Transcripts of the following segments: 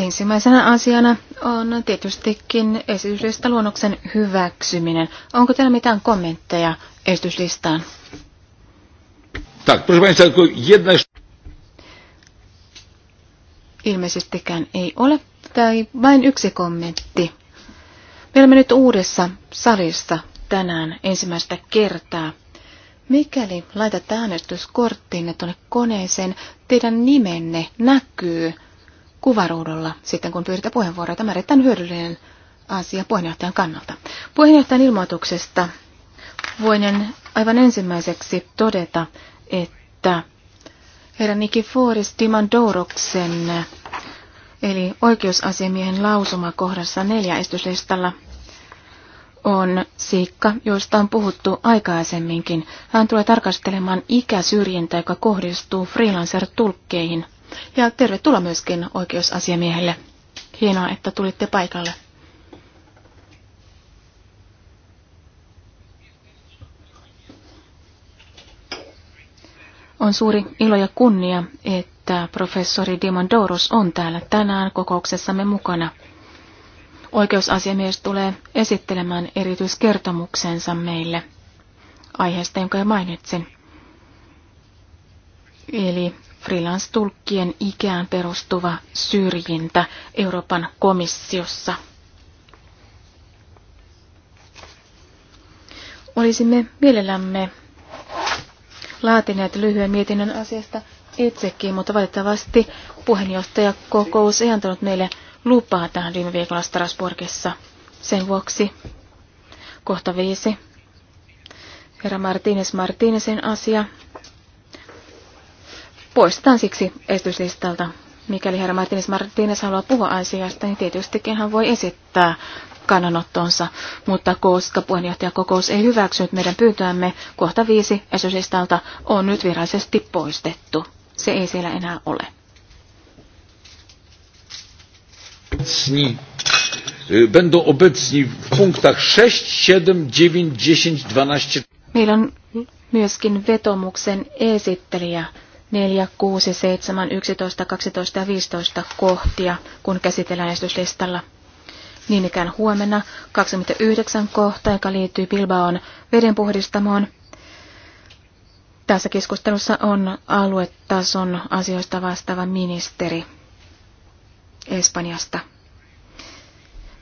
Ensimmäisenä asiana on tietystikin esityslista luonnoksen hyväksyminen. Onko teillä mitään kommentteja esityslistaan? Tak, proszę jedna... Ilmeisestikään ei ole, tai vain yksi kommentti. Me olemme nyt uudessa salissa tänään ensimmäistä kertaa. Mikäli laitat äänestyskorttiinne tuonne koneeseen, teidän nimenne näkyy – kuvaruudulla sitten, kun pyydetään puheenvuoroa. Tämä erittäin hyödyllinen asia puheenjohtajan kannalta. Puheenjohtajan ilmoituksesta voinen aivan ensimmäiseksi todeta, että herra Nikiforis Dimandouroksen eli oikeusasiamiehen lausuma kohdassa neljä estyslistalla, on siikka, josta on puhuttu aikaisemminkin. Hän tulee tarkastelemaan ikäsyrjintä, joka kohdistuu freelancer-tulkkeihin – ja tervetuloa myöskin oikeusasiamiehelle. Hienoa, että tulitte paikalle. On suuri ilo ja kunnia, että professori Diamandouros on täällä tänään kokouksessamme mukana. Oikeusasiamies tulee esittelemään erityiskertomuksensa meille aiheesta, jonka jo mainitsin. Eli freelance-tulkkien ikään perustuva syrjintä Euroopan komissiossa. Olisimme mielellämme laatineet lyhyen mietinnön asiasta itsekin, mutta valitettavasti puheenjohtajakokous ei antanut meille lupaa tähän viime viikolla Strasbourgissa. Sen vuoksi kohta viisi. Herra Martínez Martínezin asia poistetaan siksi esityslistalta. Mikäli herra Martinis Martínez haluaa puhua asiasta, niin tietystikin hän voi esittää kannanottonsa, mutta koska puheenjohtajakokous ei hyväksynyt meidän pyyntöämme, kohta viisi esityslistalta on nyt virallisesti poistettu. Se ei siellä enää ole. Obecni, będą obecni w punktach 6, 7, 9, 10, 12. Meillä on myöskin vetomuksen esittelijä 4, 6, 7, 11, 12 ja 15 kohtia, kun käsitellään esityslistalla. Niin ikään huomenna 29 kohta, joka liittyy Bilbaon vedenpuhdistamoon. Tässä keskustelussa on aluetason asioista vastaava ministeri Espanjasta.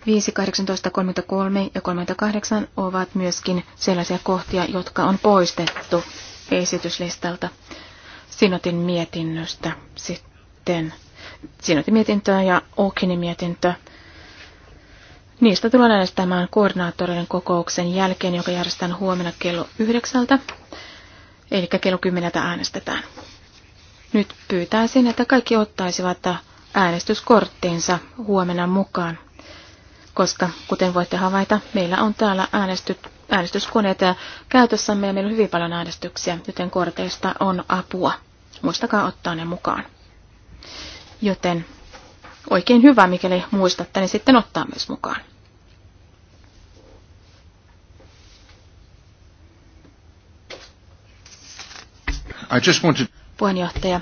5, 18, 33 ja 38 ovat myöskin sellaisia kohtia, jotka on poistettu esityslistalta. Sinotin mietinnöstä sitten. Sinotin mietintöä ja Okinin mietintö. Niistä tullaan äänestämään koordinaattoreiden kokouksen jälkeen, joka järjestetään huomenna kello yhdeksältä, eli kello kymmeneltä äänestetään. Nyt pyytäisin, että kaikki ottaisivat äänestyskorttinsa huomenna mukaan, koska kuten voitte havaita, meillä on täällä äänestyt, äänestyskoneita käytössämme ja meillä on hyvin paljon äänestyksiä, joten korteista on apua. Muistakaa ottaa ne mukaan. Joten oikein hyvä, mikäli muistatte, niin sitten ottaa myös mukaan. I just to... Puheenjohtaja,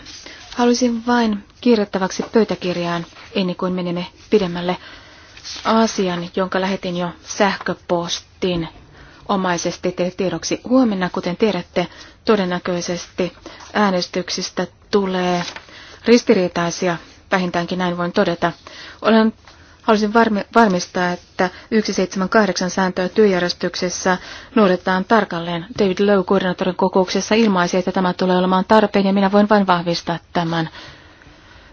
halusin vain kirjattavaksi pöytäkirjaan ennen kuin menemme pidemmälle asian, jonka lähetin jo sähköpostiin omaisesti teille tiedoksi huomenna, kuten tiedätte, todennäköisesti äänestyksistä tulee ristiriitaisia, vähintäänkin näin voin todeta. Olen Haluaisin varmi, varmistaa, että 178 sääntöä työjärjestyksessä noudatetaan tarkalleen. David Lowe koordinaattorin kokouksessa ilmaisi, että tämä tulee olemaan tarpeen ja minä voin vain vahvistaa tämän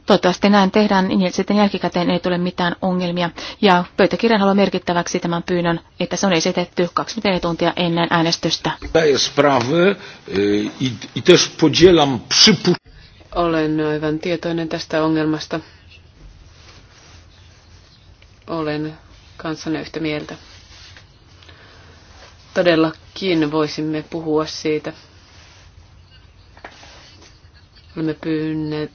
Toivottavasti näin tehdään, niin sitten jälkikäteen ei tule mitään ongelmia. Ja pöytäkirjan haluaa merkittäväksi tämän pyynnön, että se on esitetty 24 tuntia ennen äänestystä. Olen aivan tietoinen tästä ongelmasta. Olen kanssanne yhtä mieltä. Todellakin voisimme puhua siitä Olemme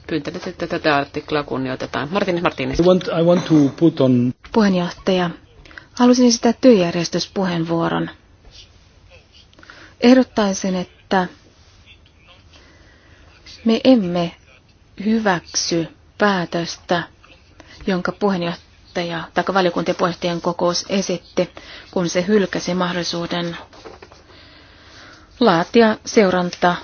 pyyntäneet, että tätä artiklaa kunnioitetaan. Martinis. Martinis. I want, I want to put on... Puheenjohtaja, halusin esittää työjärjestyspuheenvuoron. Ehdottaisin, että me emme hyväksy päätöstä, jonka puheenjohtaja tai valiokuntien puheenjohtajan kokous esitti, kun se hylkäsi mahdollisuuden laatia seuranta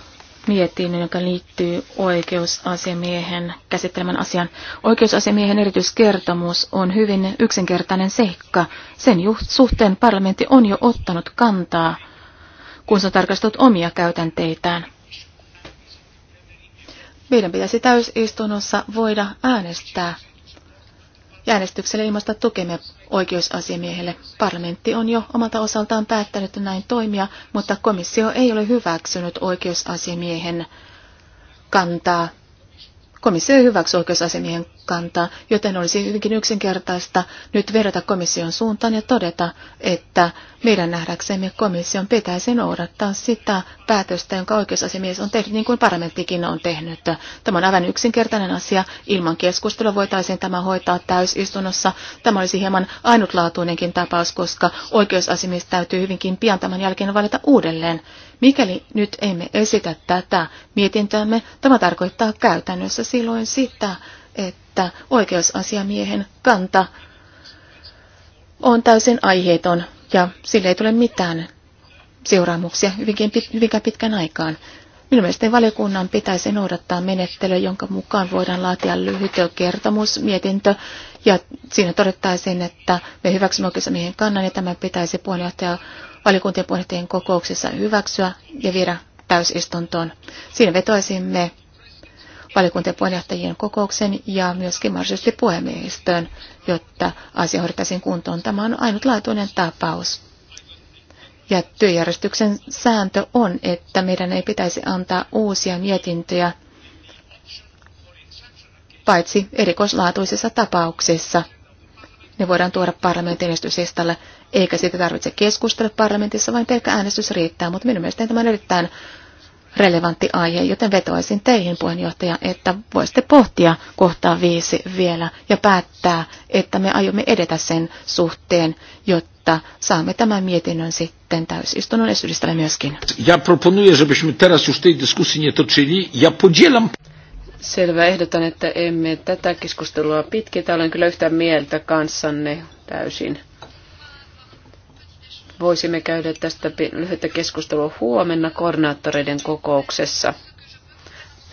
mietinnön, joka liittyy oikeusasiamiehen käsittelemän asian. Oikeusasiamiehen erityiskertomus on hyvin yksinkertainen seikka. Sen suhteen parlamentti on jo ottanut kantaa, kun se on tarkastellut omia käytänteitään. Meidän pitäisi täysistunnossa voida äänestää ja äänestyksellä ilmaista tukemme oikeusasiamiehelle. Parlamentti on jo omalta osaltaan päättänyt näin toimia, mutta komissio ei ole hyväksynyt oikeusasiamiehen kantaa. Komissio ei hyväksy oikeusasiamiehen kantaa, joten olisi hyvinkin yksinkertaista nyt vedota komission suuntaan ja todeta, että meidän nähdäksemme komission pitäisi noudattaa sitä päätöstä, jonka oikeusasiamies on tehnyt, niin kuin parlamenttikin on tehnyt. Tämä on aivan yksinkertainen asia. Ilman keskustelua voitaisiin tämä hoitaa täysistunnossa. Tämä olisi hieman ainutlaatuinenkin tapaus, koska oikeusasiamies täytyy hyvinkin pian tämän jälkeen valita uudelleen. Mikäli nyt emme esitä tätä mietintöämme, tämä tarkoittaa käytännössä silloin sitä, että että oikeusasiamiehen kanta on täysin aiheeton ja sille ei tule mitään seuraamuksia hyvinkin hyvinkään pitkän aikaan. Minun mielestäni valiokunnan pitäisi noudattaa menettelyä, jonka mukaan voidaan laatia lyhyt kertomus, mietintö, ja siinä todettaisiin, että me hyväksymme oikeusamiehen kannan, ja tämä pitäisi puheenjohtaja valiokuntien puheenjohtajien kokouksessa hyväksyä ja viedä täysistuntoon. Siinä vetoisimme valiokuntien puheenjohtajien kokouksen ja myöskin mahdollisesti puhemiehistöön, jotta asia hoidettaisiin kuntoon. Tämä on ainutlaatuinen tapaus. Ja työjärjestyksen sääntö on, että meidän ei pitäisi antaa uusia mietintöjä paitsi erikoislaatuisissa tapauksissa. Ne voidaan tuoda parlamentin eikä siitä tarvitse keskustella parlamentissa, vain pelkkä äänestys riittää, mutta minun mielestäni tämä on erittäin relevantti aihe, joten vetoaisin teihin puheenjohtaja, että voisitte pohtia kohtaa viisi vielä ja päättää, että me aiomme edetä sen suhteen, jotta saamme tämän mietinnön sitten täysistunnon esityställe myöskin. Ja proponuję, żebyśmy teraz już tej dyskusji nie toczyli. Ja podzielam... Selvä, ehdotan, että emme tätä keskustelua pitkitä. Olen kyllä yhtä mieltä kanssanne täysin voisimme käydä tästä lyhyttä keskustelua huomenna koordinaattoreiden kokouksessa.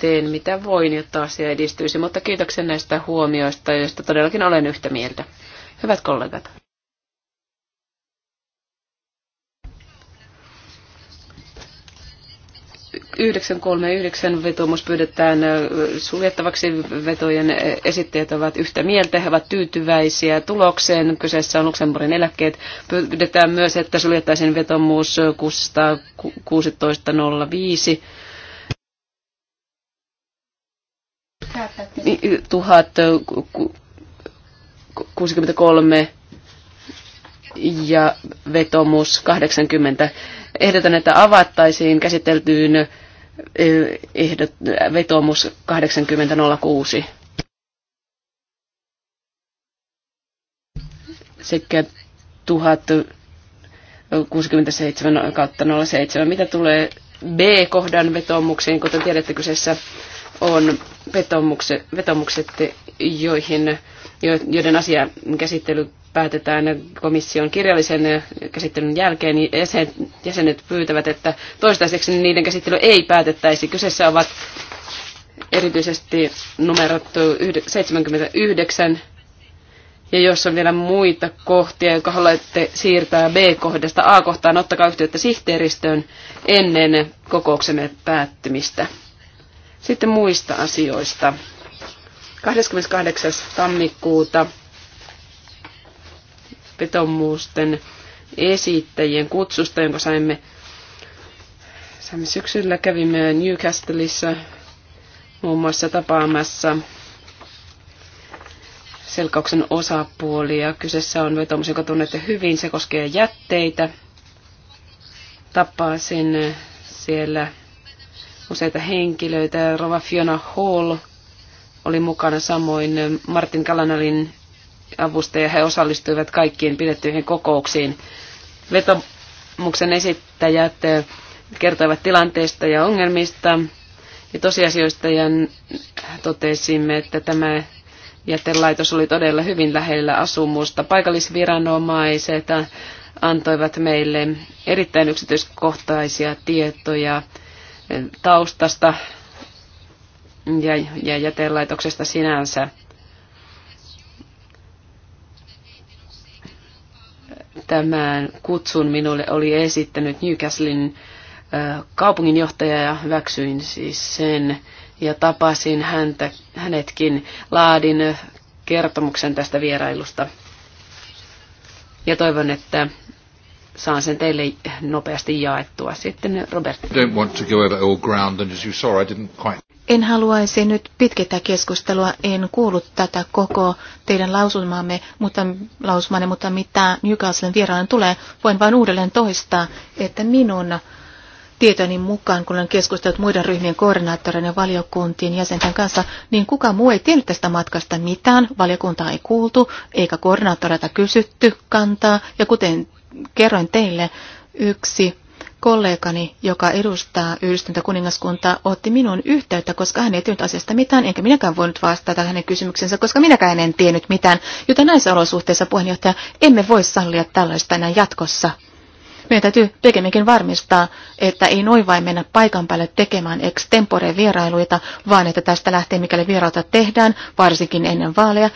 Teen mitä voin, jotta asia edistyisi, mutta kiitoksen näistä huomioista, joista todellakin olen yhtä mieltä. Hyvät kollegat. 939 vetomus pyydetään suljettavaksi. Vetojen esittäjät ovat yhtä mieltä, he ovat tyytyväisiä tulokseen. Kyseessä on Luxemburgin eläkkeet. Pyydetään myös, että suljettaisiin vetomus 616.05. 1063 ja vetomus 80 Ehdotan, että avattaisiin käsiteltyyn ehdot, vetomus 8006. sekä 1067 kautta 07. Mitä tulee B-kohdan vetomuksiin, kuten tiedätte, kyseessä on vetomukset, vetomukset joihin, joiden asia käsittely päätetään komission kirjallisen käsittelyn jälkeen, niin jäsenet pyytävät, että toistaiseksi niiden käsittely ei päätettäisi. Kyseessä ovat erityisesti numerot 79, ja jos on vielä muita kohtia, jotka haluatte siirtää B-kohdasta A-kohtaan, ottakaa yhteyttä sihteeristöön ennen kokouksemme päättymistä. Sitten muista asioista. 28. tammikuuta vetomuusten esittäjien kutsusta, jonka saimme, saimme syksyllä. Kävimme Newcastleissa muun muassa tapaamassa selkauksen osapuolia. Kyseessä on vetomus, joka tunnette hyvin. Se koskee jätteitä. Tapasin siellä useita henkilöitä. Rova Fiona Hall oli mukana samoin Martin Kalanalin avustaja. He osallistuivat kaikkiin pidettyihin kokouksiin. Vetomuksen esittäjät eh, kertoivat tilanteista ja ongelmista ja tosiasioista ja totesimme, että tämä jätelaitos oli todella hyvin lähellä asumusta. Paikallisviranomaiset antoivat meille erittäin yksityiskohtaisia tietoja eh, taustasta ja, ja jätelaitoksesta sinänsä. tämän kutsun minulle oli esittänyt Newcastlein kaupunginjohtaja ja hyväksyin siis sen ja tapasin häntä, hänetkin, laadin kertomuksen tästä vierailusta. Ja toivon, että saan sen teille nopeasti jaettua. Sitten Robert. Don't want to go over ground and as you saw I didn't quite en haluaisi nyt pitkittää keskustelua, en kuullut tätä koko teidän lausumanne, mutta, lausumanne, mutta mitä Newcastlen vieraan tulee, voin vain uudelleen toistaa, että minun tietoni mukaan, kun olen keskustellut muiden ryhmien koordinaattoreiden ja valiokuntien jäsenten kanssa, niin kuka muu ei tiennyt tästä matkasta mitään, valiokuntaa ei kuultu, eikä koordinaattoreita kysytty kantaa, ja kuten kerroin teille, yksi kollegani, joka edustaa yhdistyntä kuningaskuntaa, otti minun yhteyttä, koska hän ei tiennyt asiasta mitään, enkä minäkään voinut vastata hänen kysymyksensä, koska minäkään en tiennyt mitään. Joten näissä olosuhteissa, puheenjohtaja, emme voi sallia tällaista enää jatkossa. Meidän täytyy pikemminkin varmistaa, että ei noin vain mennä paikan päälle tekemään extempore vierailuita, vaan että tästä lähtee, mikäli vierailta tehdään, varsinkin ennen vaaleja,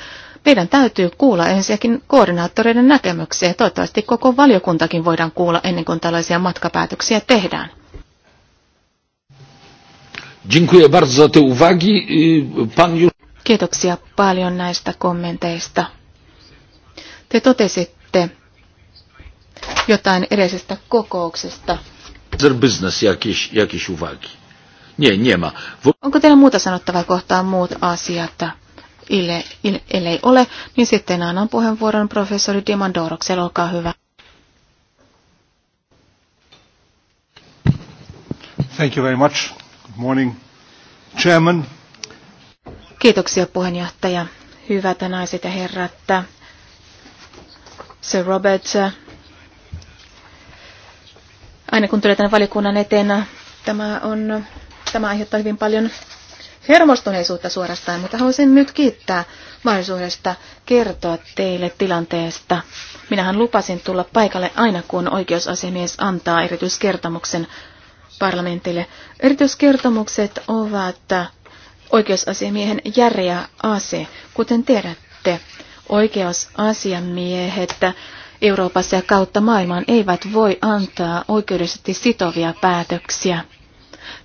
meidän täytyy kuulla ensinnäkin koordinaattoreiden näkemyksiä. Toivottavasti koko valiokuntakin voidaan kuulla ennen kuin tällaisia matkapäätöksiä tehdään. Dziękuję bardzo te uwagi. Pan już... Kiitoksia paljon näistä kommenteista. Te totesitte jotain edellisestä kokouksesta. Business uwagi. Nie, nie ma. Onko teillä muuta sanottavaa kohtaan muut asiat? ellei ole, niin sitten annan puheenvuoron professori Dimandorokselle. Olkaa hyvä. Thank you very much. Good morning, Chairman. Kiitoksia puheenjohtaja. Hyvät naiset ja herrat. Sir Robert, aina kun tulee tänne valikunnan eteen, tämä, on, tämä aiheuttaa hyvin paljon hermostuneisuutta suorastaan, mutta haluaisin nyt kiittää mahdollisuudesta kertoa teille tilanteesta. Minähän lupasin tulla paikalle aina, kun oikeusasiamies antaa erityiskertomuksen parlamentille. Erityiskertomukset ovat oikeusasiamiehen järjä ase, kuten tiedätte. Oikeusasiamiehet Euroopassa ja kautta maailman eivät voi antaa oikeudellisesti sitovia päätöksiä.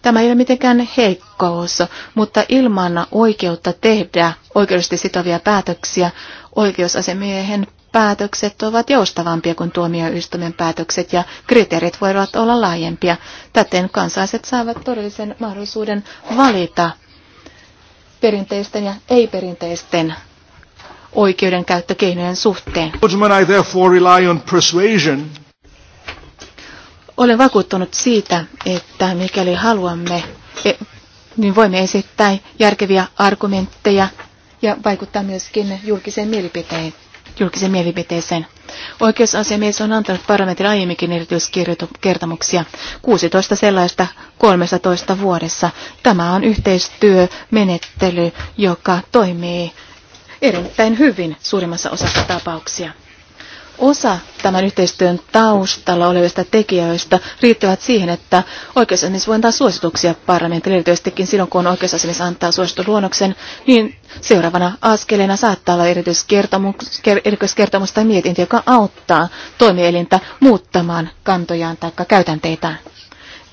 Tämä ei ole mitenkään heikkous, mutta ilman oikeutta tehdä oikeudellisesti sitovia päätöksiä oikeusasemiehen päätökset ovat joustavampia kuin tuomioistuimen päätökset ja kriteerit voivat olla laajempia. Täten kansalaiset saavat todellisen mahdollisuuden valita perinteisten ja ei-perinteisten oikeudenkäyttökeinojen suhteen. Olen vakuuttunut siitä, että mikäli haluamme, e, niin voimme esittää järkeviä argumentteja ja vaikuttaa myöskin julkiseen mielipiteen, julkisen mielipiteeseen. Oikeusasiamies on antanut parlamentin aiemminkin erityiskertomuksia, 16 sellaista 13 vuodessa. Tämä on yhteistyömenettely, joka toimii erittäin hyvin suurimmassa osassa tapauksia. Osa tämän yhteistyön taustalla olevista tekijöistä riittävät siihen, että oikeusasiamies voi antaa suosituksia parlamentille, erityisestikin silloin, kun oikeusasiamies antaa suosituluonnoksen, niin seuraavana askeleena saattaa olla erityiskertomus, tai mietintö, joka auttaa toimielintä muuttamaan kantojaan tai käytänteitään.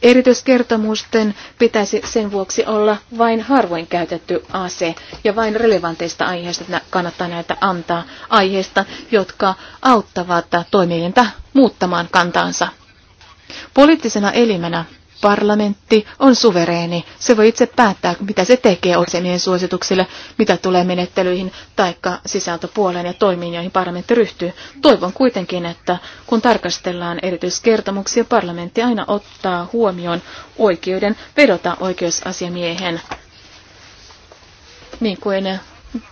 Erityiskertomusten pitäisi sen vuoksi olla vain harvoin käytetty ase ja vain relevanteista aiheista kannattaa näitä antaa aiheista, jotka auttavat toimijoita muuttamaan kantaansa. Poliittisena elimenä Parlamentti on suvereeni. Se voi itse päättää, mitä se tekee oikeamien suosituksille, mitä tulee menettelyihin tai sisältöpuoleen ja toimiin, joihin parlamentti ryhtyy. Toivon kuitenkin, että kun tarkastellaan erityiskertomuksia, parlamentti aina ottaa huomioon oikeuden vedota oikeusasiamiehen, niin kuin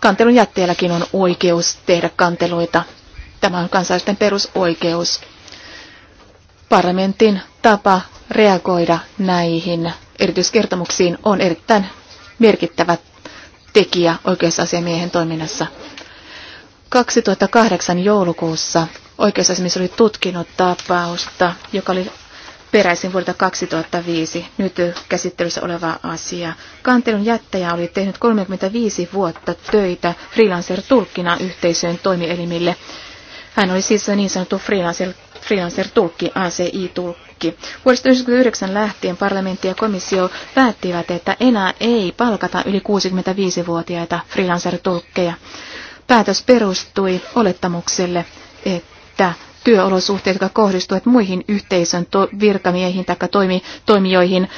kantelun jätteelläkin on oikeus tehdä kanteluita. Tämä on kansalaisten perusoikeus. Parlamentin tapa reagoida näihin erityiskertomuksiin on erittäin merkittävä tekijä oikeusasiamiehen toiminnassa. 2008 joulukuussa oikeusasiamies oli tutkinut tapausta, joka oli peräisin vuodelta 2005 nyt käsittelyssä oleva asia. Kantelun jättäjä oli tehnyt 35 vuotta töitä freelancer-tulkkina yhteisöön toimielimille. Hän oli siis niin sanottu freelancer freelancer-tulkki, ACI-tulkki. Vuodesta 1999 lähtien parlamentti ja komissio päättivät, että enää ei palkata yli 65-vuotiaita freelancer-tulkkeja. Päätös perustui olettamukselle, että työolosuhteet, jotka kohdistuvat muihin yhteisön virkamiehiin tai toimi, toimijoihin,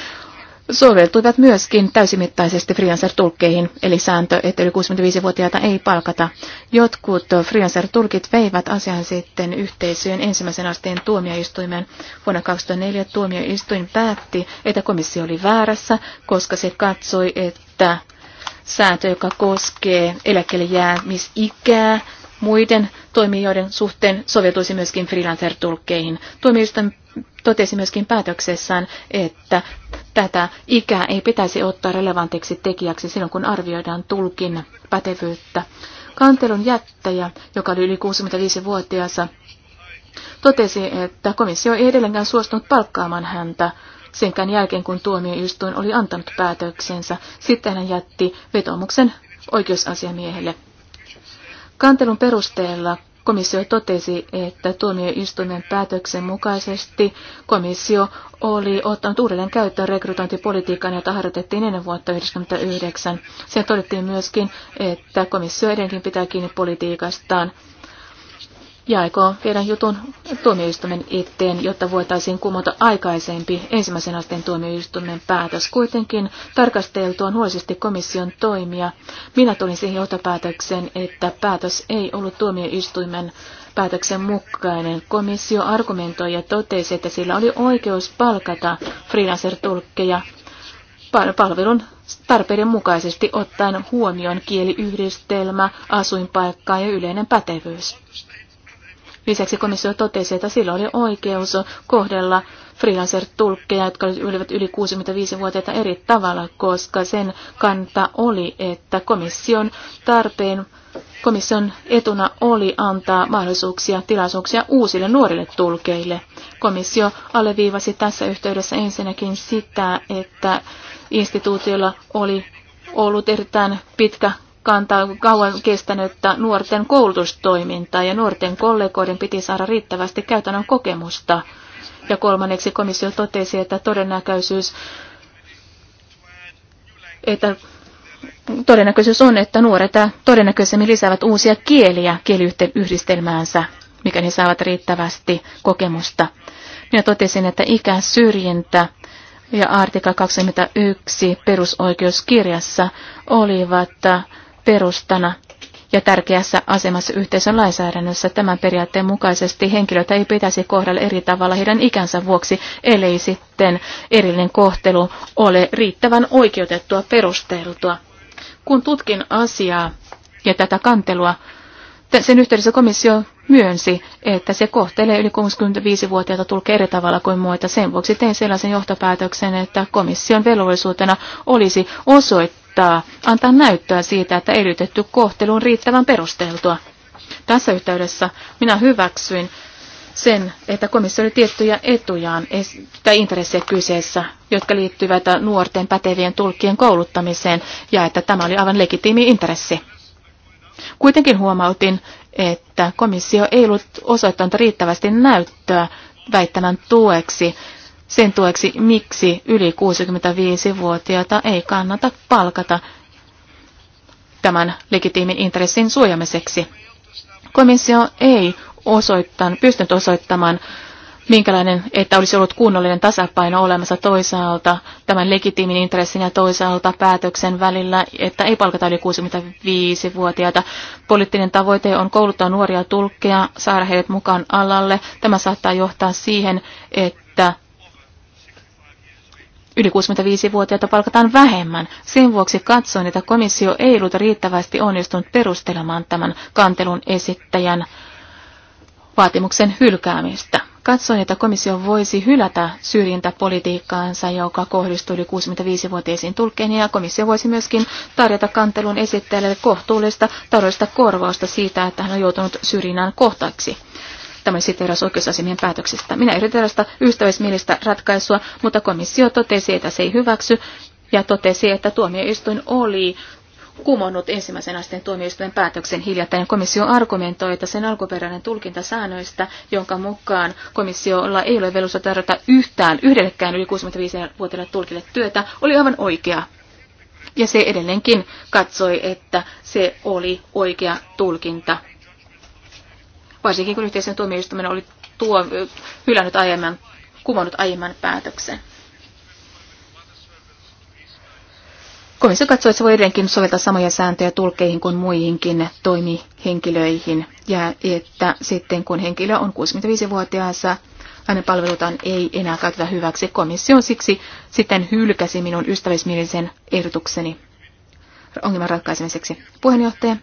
soveltuivat myöskin täysimittaisesti freelancer-tulkkeihin, eli sääntö, että yli 65-vuotiaita ei palkata. Jotkut freelancer-tulkit veivät asian sitten yhteisöön ensimmäisen asteen tuomioistuimeen. Vuonna 2004 tuomioistuin päätti, että komissio oli väärässä, koska se katsoi, että sääntö, joka koskee eläkkeelle jäämisikää, muiden toimijoiden suhteen soveltuisi myöskin freelancer-tulkkeihin. Tuomioistuin totesi myöskin päätöksessään, että tätä ikää ei pitäisi ottaa relevantiksi tekijäksi silloin, kun arvioidaan tulkin pätevyyttä. Kantelun jättäjä, joka oli yli 65-vuotias, totesi, että komissio ei edelleenkään suostunut palkkaamaan häntä senkään jälkeen, kun tuomioistuin oli antanut päätöksensä. Sitten hän jätti vetomuksen oikeusasiamiehelle. Kantelun perusteella Komissio totesi, että tuomioistuimen päätöksen mukaisesti komissio oli ottanut uudelleen käyttöön rekrytointipolitiikan, jota harjoitettiin ennen vuotta 1999. Sen todettiin myöskin, että komissio edelleenkin pitää kiinni politiikastaan ja aikoo viedä jutun tuomioistuimen eteen, jotta voitaisiin kumota aikaisempi ensimmäisen asteen tuomioistuimen päätös. Kuitenkin tarkasteltuaan huolisesti komission toimia, minä tulin siihen johtopäätökseen, että päätös ei ollut tuomioistuimen päätöksen mukainen. Komissio argumentoi ja totesi, että sillä oli oikeus palkata freelancer-tulkkeja palvelun tarpeiden mukaisesti ottaen huomioon kieliyhdistelmä, asuinpaikka ja yleinen pätevyys. Lisäksi komissio totesi, että sillä oli oikeus kohdella freelancer-tulkkeja, jotka olivat yli 65-vuotiaita eri tavalla, koska sen kanta oli, että komission tarpeen Komission etuna oli antaa mahdollisuuksia tilaisuuksia uusille nuorille tulkeille. Komissio alleviivasi tässä yhteydessä ensinnäkin sitä, että instituutiolla oli ollut erittäin pitkä kantaa kauan kestänyttä nuorten koulutustoimintaa ja nuorten kollegoiden piti saada riittävästi käytännön kokemusta. Ja kolmanneksi komissio totesi, että todennäköisyys, että todennäköisyys on, että nuoret todennäköisemmin lisäävät uusia kieliä kieliyhdistelmäänsä, mikä ne saavat riittävästi kokemusta. Minä totesin, että ikäsyrjintä ja artikla 21 perusoikeuskirjassa olivat perustana ja tärkeässä asemassa yhteisön lainsäädännössä. Tämän periaatteen mukaisesti henkilöitä ei pitäisi kohdella eri tavalla heidän ikänsä vuoksi, ellei sitten erillinen kohtelu ole riittävän oikeutettua perusteltua. Kun tutkin asiaa ja tätä kantelua, sen yhteydessä komissio myönsi, että se kohtelee yli 65-vuotiaita tulkkeja eri tavalla kuin muita. Sen vuoksi tein sellaisen johtopäätöksen, että komission velvollisuutena olisi osoittaa, osoittaa, antaa näyttöä siitä, että eriytetty kohtelu on riittävän perusteltua. Tässä yhteydessä minä hyväksyin sen, että komissio oli tiettyjä etujaan tai intressejä kyseessä, jotka liittyvät nuorten pätevien tulkkien kouluttamiseen, ja että tämä oli aivan legitiimi intressi. Kuitenkin huomautin, että komissio ei ollut osoittanut riittävästi näyttöä väittämän tueksi sen tueksi, miksi yli 65-vuotiaita ei kannata palkata tämän legitiimin intressin suojamiseksi. Komissio ei osoittan, pystynyt osoittamaan, minkälainen, että olisi ollut kunnollinen tasapaino olemassa toisaalta tämän legitiimin intressin ja toisaalta päätöksen välillä, että ei palkata yli 65-vuotiaita. Poliittinen tavoite on kouluttaa nuoria tulkkeja, saada heidät mukaan alalle. Tämä saattaa johtaa siihen, että yli 65-vuotiaita palkataan vähemmän. Sen vuoksi katsoin, että komissio ei ollut riittävästi onnistunut perustelemaan tämän kantelun esittäjän vaatimuksen hylkäämistä. Katsoin, että komissio voisi hylätä syrjintäpolitiikkaansa, joka kohdistui yli 65-vuotiaisiin tulkkeihin, ja komissio voisi myöskin tarjota kantelun esittäjälle kohtuullista taloudellista korvausta siitä, että hän on joutunut syrjinnän kohtaksi. Tämä sitten eräs oikeusasiamien päätöksistä. Minä yritin tällaista ystävällismielistä ratkaisua, mutta komissio totesi, että se ei hyväksy ja totesi, että tuomioistuin oli kumonnut ensimmäisen asteen tuomioistuimen päätöksen hiljattain. Komissio argumentoi, että sen alkuperäinen tulkinta säännöistä, jonka mukaan komissiolla ei ole velvollisuutta tarjota yhtään yhdellekään yli 65-vuotiaille tulkille työtä, oli aivan oikea. Ja se edelleenkin katsoi, että se oli oikea tulkinta varsinkin kun yhteisen tuomioistuimen oli tuo, hylännyt aiemman, kumonnut aiemman päätöksen. Komissio katsoi, että se voi edelleenkin soveltaa samoja sääntöjä tulkeihin kuin muihinkin toimihenkilöihin. Ja että sitten kun henkilö on 65-vuotiaassa, hänen palvelutaan ei enää käytetä hyväksi. Komissio siksi sitten hylkäsi minun ystävismielisen ehdotukseni ongelman ratkaisemiseksi. Puheenjohtaja,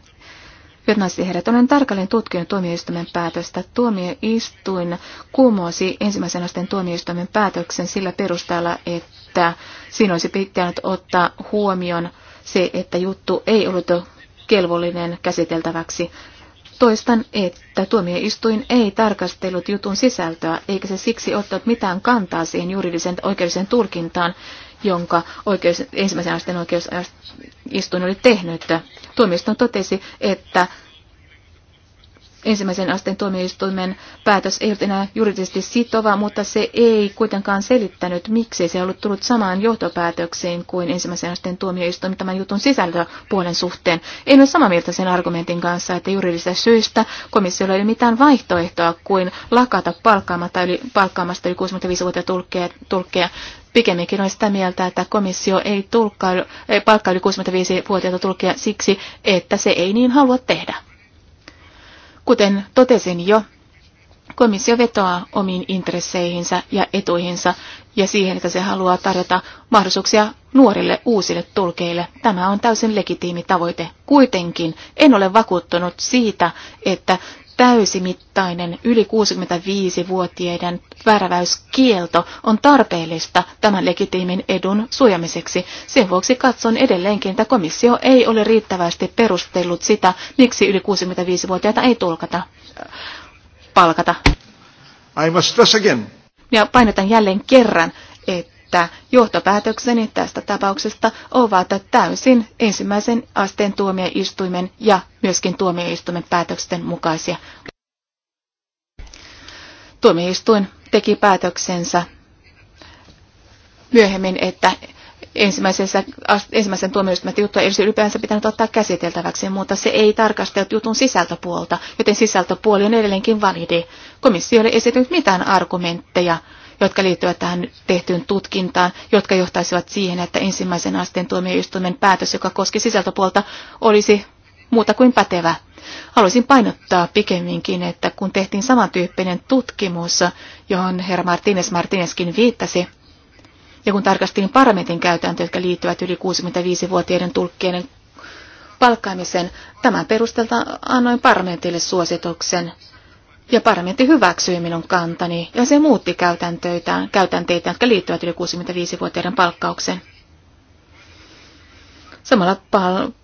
hyvät naiset olen tarkalleen tutkinut tuomioistuimen päätöstä. Tuomioistuin kumosi ensimmäisen asteen tuomioistuimen päätöksen sillä perusteella, että siinä olisi pitänyt ottaa huomioon se, että juttu ei ollut kelvollinen käsiteltäväksi. Toistan, että tuomioistuin ei tarkastellut jutun sisältöä, eikä se siksi ottanut mitään kantaa siihen juridisen oikeudelliseen tulkintaan, jonka oikeus, ensimmäisen asteen oikeusistuin oli tehnyt. Tuomioistuin totesi, että ensimmäisen asteen tuomioistuimen päätös ei ollut enää juridisesti sitova, mutta se ei kuitenkaan selittänyt, miksi se ei ollut tullut samaan johtopäätökseen kuin ensimmäisen asteen tuomioistuimen tämän jutun sisältöpuolen suhteen. En ole samaa mieltä sen argumentin kanssa, että juridisesta syystä komissiolla ei ole mitään vaihtoehtoa kuin lakata palkkaamatta yli, palkkaamasta yli 65-vuotiaita tulkkeja, tulkkeja Pikemminkin olen sitä mieltä, että komissio ei, tulkkailu, ei palkkaa yli 65-vuotiaita tulkkia siksi, että se ei niin halua tehdä. Kuten totesin jo, komissio vetoaa omiin intresseihinsä ja etuihinsa ja siihen, että se haluaa tarjota mahdollisuuksia nuorille uusille tulkeille. Tämä on täysin legitiimi tavoite. Kuitenkin en ole vakuuttunut siitä, että täysimittainen yli 65-vuotiaiden väräväyskielto on tarpeellista tämän legitiimin edun suojamiseksi. Sen vuoksi katson edelleenkin, että komissio ei ole riittävästi perustellut sitä, miksi yli 65-vuotiaita ei tulkata palkata. I must stress again. Ja painotan jälleen kerran, että että johtopäätökseni tästä tapauksesta ovat täysin ensimmäisen asteen tuomioistuimen ja myöskin tuomioistuimen päätösten mukaisia. Tuomioistuin teki päätöksensä myöhemmin, että ensimmäisessä, ensimmäisen tuomioistuimen juttua ei olisi ylipäänsä pitänyt ottaa käsiteltäväksi, mutta se ei tarkastellut jutun sisältöpuolta, joten sisältöpuoli on edelleenkin validi. Komissio ei esitynyt mitään argumentteja jotka liittyvät tähän tehtyyn tutkintaan, jotka johtaisivat siihen, että ensimmäisen asteen tuomioistuimen päätös, joka koski sisältöpuolta, olisi muuta kuin pätevä. Haluaisin painottaa pikemminkin, että kun tehtiin samantyyppinen tutkimus, johon herra Martínez Martinezkin viittasi, ja kun tarkastin parlamentin käytäntöjä, jotka liittyvät yli 65-vuotiaiden tulkkien palkkaamiseen, tämän perusteelta annoin parlamentille suosituksen ja parlamentti hyväksyi minun kantani ja se muutti käytäntöitä, käytänteitä, jotka liittyvät yli 65-vuotiaiden palkkaukseen. Samalla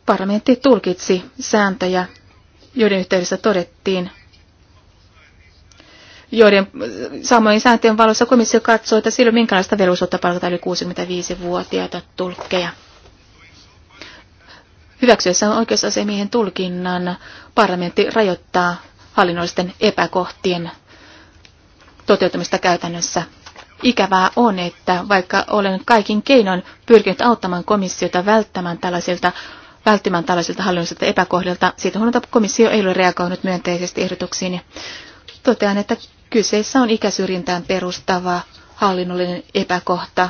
parlamentti tulkitsi sääntöjä, joiden yhteydessä todettiin, joiden samoin sääntöjen valossa komissio katsoi, että silloin minkälaista velvollisuutta palkata yli 65-vuotiaita tulkkeja. Hyväksyessään oikeusasiamiehen tulkinnan parlamentti rajoittaa hallinnollisten epäkohtien toteutumista käytännössä. Ikävää on, että vaikka olen kaikin keinoin pyrkinyt auttamaan komissiota välttämään tällaisilta välttämään tällaisilta hallinnollisilta epäkohdilta. Siitä huolimatta komissio ei ole reagoinut myönteisesti ehdotuksiin. Totean, että kyseessä on ikäsyrjintään perustava hallinnollinen epäkohta.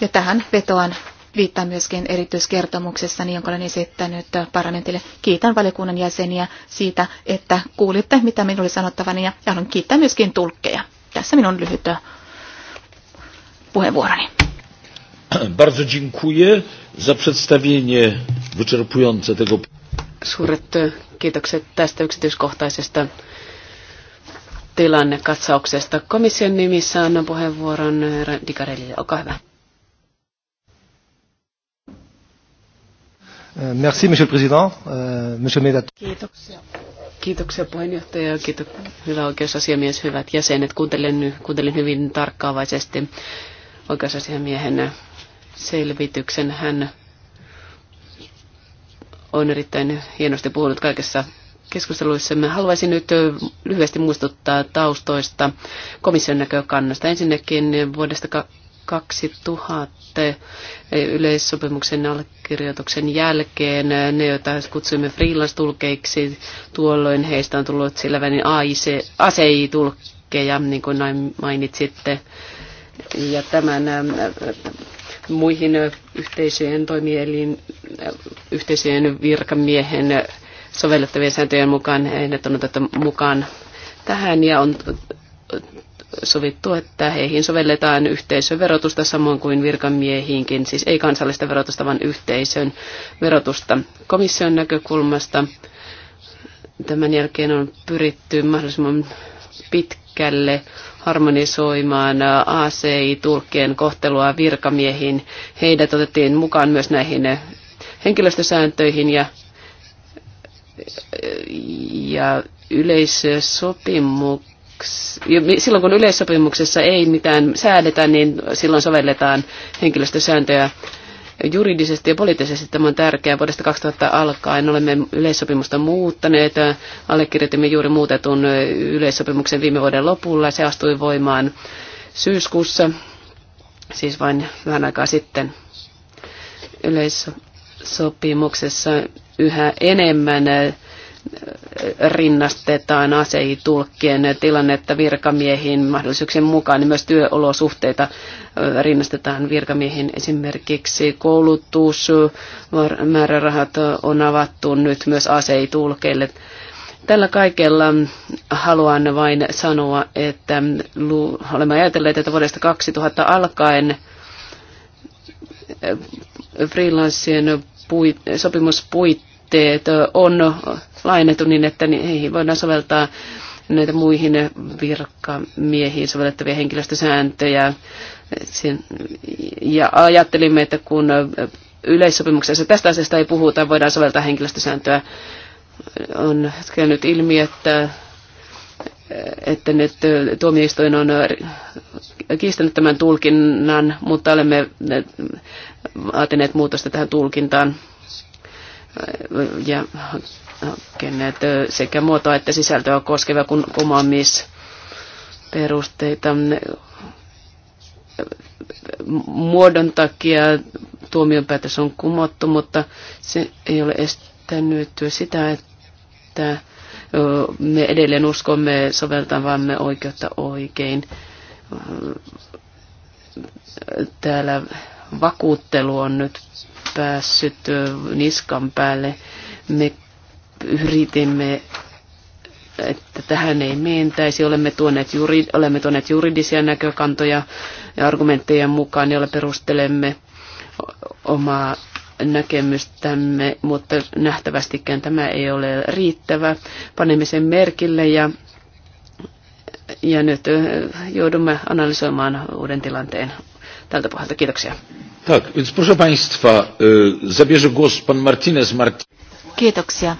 Ja tähän vetoan Viittaan myöskin erityiskertomuksessani, jonka olen esittänyt parlamentille. Kiitän valiokunnan jäseniä siitä, että kuulitte, mitä minulle sanottavani, ja haluan kiittää myöskin tulkkeja. Tässä minun lyhyt äh, puheenvuoroni. Bardzo dziękuję za przedstawienie wyczerpujące tego. Suuret e, kiitokset tästä yksityiskohtaisesta tilannekatsauksesta. Komission nimissä annan puheenvuoron Dikarelille. Olkaa hyvä. Euh, merci, monsieur le président. Euh, monsieur Medat. Kiitoksia. Kiitoksia puheenjohtaja. kiitok, hyvä oikeusasiamies, hyvät jäsenet. Kuuntelin, kuuntelin hyvin tarkkaavaisesti oikeusasiamiehen selvityksen. Hän on erittäin hienosti puhunut kaikessa keskusteluissamme. Haluaisin nyt lyhyesti muistuttaa taustoista komission näkökannasta. Ensinnäkin vuodesta 2000 yleissopimuksen allekirjoituksen jälkeen, ne joita kutsuimme freelance-tulkeiksi, tuolloin heistä on tullut sillä välin ASEI-tulkkeja, niin kuin näin mainitsitte. Ja tämän muihin yhteisöjen toimielin, yhteisöjen virkamiehen sovellettavien sääntöjen mukaan heidät on otettu mukaan tähän ja on sovittu, että heihin sovelletaan yhteisön verotusta samoin kuin virkamiehiinkin, siis ei kansallista verotusta, vaan yhteisön verotusta komission näkökulmasta. Tämän jälkeen on pyritty mahdollisimman pitkälle harmonisoimaan ACI-tulkkien kohtelua virkamiehiin. Heidät otettiin mukaan myös näihin henkilöstösääntöihin ja, ja yleissopimuksiin silloin kun yleissopimuksessa ei mitään säädetä, niin silloin sovelletaan henkilöstösääntöjä juridisesti ja poliittisesti tämä on tärkeää. Vuodesta 2000 alkaen olemme yleissopimusta muuttaneet. Allekirjoitimme juuri muutetun yleissopimuksen viime vuoden lopulla. Se astui voimaan syyskuussa, siis vain vähän aikaa sitten. Yleissopimuksessa yhä enemmän rinnastetaan aseitulkkien tilannetta virkamiehiin mahdollisuuksien mukaan, niin myös työolosuhteita rinnastetaan virkamiehiin. Esimerkiksi koulutusmäärärahat on avattu nyt myös aseitulkeille. Tällä kaikella haluan vain sanoa, että olemme ajatelleet, että vuodesta 2000 alkaen freelancien sopimuspuitteet velvoitteet on laajennettu niin, että heihin voidaan soveltaa näitä muihin virkamiehiin sovellettavia henkilöstösääntöjä. Ja ajattelimme, että kun yleissopimuksessa tästä asiasta ei puhuta, voidaan soveltaa henkilöstösääntöä. On käynyt ilmi, että että nyt tuomioistuin on kiistänyt tämän tulkinnan, mutta olemme vaatineet muutosta tähän tulkintaan ja hakeneet sekä muotoa että sisältöä koskeva kuin omaamisperusteita Muodon takia tuomionpäätös on kumottu, mutta se ei ole estänyt sitä, että me edelleen uskomme soveltavamme oikeutta oikein. Täällä vakuuttelu on nyt päässyt niskan päälle. Me yritimme että tähän ei mentäisi. Olemme tuoneet, juri, olemme tuoneet juridisia näkökantoja ja argumentteja mukaan, joilla perustelemme omaa näkemystämme, mutta nähtävästikään tämä ei ole riittävä. Panemme sen merkille ja, ja nyt joudumme analysoimaan uuden tilanteen tältä pohjalta. Kiitoksia. Tak, więc proszę Państwa, zabierze głos pan Martinez Martinez. Kiitoksia,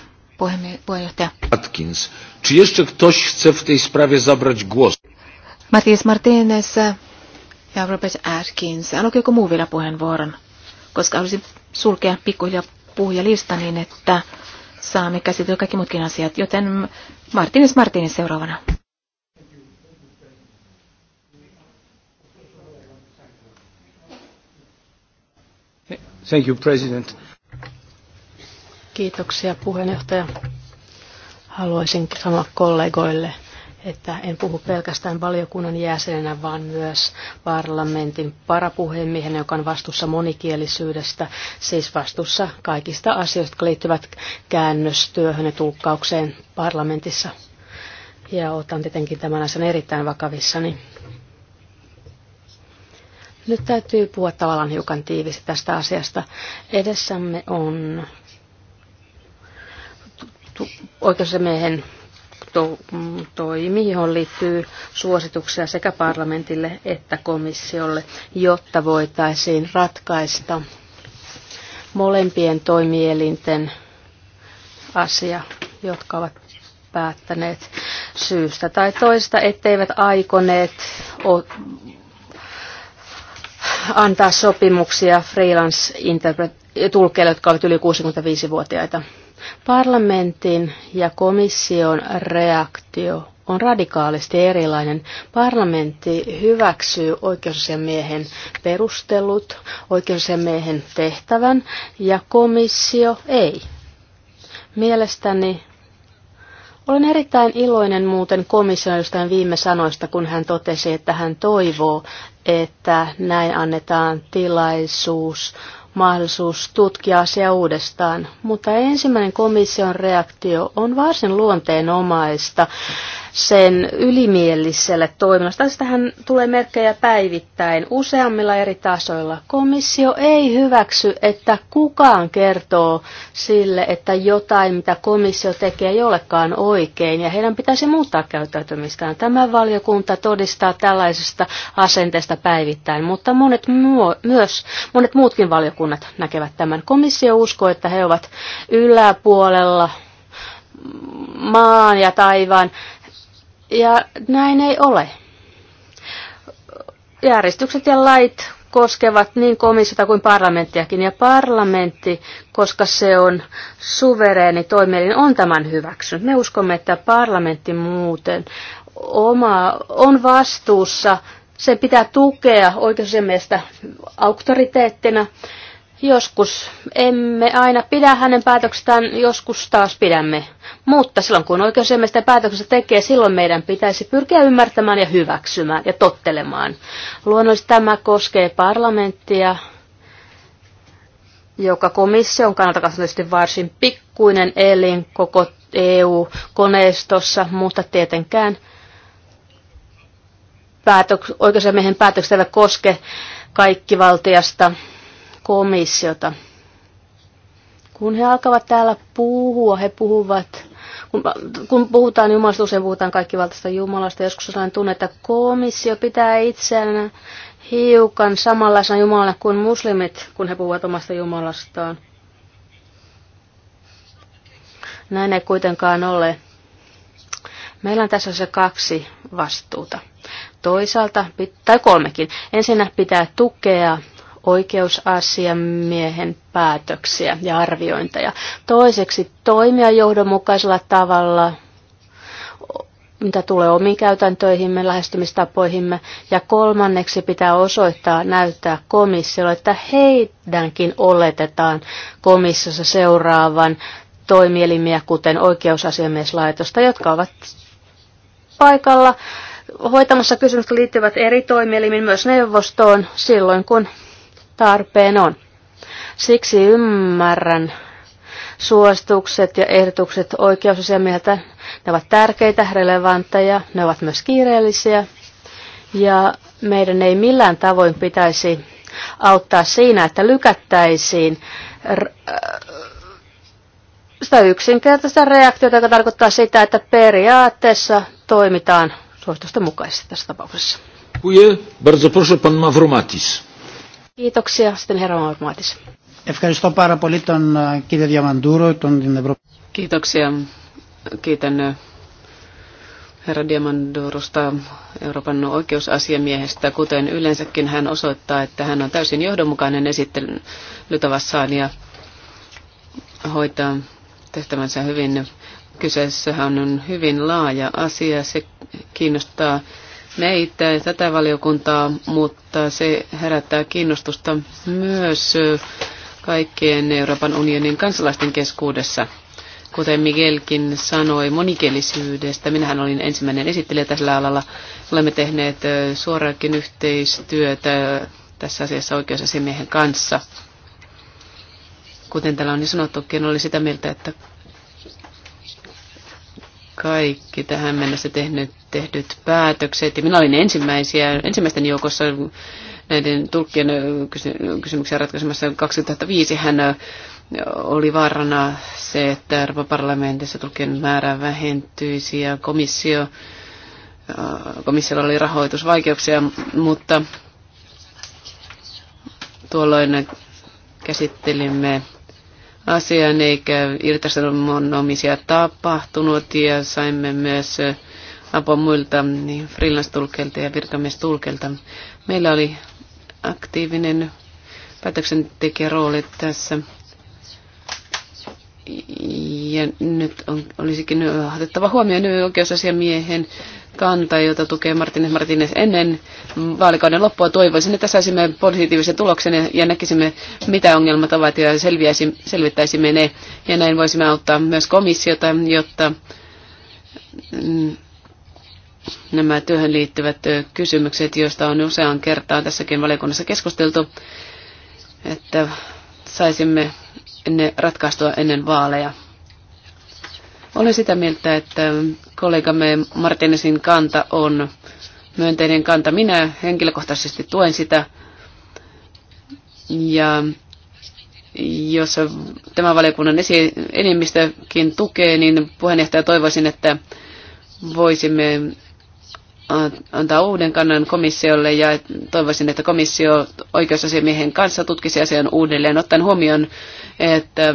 puheenjohtaja. Atkins, czy jeszcze ktoś chce w tej sprawie zabrać głos? Martinez Martinez ja Robert Atkins. Haluatko joku muu vielä puheenvuoron? Koska haluaisin sulkea pikkuhiljaa puhujalista niin, että saamme käsitellä kaikki muutkin asiat. Joten Martinez Martinez seuraavana. Thank you, President. Kiitoksia puheenjohtaja. Haluaisin sanoa kollegoille, että en puhu pelkästään valiokunnan jäsenenä, vaan myös parlamentin parapuhemiehenä, joka on vastuussa monikielisyydestä, siis vastuussa kaikista asioista, jotka liittyvät käännöstyöhön ja tulkkaukseen parlamentissa. Ja otan tietenkin tämän asian erittäin vakavissani. Nyt täytyy puhua tavallaan hiukan tiivisti tästä asiasta. Edessämme on oikeusmiehen to, toimi, johon liittyy suosituksia sekä parlamentille että komissiolle, jotta voitaisiin ratkaista molempien toimielinten asia, jotka ovat päättäneet syystä tai toista, etteivät aikoneet antaa sopimuksia freelance tulkkeille jotka ovat yli 65-vuotiaita. Parlamentin ja komission reaktio on radikaalisti erilainen. Parlamentti hyväksyy oikeusasiamiehen perustelut, oikeusasiamiehen tehtävän ja komissio ei. Mielestäni olen erittäin iloinen muuten komission viime sanoista, kun hän totesi, että hän toivoo, että näin annetaan tilaisuus, mahdollisuus tutkia asia uudestaan. Mutta ensimmäinen komission reaktio on varsin luonteenomaista sen ylimieliselle toiminnasta. Tästähän tulee merkkejä päivittäin useammilla eri tasoilla. Komissio ei hyväksy, että kukaan kertoo sille, että jotain, mitä komissio tekee, ei olekaan oikein, ja heidän pitäisi muuttaa käyttäytymistään. Tämä valiokunta todistaa tällaisesta asenteesta päivittäin, mutta monet muo, myös monet muutkin valiokunnat näkevät tämän. Komissio uskoo, että he ovat yläpuolella maan ja taivaan ja näin ei ole. Järjestykset ja lait koskevat niin komissiota kuin parlamenttiakin, ja parlamentti, koska se on suvereeni toimielin, on tämän hyväksynyt. Me uskomme, että parlamentti muuten oma, on vastuussa, se pitää tukea oikeusasiamiestä auktoriteettina, Joskus emme aina pidä hänen päätöksestään, joskus taas pidämme. Mutta silloin kun oikeusasiamies sitä päätöksestä tekee, silloin meidän pitäisi pyrkiä ymmärtämään ja hyväksymään ja tottelemaan. Luonnollisesti tämä koskee parlamenttia, joka komission kannalta on varsin pikkuinen elin koko EU-koneistossa, mutta tietenkään päätök- oikeusasiamiehen päätökset eivät koske kaikkivaltiasta komissiota. Kun he alkavat täällä puhua, he puhuvat, kun, kun puhutaan Jumalasta, usein puhutaan kaikki valtaista Jumalasta, joskus on tunne, että komissio pitää itseään hiukan samanlaisena Jumalana kuin muslimit, kun he puhuvat omasta Jumalastaan. Näin ei kuitenkaan ole. Meillä on tässä se kaksi vastuuta. Toisaalta, tai kolmekin. Ensinnä pitää tukea oikeusasiamiehen päätöksiä ja arviointeja. Toiseksi toimia johdonmukaisella tavalla mitä tulee omiin käytäntöihimme, lähestymistapoihimme. Ja kolmanneksi pitää osoittaa, näyttää komissiolle, että heidänkin oletetaan komissiossa seuraavan toimielimiä, kuten oikeusasiamieslaitosta, jotka ovat paikalla hoitamassa kysymykset liittyvät eri toimielimiin, myös neuvostoon, silloin kun tarpeen on. Siksi ymmärrän suositukset ja ehdotukset oikeusasiamieltä. Ne ovat tärkeitä, relevantteja, ne ovat myös kiireellisiä ja meidän ei millään tavoin pitäisi auttaa siinä, että lykättäisiin äh, sitä yksinkertaista reaktiota, joka tarkoittaa sitä, että periaatteessa toimitaan suositusten mukaisesti tässä tapauksessa. Dziękuję. Bardzo proszę pan Mavromatis. Kiitoksia. Sitten herra Maurmaatis. Ευχαριστώ πάρα πολύ τον κύριο Διαμαντούρο, τον την Kiitoksia. Kiitän herra Diamandurusta, Euroopan oikeusasiamiehestä. Kuten yleensäkin hän osoittaa, että hän on täysin johdonmukainen esittelytavassaan ja hoitaa tehtävänsä hyvin. Kyseessähän on hyvin laaja asia. Se kiinnostaa meitä ja tätä valiokuntaa, mutta se herättää kiinnostusta myös kaikkien Euroopan unionin kansalaisten keskuudessa. Kuten Miguelkin sanoi monikielisyydestä, minähän olin ensimmäinen esittelijä tällä alalla. Olemme tehneet suoraakin yhteistyötä tässä asiassa oikeusasiamiehen kanssa. Kuten täällä on niin sanottukin, oli sitä mieltä, että kaikki tähän mennessä tehnyt, tehdyt päätökset. Ja minä olin ensimmäisiä, ensimmäisten joukossa näiden tulkkien kysymyksiä ratkaisemassa 2005 hän oli vaarana se, että Euroopan parlamentissa tulkien määrä vähentyisi ja komissio, komissiolla oli rahoitusvaikeuksia, mutta tuolloin käsittelimme asian eikä irtisanomisia tapahtunut ja saimme myös apua muilta niin freelance-tulkeilta ja virkamiestulkeilta. Meillä oli aktiivinen päätöksentekijärooli tässä ja nyt on, olisikin otettava huomioon oikeusasiamiehen kanta, jota tukee Martinez Martinez ennen vaalikauden loppua. Toivoisin, että saisimme positiivisen tuloksen ja näkisimme, mitä ongelmat ovat ja selvittäisimme ne. Ja näin voisimme auttaa myös komissiota, jotta mm, nämä työhön liittyvät kysymykset, joista on useaan kertaan tässäkin valiokunnassa keskusteltu, että saisimme ne ratkaistua ennen vaaleja. Olen sitä mieltä, että kollegamme Martinesin kanta on myönteinen kanta. Minä henkilökohtaisesti tuen sitä. Ja jos tämä valiokunnan enemmistökin tukee, niin puheenjohtaja toivoisin, että voisimme antaa uuden kannan komissiolle ja toivoisin, että komissio oikeusasiamiehen kanssa tutkisi asian uudelleen, ottaen huomioon, että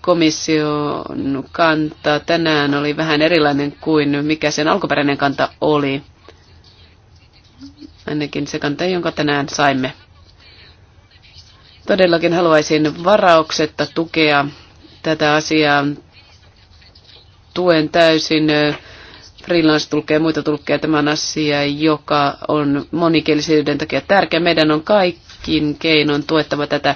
komission kanta tänään oli vähän erilainen kuin mikä sen alkuperäinen kanta oli. Ainakin se kanta, jonka tänään saimme. Todellakin haluaisin varauksetta tukea tätä asiaa tuen täysin freelance-tulkkeja ja muita tulkkeja. tämän asia, joka on monikielisyyden takia tärkeä. Meidän on kaikkin keinon tuettava tätä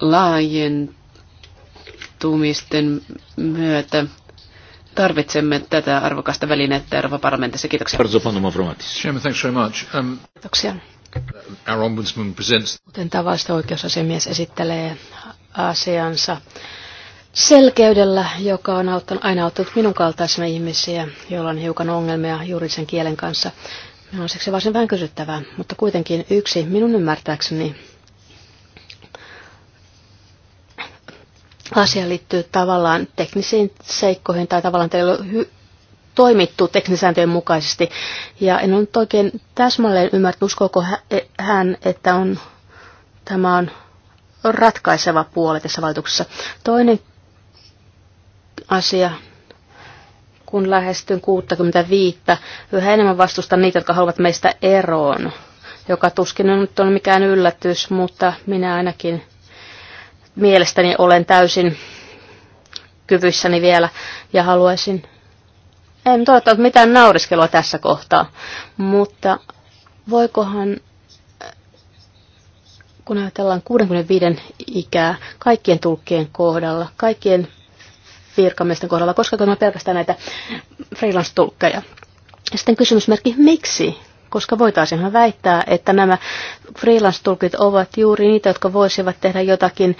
laajentumisten myötä. Tarvitsemme tätä arvokasta välinettä Euroopan parlamentissa. Kiitoksia. Um, Kiitoksia. Kuten tavasta oikeusasiamies esittelee asiansa selkeydellä, joka on auttanut, aina auttanut minun kaltaisena ihmisiä, joilla on hiukan ongelmia juuri sen kielen kanssa. Minun on siksi varsin vähän kysyttävää, mutta kuitenkin yksi minun ymmärtääkseni asia liittyy tavallaan teknisiin seikkoihin tai tavallaan teillä on hy- toimittu teknisääntöjen mukaisesti. Ja en ole nyt oikein täsmälleen ymmärtänyt, uskoako e- hän, että on, tämä on ratkaiseva puoli tässä valituksessa. Toinen asia. Kun lähestyn 65, yhä enemmän vastustan niitä, jotka haluavat meistä eroon, joka tuskin on nyt on mikään yllätys, mutta minä ainakin mielestäni olen täysin kyvyssäni vielä ja haluaisin en toivottavasti mitään nauriskelua tässä kohtaa, mutta voikohan, kun ajatellaan 65 ikää kaikkien tulkkien kohdalla, kaikkien virkamiesten kohdalla, koska tämä pelkästään näitä freelance-tulkkeja. Sitten kysymysmerkki, miksi? Koska voitaisiinhan väittää, että nämä freelance-tulkit ovat juuri niitä, jotka voisivat tehdä jotakin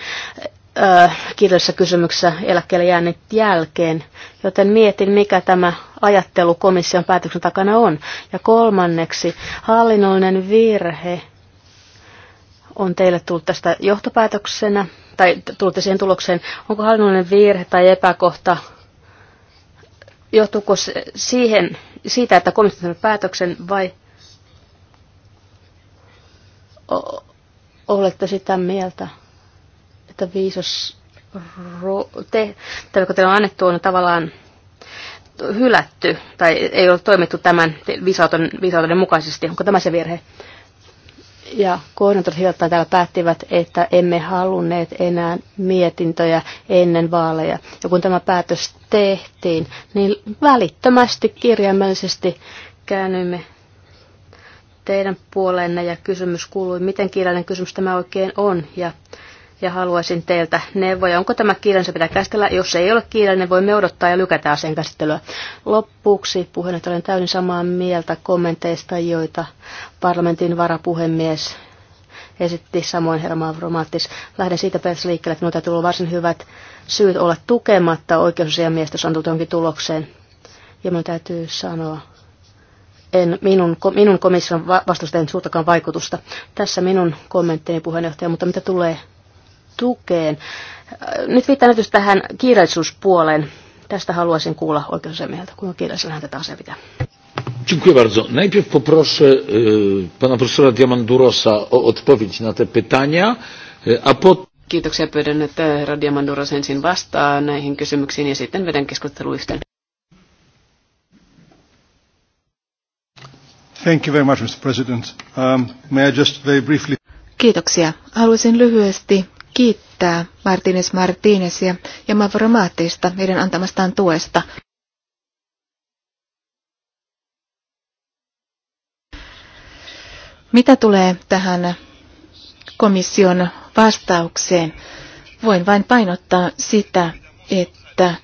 kirjallisessa kysymyksessä eläkkeelle jäänyt jälkeen. Joten mietin, mikä tämä ajattelu komission päätöksen takana on. Ja kolmanneksi, hallinnollinen virhe on teille tullut tästä johtopäätöksenä, tai tulette siihen tulokseen, onko hallinnollinen virhe tai epäkohta, johtuuko se siihen, siitä, että komissio päätöksen, vai olette sitä mieltä, että viisas tehtävä, kun teillä on annettu, on tavallaan hylätty tai ei ole toimittu tämän viisauden, viisauden mukaisesti. Onko tämä se virhe? ja koordinaattorit hiljattain täällä päättivät, että emme halunneet enää mietintöjä ennen vaaleja. Ja kun tämä päätös tehtiin, niin välittömästi kirjaimellisesti käännyimme teidän puoleenne ja kysymys kuului, miten kirjallinen kysymys tämä oikein on. Ja ja haluaisin teiltä neuvoja. Onko tämä kiireinen, se pitää käsitellä? Jos se ei ole kiireinen, niin voimme odottaa ja lykätä asian käsittelyä. Loppuksi että olen täysin samaa mieltä kommenteista, joita parlamentin varapuhemies esitti samoin herra Mavromaattis. Lähden siitä periaatteessa liikkeelle, että minulta on olla varsin hyvät syyt olla tukematta oikeusasiamiestä, jos on tullut jonkin tulokseen. Ja minun täytyy sanoa, en minun, minun komission vastusta en suurtakaan vaikutusta. Tässä minun kommenttini puheenjohtaja, mutta mitä tulee tukeen. Nyt viittaan nyt tähän kiireellisyyspuoleen. Tästä haluaisin kuulla oikeusasiamieheltä, kuinka kiireellisenä tätä asiaa pitää. Dziękuję bardzo. Najpierw poproszę pana profesora Diamandurosa o odpowiedź na te pytania, a potem... Kiitoksia pyydän, että herra Diamanduros ensin vastaa näihin kysymyksiin ja sitten vedän keskustelu yhteen. Thank you very much, Mr. President. Um, may I just very briefly... Kiitoksia. Haluaisin lyhyesti kiittää Martinez Martinezia ja Mavromaattista heidän antamastaan tuesta. Mitä tulee tähän komission vastaukseen, voin vain painottaa sitä, että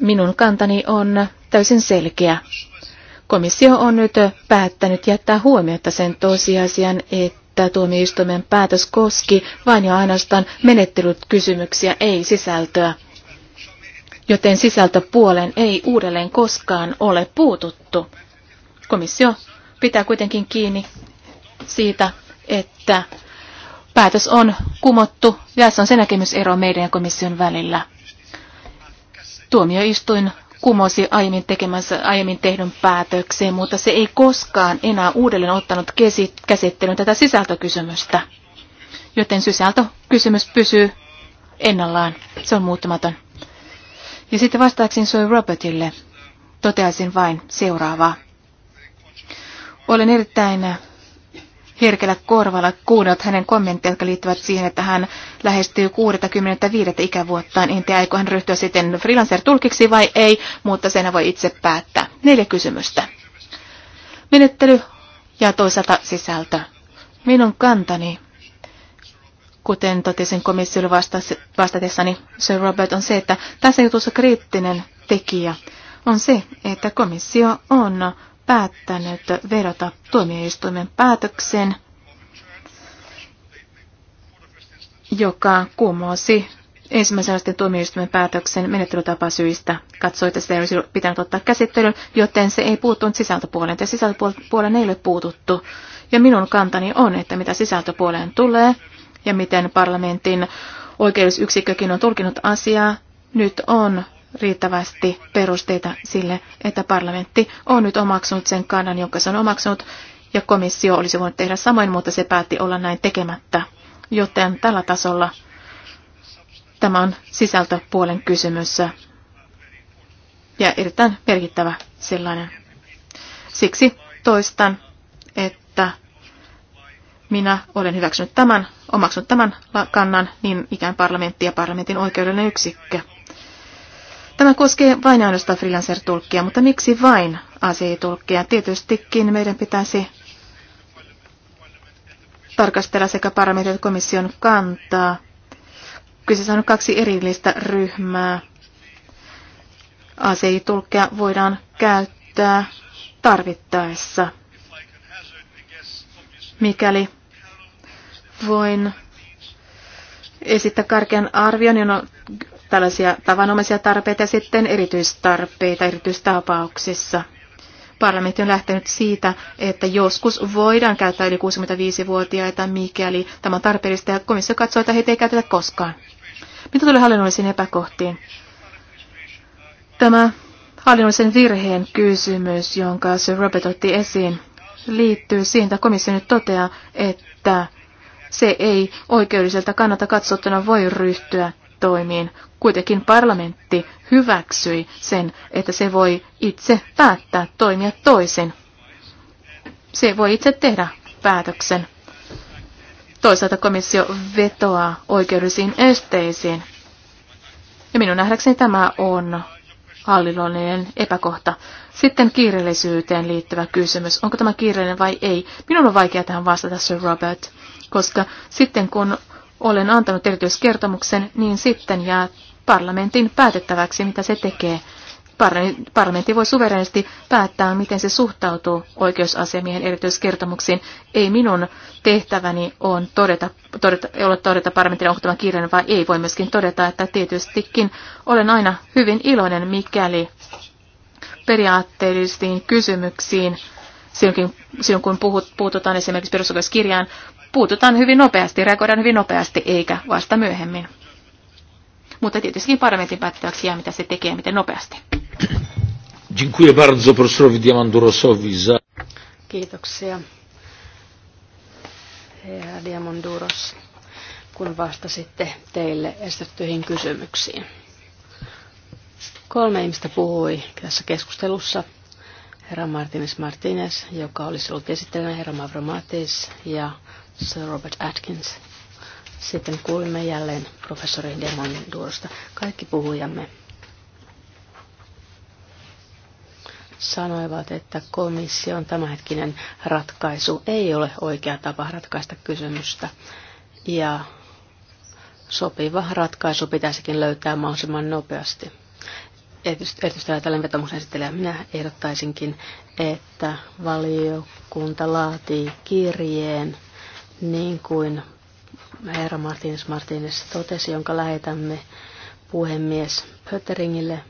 minun kantani on täysin selkeä. Komissio on nyt päättänyt jättää huomiota sen tosiasian, että tuomioistuimen päätös koski vain ja ainoastaan kysymyksiä, ei sisältöä. Joten sisältöpuolen ei uudelleen koskaan ole puututtu. Komissio pitää kuitenkin kiinni siitä, että päätös on kumottu ja se on se näkemysero meidän ja komission välillä. Tuomioistuin kumosi aiemmin, tekemänsä, aiemmin tehdyn päätöksen, mutta se ei koskaan enää uudelleen ottanut käsittelyyn tätä sisältökysymystä. Joten sisältökysymys pysyy ennallaan. Se on muuttumaton. Ja sitten vastaaksin Soi Robertille. Toteaisin vain seuraavaa. Olen erittäin herkällä korvalla kuunnellut hänen kommentteja, jotka liittyvät siihen, että hän lähestyy 65 ikävuottaan. En tiedä, hän ryhtyä sitten freelancer-tulkiksi vai ei, mutta sen voi itse päättää. Neljä kysymystä. Menettely ja toisaalta sisältö. Minun kantani, kuten totesin komissiolle vastatessani, Sir Robert, on se, että tässä jutussa kriittinen tekijä on se, että komissio on päättänyt vedota tuomioistuimen päätöksen, joka kumosi ensimmäisen asteen tuomioistuimen päätöksen menettelytapasyistä. Katsoi, että sitä ei olisi pitänyt ottaa käsittelyyn, joten se ei puuttunut sisältöpuoleen. Ja sisältöpuoleen ei ole puututtu. Ja minun kantani on, että mitä sisältöpuoleen tulee ja miten parlamentin oikeusyksikkökin on tulkinut asiaa, nyt on riittävästi perusteita sille, että parlamentti on nyt omaksunut sen kannan, jonka se on omaksunut, ja komissio olisi voinut tehdä samoin, mutta se päätti olla näin tekemättä. Joten tällä tasolla tämä on sisältöpuolen kysymys ja erittäin merkittävä sellainen. Siksi toistan, että minä olen hyväksynyt tämän, omaksunut tämän kannan, niin ikään parlamentti ja parlamentin oikeudellinen yksikkö. Tämä koskee vain ainoastaan freelancer-tulkkia, mutta miksi vain ACI-tulkkia? Tietystikin meidän pitäisi tarkastella sekä parametrit että komission kantaa. Kyseessä on kaksi erillistä ryhmää. ACI-tulkkia voidaan käyttää tarvittaessa. Mikäli voin esittää karkean arvion, niin on tällaisia tavanomaisia tarpeita ja sitten erityistarpeita erityistapauksissa. Parlamentti on lähtenyt siitä, että joskus voidaan käyttää yli 65-vuotiaita, mikäli tämä on tarpeellista, ja komissio katsoo, että heitä ei käytetä koskaan. Mitä tulee hallinnollisiin epäkohtiin? Tämä hallinnollisen virheen kysymys, jonka Sir Robert otti esiin, liittyy siihen, että komissio nyt toteaa, että se ei oikeudelliselta kannalta katsottuna voi ryhtyä toimiin. Kuitenkin parlamentti hyväksyi sen, että se voi itse päättää toimia toisin. Se voi itse tehdä päätöksen. Toisaalta komissio vetoaa oikeudellisiin esteisiin. Ja minun nähdäkseni tämä on hallinnollinen epäkohta. Sitten kiireellisyyteen liittyvä kysymys. Onko tämä kiireellinen vai ei? Minun on vaikea tähän vastata, Sir Robert, koska sitten kun olen antanut erityiskertomuksen, niin sitten jää parlamentin päätettäväksi, mitä se tekee. Parlamentti voi suverenisti päättää, miten se suhtautuu oikeusasiamiehen erityiskertomuksiin. Ei minun tehtäväni on todeta, todeta, ole todeta parlamentin onko kirjan, vaan ei voi myöskin todeta, että tietystikin olen aina hyvin iloinen, mikäli periaatteellisiin kysymyksiin silloin kun, puhutaan esimerkiksi perusoikeuskirjaan, puututaan hyvin nopeasti, reagoidaan hyvin nopeasti, eikä vasta myöhemmin. Mutta tietysti parlamentin päättäväksi jää, mitä se tekee, miten nopeasti. Dziękuję bardzo profesorowi Diamandurosowi za... Kiitoksia. Herra Diamanduros, kun vastasitte teille esitettyihin kysymyksiin. Kolme ihmistä puhui tässä keskustelussa herra Martínez Martínez, joka olisi ollut esittelijänä herra Mavromatis ja Sir Robert Atkins. Sitten kuulimme jälleen professori Demonin duosta. Kaikki puhujamme sanoivat, että komission tämänhetkinen ratkaisu ei ole oikea tapa ratkaista kysymystä. Ja sopiva ratkaisu pitäisikin löytää mahdollisimman nopeasti. Erityisesti tällä vetomuksen esittelijä, minä ehdottaisinkin, että valiokunta laatii kirjeen – niin kuin herra Martins Martínez totesi, jonka lähetämme puhemies Pöteringille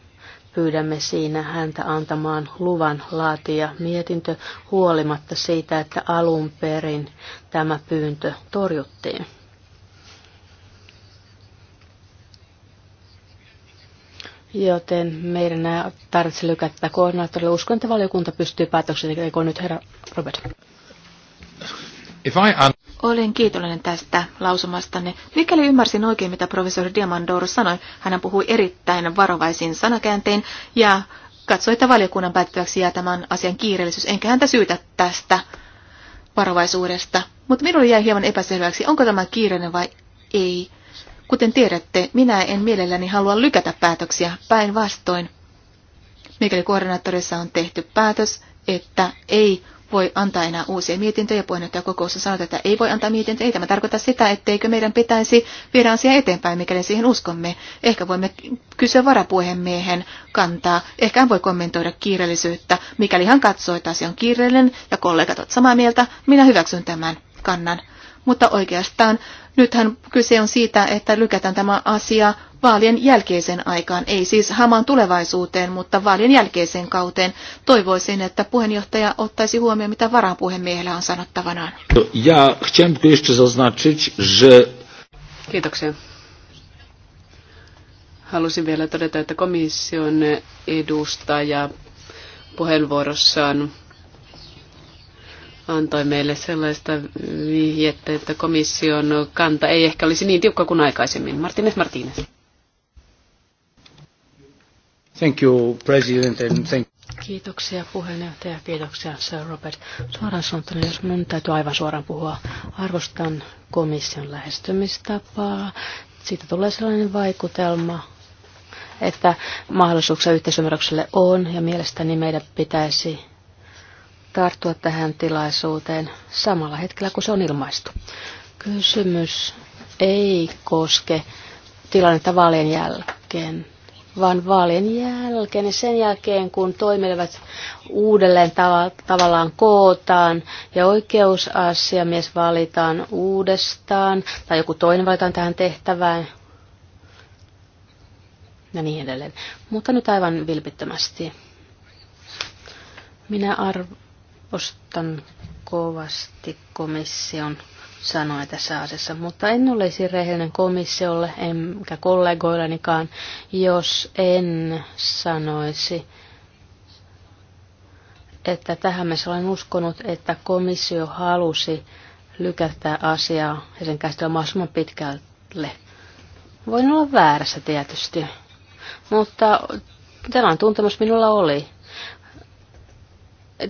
pyydämme siinä häntä antamaan luvan laatia mietintö huolimatta siitä, että alun perin tämä pyyntö torjuttiin. Joten meidän ei tarvitse lykätä koordinaattorille. Uskon, että valiokunta pystyy päätöksiin, eikö nyt herra Robert. If I olen kiitollinen tästä lausumastanne. Mikäli ymmärsin oikein, mitä professori Diamandoro sanoi, hän puhui erittäin varovaisin sanakääntein ja katsoi, että valiokunnan päättäväksi jää tämän asian kiireellisyys. Enkä häntä syytä tästä varovaisuudesta. Mutta minulle jäi hieman epäselväksi, onko tämä kiireinen vai ei. Kuten tiedätte, minä en mielelläni halua lykätä päätöksiä päinvastoin. Mikäli koordinaattorissa on tehty päätös, että ei voi antaa enää uusia mietintöjä. kokous sanoi, että ei voi antaa mietintöjä. Ei tämä tarkoita sitä, etteikö meidän pitäisi viedä asiaa eteenpäin, mikäli siihen uskomme. Ehkä voimme kysyä varapuhemiehen kantaa. Ehkä hän voi kommentoida kiireellisyyttä. Mikäli hän katsoo, että asia on kiireellinen ja kollegat ovat samaa mieltä, minä hyväksyn tämän kannan mutta oikeastaan nythän kyse on siitä, että lykätään tämä asia vaalien jälkeiseen aikaan, ei siis hamaan tulevaisuuteen, mutta vaalien jälkeiseen kauteen. Toivoisin, että puheenjohtaja ottaisi huomioon, mitä varapuhemiehellä on sanottavanaan. Ja Kiitoksia. Halusin vielä todeta, että komission edustaja puheenvuorossaan antoi meille sellaista vihjettä, että komission kanta ei ehkä olisi niin tiukka kuin aikaisemmin. Martinez Martinez. Thank you, President, and thank Kiitoksia puheenjohtaja, kiitoksia Sir Robert. Suoraan sanottuna, jos minun täytyy aivan suoraan puhua, arvostan komission lähestymistapaa. Siitä tulee sellainen vaikutelma, että mahdollisuuksia yhteisymmärrykselle on ja mielestäni meidän pitäisi tarttua tähän tilaisuuteen samalla hetkellä, kun se on ilmaistu. Kysymys ei koske tilannetta vaalien jälkeen, vaan vaalien jälkeen ja sen jälkeen, kun toimivat uudelleen tav- tavallaan kootaan ja oikeusasiamies valitaan uudestaan tai joku toinen valitaan tähän tehtävään ja niin edelleen. Mutta nyt aivan vilpittömästi. Minä arv- Ostan kovasti komission sanoi tässä asiassa, mutta en olisi rehellinen komissiolle enkä kollegoillanikaan, jos en sanoisi, että tähän mennessä olen uskonut, että komissio halusi lykätä asiaa ja sen käsitellä mahdollisimman pitkälle. Voin olla väärässä tietysti, mutta tämä on tuntemus minulla oli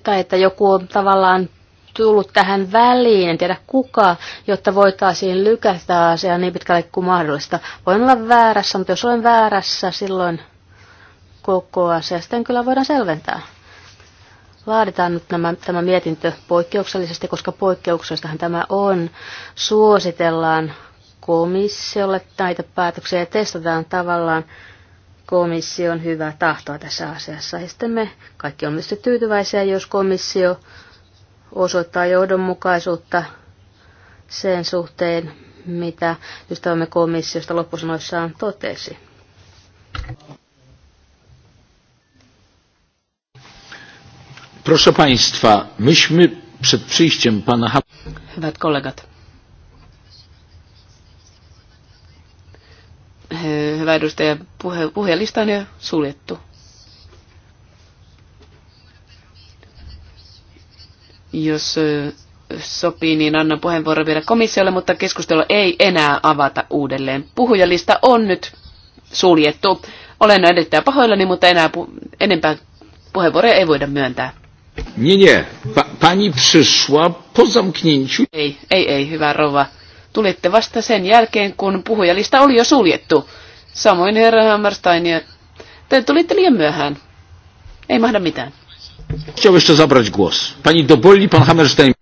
tai että joku on tavallaan tullut tähän väliin, en tiedä kuka, jotta voitaisiin lykätä asiaa niin pitkälle kuin mahdollista. Voin olla väärässä, mutta jos olen väärässä, silloin koko asia sitten kyllä voidaan selventää. Laaditaan nyt nämä, tämä mietintö poikkeuksellisesti, koska poikkeuksellistahan tämä on. Suositellaan komissiolle näitä päätöksiä ja testataan tavallaan komission hyvää tahtoa tässä asiassa. Ja sitten me kaikki on myös tyytyväisiä, jos komissio osoittaa johdonmukaisuutta sen suhteen, mitä ystävämme komissiosta loppusanoissaan totesi. Proszę Państwa, myśmy przed przyjściem pana... Hyvät kollegat, hyvä edustaja. Puhe, puhelista on jo suljettu. Jos sopii, niin annan puheenvuoron vielä komissiolle, mutta keskustelu ei enää avata uudelleen. Puhujalista on nyt suljettu. Olen edettäjä pahoillani, mutta enää pu- enempää puheenvuoroja ei voida myöntää. Nie, nie. Pa- pani przyszła po zamknięciu. Ei, ei, ei, hyvä rouva. Tulitte vasta sen jälkeen, kun puhujalista oli jo suljettu. Samoin herra ja Te tulitte liian myöhään. Ei mahda mitään. Chciał jeszcze zabrać głos. Pani Doboli, pan Hammerstein.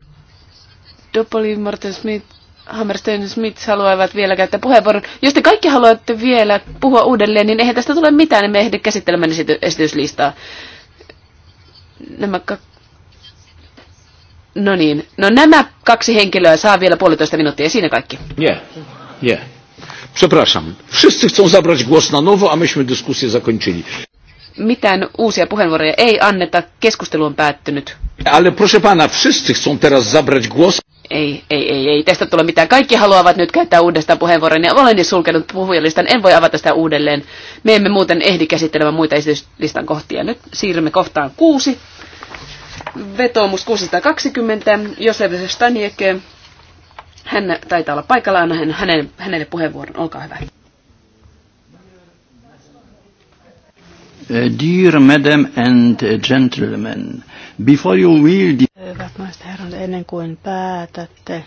Doboli, Martin Smith, Hammerstein Smith haluavat vielä käyttää puheenvuoron. Jos te kaikki haluatte vielä puhua uudelleen, niin eihän tästä tule mitään, niin me ehdi käsittelemään esity- esityslistaa. Nämä No niin. No nämä kaksi henkilöä saa vielä puolitoista minuuttia ja siinä kaikki. Yeah. Yeah. Przepraszam. Wszyscy chcą zabrać głos na nowo, a myśmy dyskusję zakończyli. Mitään uusia puheenvuoroja ei anneta. Keskustelu on päättynyt. Ale proszę pana, wszyscy chcą teraz zabrać głos. Ei, ei, ei, ei. Tästä tule mitään. Kaikki haluavat nyt käyttää uudestaan puheenvuoron ja olen sulkenut puhujalistan. En voi avata sitä uudelleen. Me emme muuten ehdi käsittelemään muita esityslistan kohtia. Nyt siirrymme kohtaan kuusi. Vetoomus 620. Josef Stanieke hän taitaa olla paikalla, annan hänen, hänelle puheenvuoron. Olkaa hyvä. Uh, dear madam and gentlemen, before you will... Hyvät naiset herrat, ennen kuin päätätte,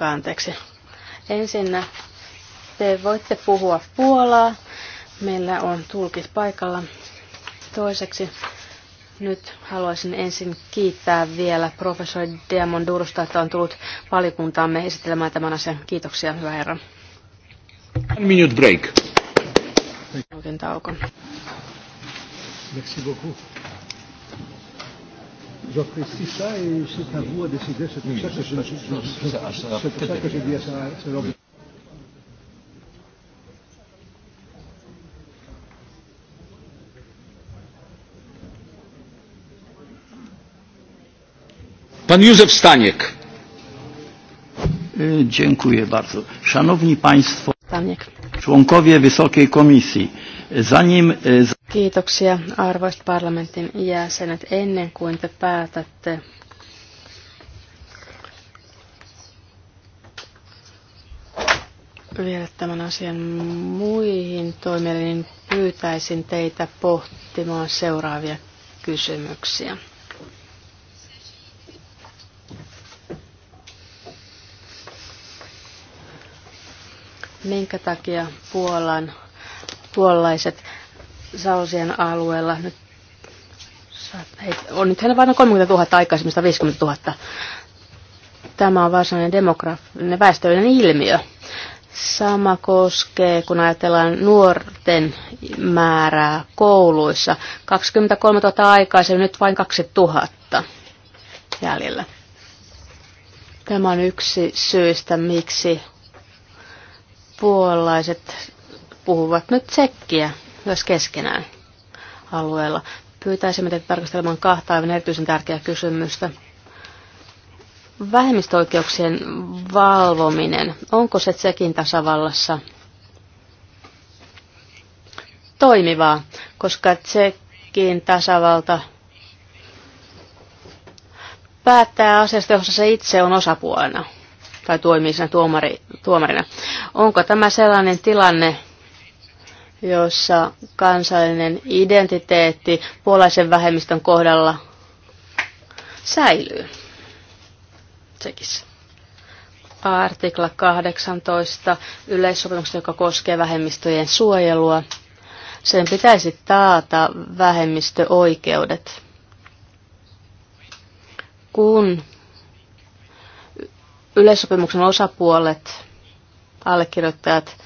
Anteeksi. Ensinnä te voitte puhua Puolaa. Meillä on tulkit paikalla. Toiseksi nyt haluaisin ensin kiittää vielä professori Diamond Durusta, että on tullut valikuntaamme esittelemään tämän asian. Kiitoksia, hyvä herra. One minute break. tauko. Merci beaucoup. J'apprécie ça et c'est à vous à décider. C'est ça que je, Pan Józef Staniek. Dziękuję bardzo. Szanowni Państwo, Staniek. członkowie Wysokiej Komisji, zanim... Kiitoksia arvoisat parlamentin jäsenet. Ennen kuin te päätätte viedä tämän asian muihin toimielin, niin pyytäisin teitä pohtimaan seuraavia kysymyksiä. minkä takia Puolan, puolalaiset Sausien alueella nyt ei, on nyt heillä vain 30 000 aikaisemmista 50 000. Tämä on varsinainen demografinen väestöllinen ilmiö. Sama koskee, kun ajatellaan nuorten määrää kouluissa. 23 000 aikaisemmin, nyt vain 2000 jäljellä. Tämä on yksi syistä, miksi puolalaiset puhuvat nyt tsekkiä myös keskenään alueella. Pyytäisimme teitä tarkastelemaan kahta aivan erityisen tärkeää kysymystä. Vähemmistöoikeuksien valvominen, onko se Tsekin tasavallassa toimivaa, koska Tsekin tasavalta päättää asiasta, jossa se itse on osapuolena tai toimii siinä tuomari, tuomarina. Onko tämä sellainen tilanne, jossa kansallinen identiteetti puolaisen vähemmistön kohdalla säilyy? Tsekissä artikla 18 yleissopimuksesta, joka koskee vähemmistöjen suojelua. Sen pitäisi taata vähemmistöoikeudet. Kun Yleissopimuksen osapuolet, allekirjoittajat,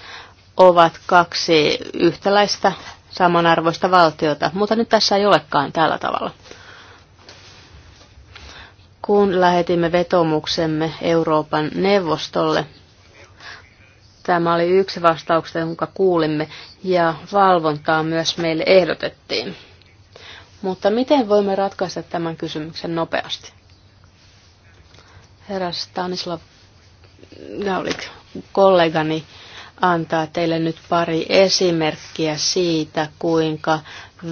ovat kaksi yhtäläistä samanarvoista valtiota, mutta nyt tässä ei olekaan tällä tavalla. Kun lähetimme vetomuksemme Euroopan neuvostolle, tämä oli yksi vastauksista, jonka kuulimme, ja valvontaa myös meille ehdotettiin. Mutta miten voimme ratkaista tämän kysymyksen nopeasti? Herra Stanislav Gaulik, kollegani, antaa teille nyt pari esimerkkiä siitä, kuinka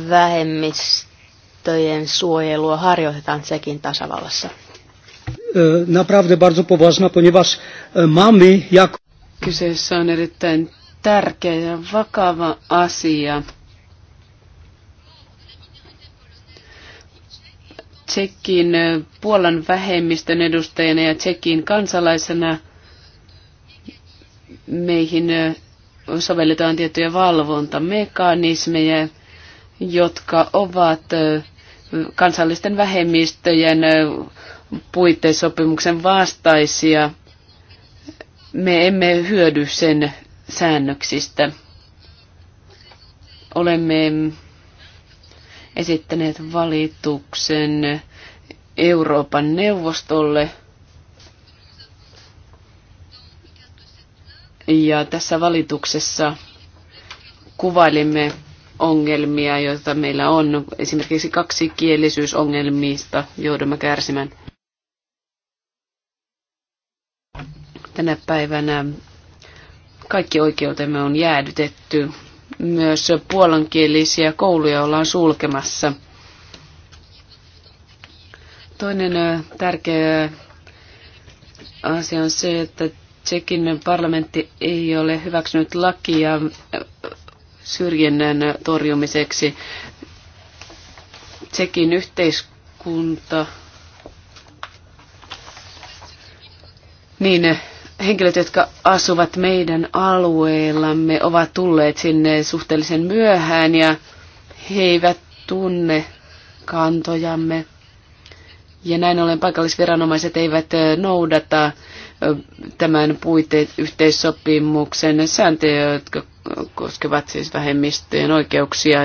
vähemmistöjen suojelua harjoitetaan sekin tasavallassa. E, naprawdę bardzo poważna, ponieważ e, mamy jak... Kyseessä on erittäin tärkeä ja vakava asia. Tsekin Puolan vähemmistön edustajana ja Tsekin kansalaisena meihin sovelletaan tiettyjä valvontamekanismeja, jotka ovat kansallisten vähemmistöjen puitteissopimuksen vastaisia. Me emme hyödy sen säännöksistä. Olemme esittäneet valituksen Euroopan neuvostolle. Ja tässä valituksessa kuvailimme ongelmia, joita meillä on. Esimerkiksi kaksi kielisyysongelmista joudumme kärsimään. Tänä päivänä kaikki oikeutemme on jäädytetty myös puolankielisiä kouluja ollaan sulkemassa. Toinen tärkeä asia on se, että Tsekin parlamentti ei ole hyväksynyt lakia syrjinnän torjumiseksi. Tsekin yhteiskunta niin henkilöt, jotka asuvat meidän alueellamme, ovat tulleet sinne suhteellisen myöhään ja he eivät tunne kantojamme. Ja näin ollen paikallisviranomaiset eivät noudata tämän yhteissopimuksen sääntöjä, jotka koskevat siis vähemmistöjen oikeuksia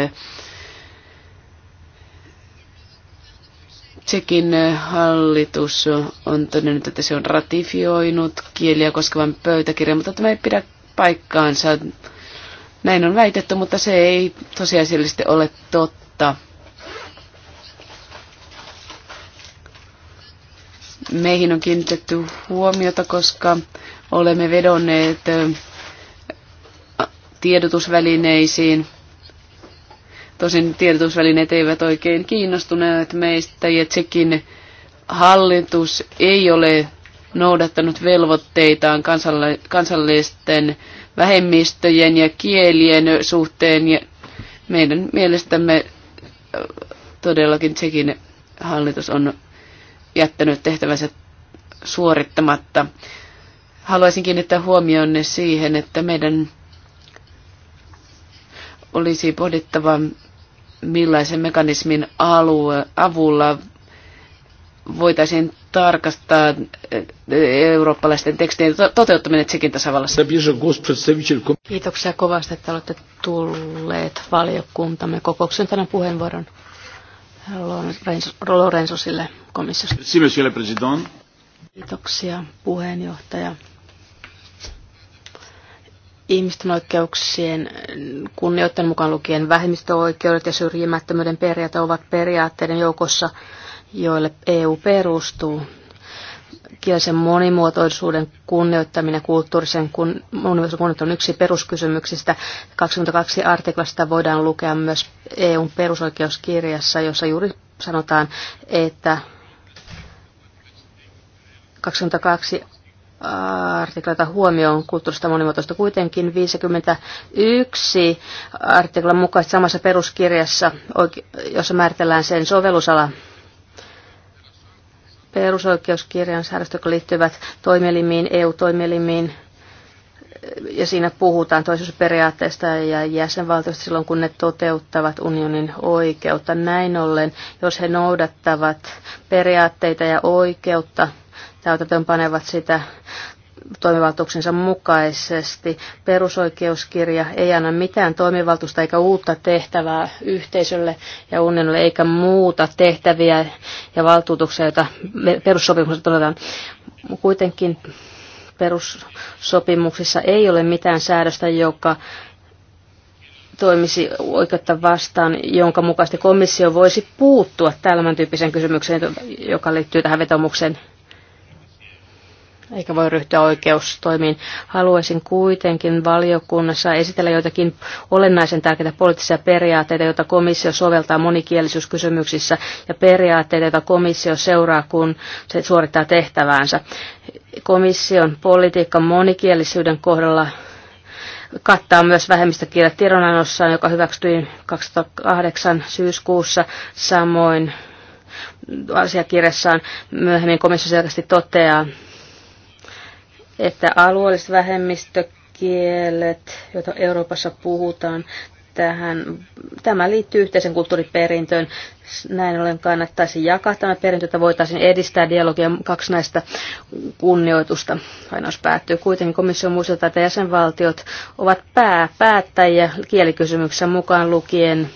Tsekin eh, hallitus on todennut, että se on ratifioinut kieliä koskevan pöytäkirjan, mutta tämä ei pidä paikkaansa. Näin on väitetty, mutta se ei tosiasiallisesti ole totta. Meihin on kiinnitetty huomiota, koska olemme vedonneet eh, tiedotusvälineisiin – Tosin tiedotusvälineet eivät oikein kiinnostuneet meistä ja Tsekin hallitus ei ole noudattanut velvoitteitaan kansallisten vähemmistöjen ja kielien suhteen. Ja meidän mielestämme todellakin Tsekin hallitus on jättänyt tehtävänsä suorittamatta. Haluaisin kiinnittää huomionne siihen, että meidän olisi pohdittava millaisen mekanismin alue, avulla voitaisiin tarkastaa eh, eurooppalaisten tekstien toteuttaminen Tsekin tasavallassa. Kiitoksia kovasti, että olette tulleet valiokuntamme kokouksen tänä puheenvuoron Lorenzosille komissiosta. Kiitoksia puheenjohtaja ihmisten oikeuksien kunnioittajan mukaan lukien vähemmistöoikeudet ja syrjimättömyyden periaate ovat periaatteiden joukossa, joille EU perustuu. Kielisen monimuotoisuuden kunnioittaminen ja kulttuurisen kun, monimuotoisuuden kunnioittaminen on yksi peruskysymyksistä. 22 artiklasta voidaan lukea myös EUn perusoikeuskirjassa, jossa juuri sanotaan, että 22 artikloita huomioon kulttuurista monimuotoista kuitenkin 51 artiklan mukaisesti samassa peruskirjassa, jossa määritellään sen sovellusala perusoikeuskirjan säädöstä, jotka liittyvät toimielimiin, EU-toimielimiin, ja siinä puhutaan toisuusperiaatteesta ja jäsenvaltioista silloin, kun ne toteuttavat unionin oikeutta. Näin ollen, jos he noudattavat periaatteita ja oikeutta, täytäntöönpanevat sitä toimivaltuuksensa mukaisesti. Perusoikeuskirja ei anna mitään toimivaltuusta eikä uutta tehtävää yhteisölle ja unionille eikä muuta tehtäviä ja valtuutuksia, joita perussopimuksessa todetaan. Kuitenkin perussopimuksissa ei ole mitään säädöstä, joka toimisi oikeutta vastaan, jonka mukaisesti komissio voisi puuttua tämän tyyppiseen kysymykseen, joka liittyy tähän vetomukseen eikä voi ryhtyä oikeustoimiin. Haluaisin kuitenkin valiokunnassa esitellä joitakin olennaisen tärkeitä poliittisia periaatteita, joita komissio soveltaa monikielisyyskysymyksissä ja periaatteita, joita komissio seuraa, kun se suorittaa tehtäväänsä. Komission politiikka monikielisyyden kohdalla kattaa myös vähemmistökielet tiedonannossaan, joka hyväksyttiin 2008 syyskuussa, samoin asiakirjassaan myöhemmin komissio selkeästi toteaa, että alueelliset vähemmistökielet, joita Euroopassa puhutaan, tähän, tämä liittyy yhteisen kulttuuriperintöön. Näin ollen kannattaisi jakaa tämä perintö, että voitaisiin edistää dialogia kaksinaista kunnioitusta. Ainoas päättyy. Kuitenkin komissio muistuttaa, että jäsenvaltiot ovat pääpäättäjiä kielikysymyksessä mukaan lukien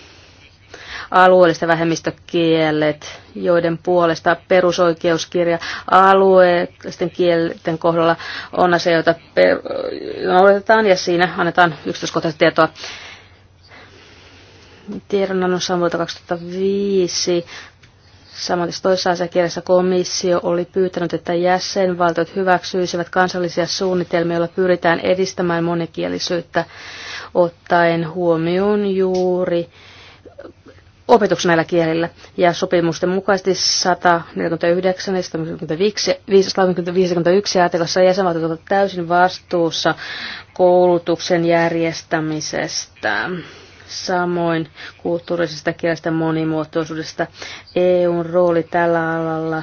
alueellista vähemmistökielet, joiden puolesta perusoikeuskirja alueellisten kielten kohdalla on asia, joita noudatetaan ja siinä annetaan yksityiskohtaista tietoa. Tiedonannossa vuodelta 2005 Samoin toisessa asiakirjassa komissio oli pyytänyt, että jäsenvaltiot hyväksyisivät kansallisia suunnitelmia, joilla pyritään edistämään monikielisyyttä, ottaen huomioon juuri opetuksen näillä kielillä. Ja sopimusten mukaisesti 149 ja 151 artiklassa jäsenvaltiot ovat täysin vastuussa koulutuksen järjestämisestä. Samoin kulttuurisesta kielestä monimuotoisuudesta. EUn rooli tällä alalla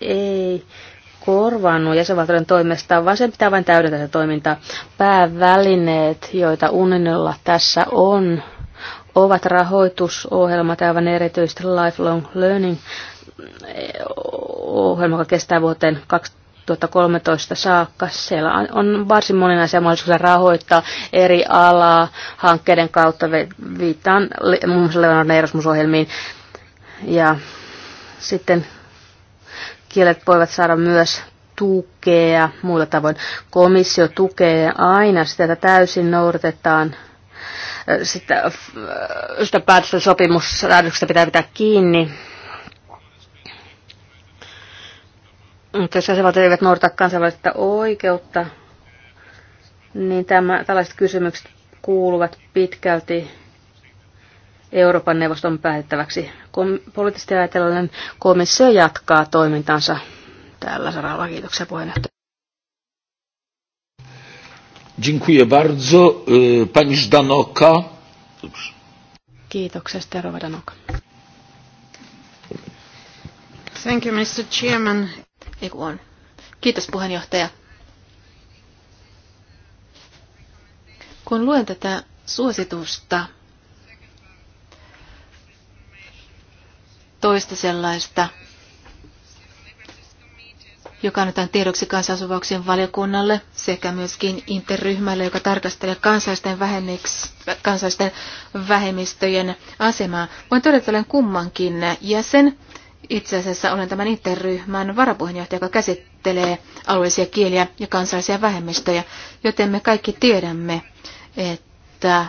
ei korvannut jäsenvaltioiden toimesta, vaan sen pitää vain täydentää toimintaa Päävälineet, joita unionilla tässä on, ovat rahoitusohjelmat, aivan erityisesti Lifelong Learning ohjelma, joka kestää vuoteen 2013 saakka. Siellä on varsin moninaisia mahdollisuuksia rahoittaa eri alaa hankkeiden kautta. Viittaan muun muassa Leonardo Erasmus-ohjelmiin. Ja sitten kielet voivat saada myös tukea muilla tavoin. Komissio tukee aina sitä, että täysin noudatetaan sitten äh, sitä päätöstä sopimussäädöksestä pitää pitää kiinni. Mutta jos jäsenvaltiot eivät noudata kansainvälistä oikeutta, niin tämä, tällaiset kysymykset kuuluvat pitkälti Euroopan neuvoston päätettäväksi. Kom- poliittisesti ajatellen komissio jatkaa toimintansa tällä saralla. Kiitoksia puheenjohtaja. Dziękuję bardzo. Pani Żdanoka. Danoka. Thank you, Mr. Chairman. Kiitos puheenjohtaja. Kun luen tätä suositusta, toista sellaista, joka annetaan tiedoksi kansalaisuvauksien valiokunnalle sekä myöskin interryhmälle, joka tarkastelee kansalaisten, kansallisten vähemmistöjen asemaa. Voin todeta, että olen kummankin jäsen. Itse asiassa olen tämän interryhmän varapuheenjohtaja, joka käsittelee alueellisia kieliä ja kansallisia vähemmistöjä, joten me kaikki tiedämme, että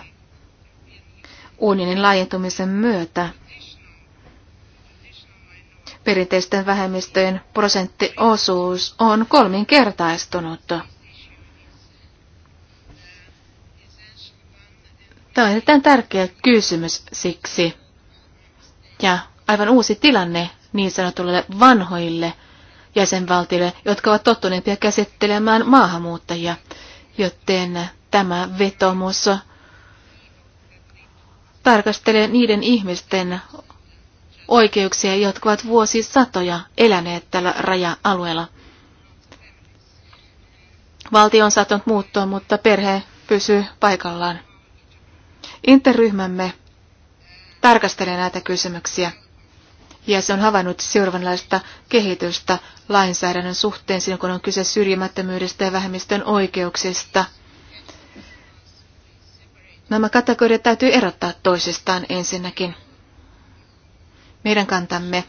unionin laajentumisen myötä perinteisten vähemmistöjen prosenttiosuus on kolminkertaistunut. Tämä on erittäin tärkeä kysymys siksi. Ja aivan uusi tilanne niin sanotulle vanhoille jäsenvaltioille, jotka ovat tottuneempia käsittelemään maahanmuuttajia, joten tämä vetomus tarkastelee niiden ihmisten oikeuksia, jotka ovat vuosisatoja eläneet tällä raja-alueella. Valtio on saattanut muuttua, mutta perhe pysyy paikallaan. Interryhmämme tarkastelee näitä kysymyksiä ja se on havainnut seuraavanlaista kehitystä lainsäädännön suhteen siinä kun on kyse syrjimättömyydestä ja vähemmistön oikeuksista. Nämä kategoriat täytyy erottaa toisistaan ensinnäkin. Meidän kantamme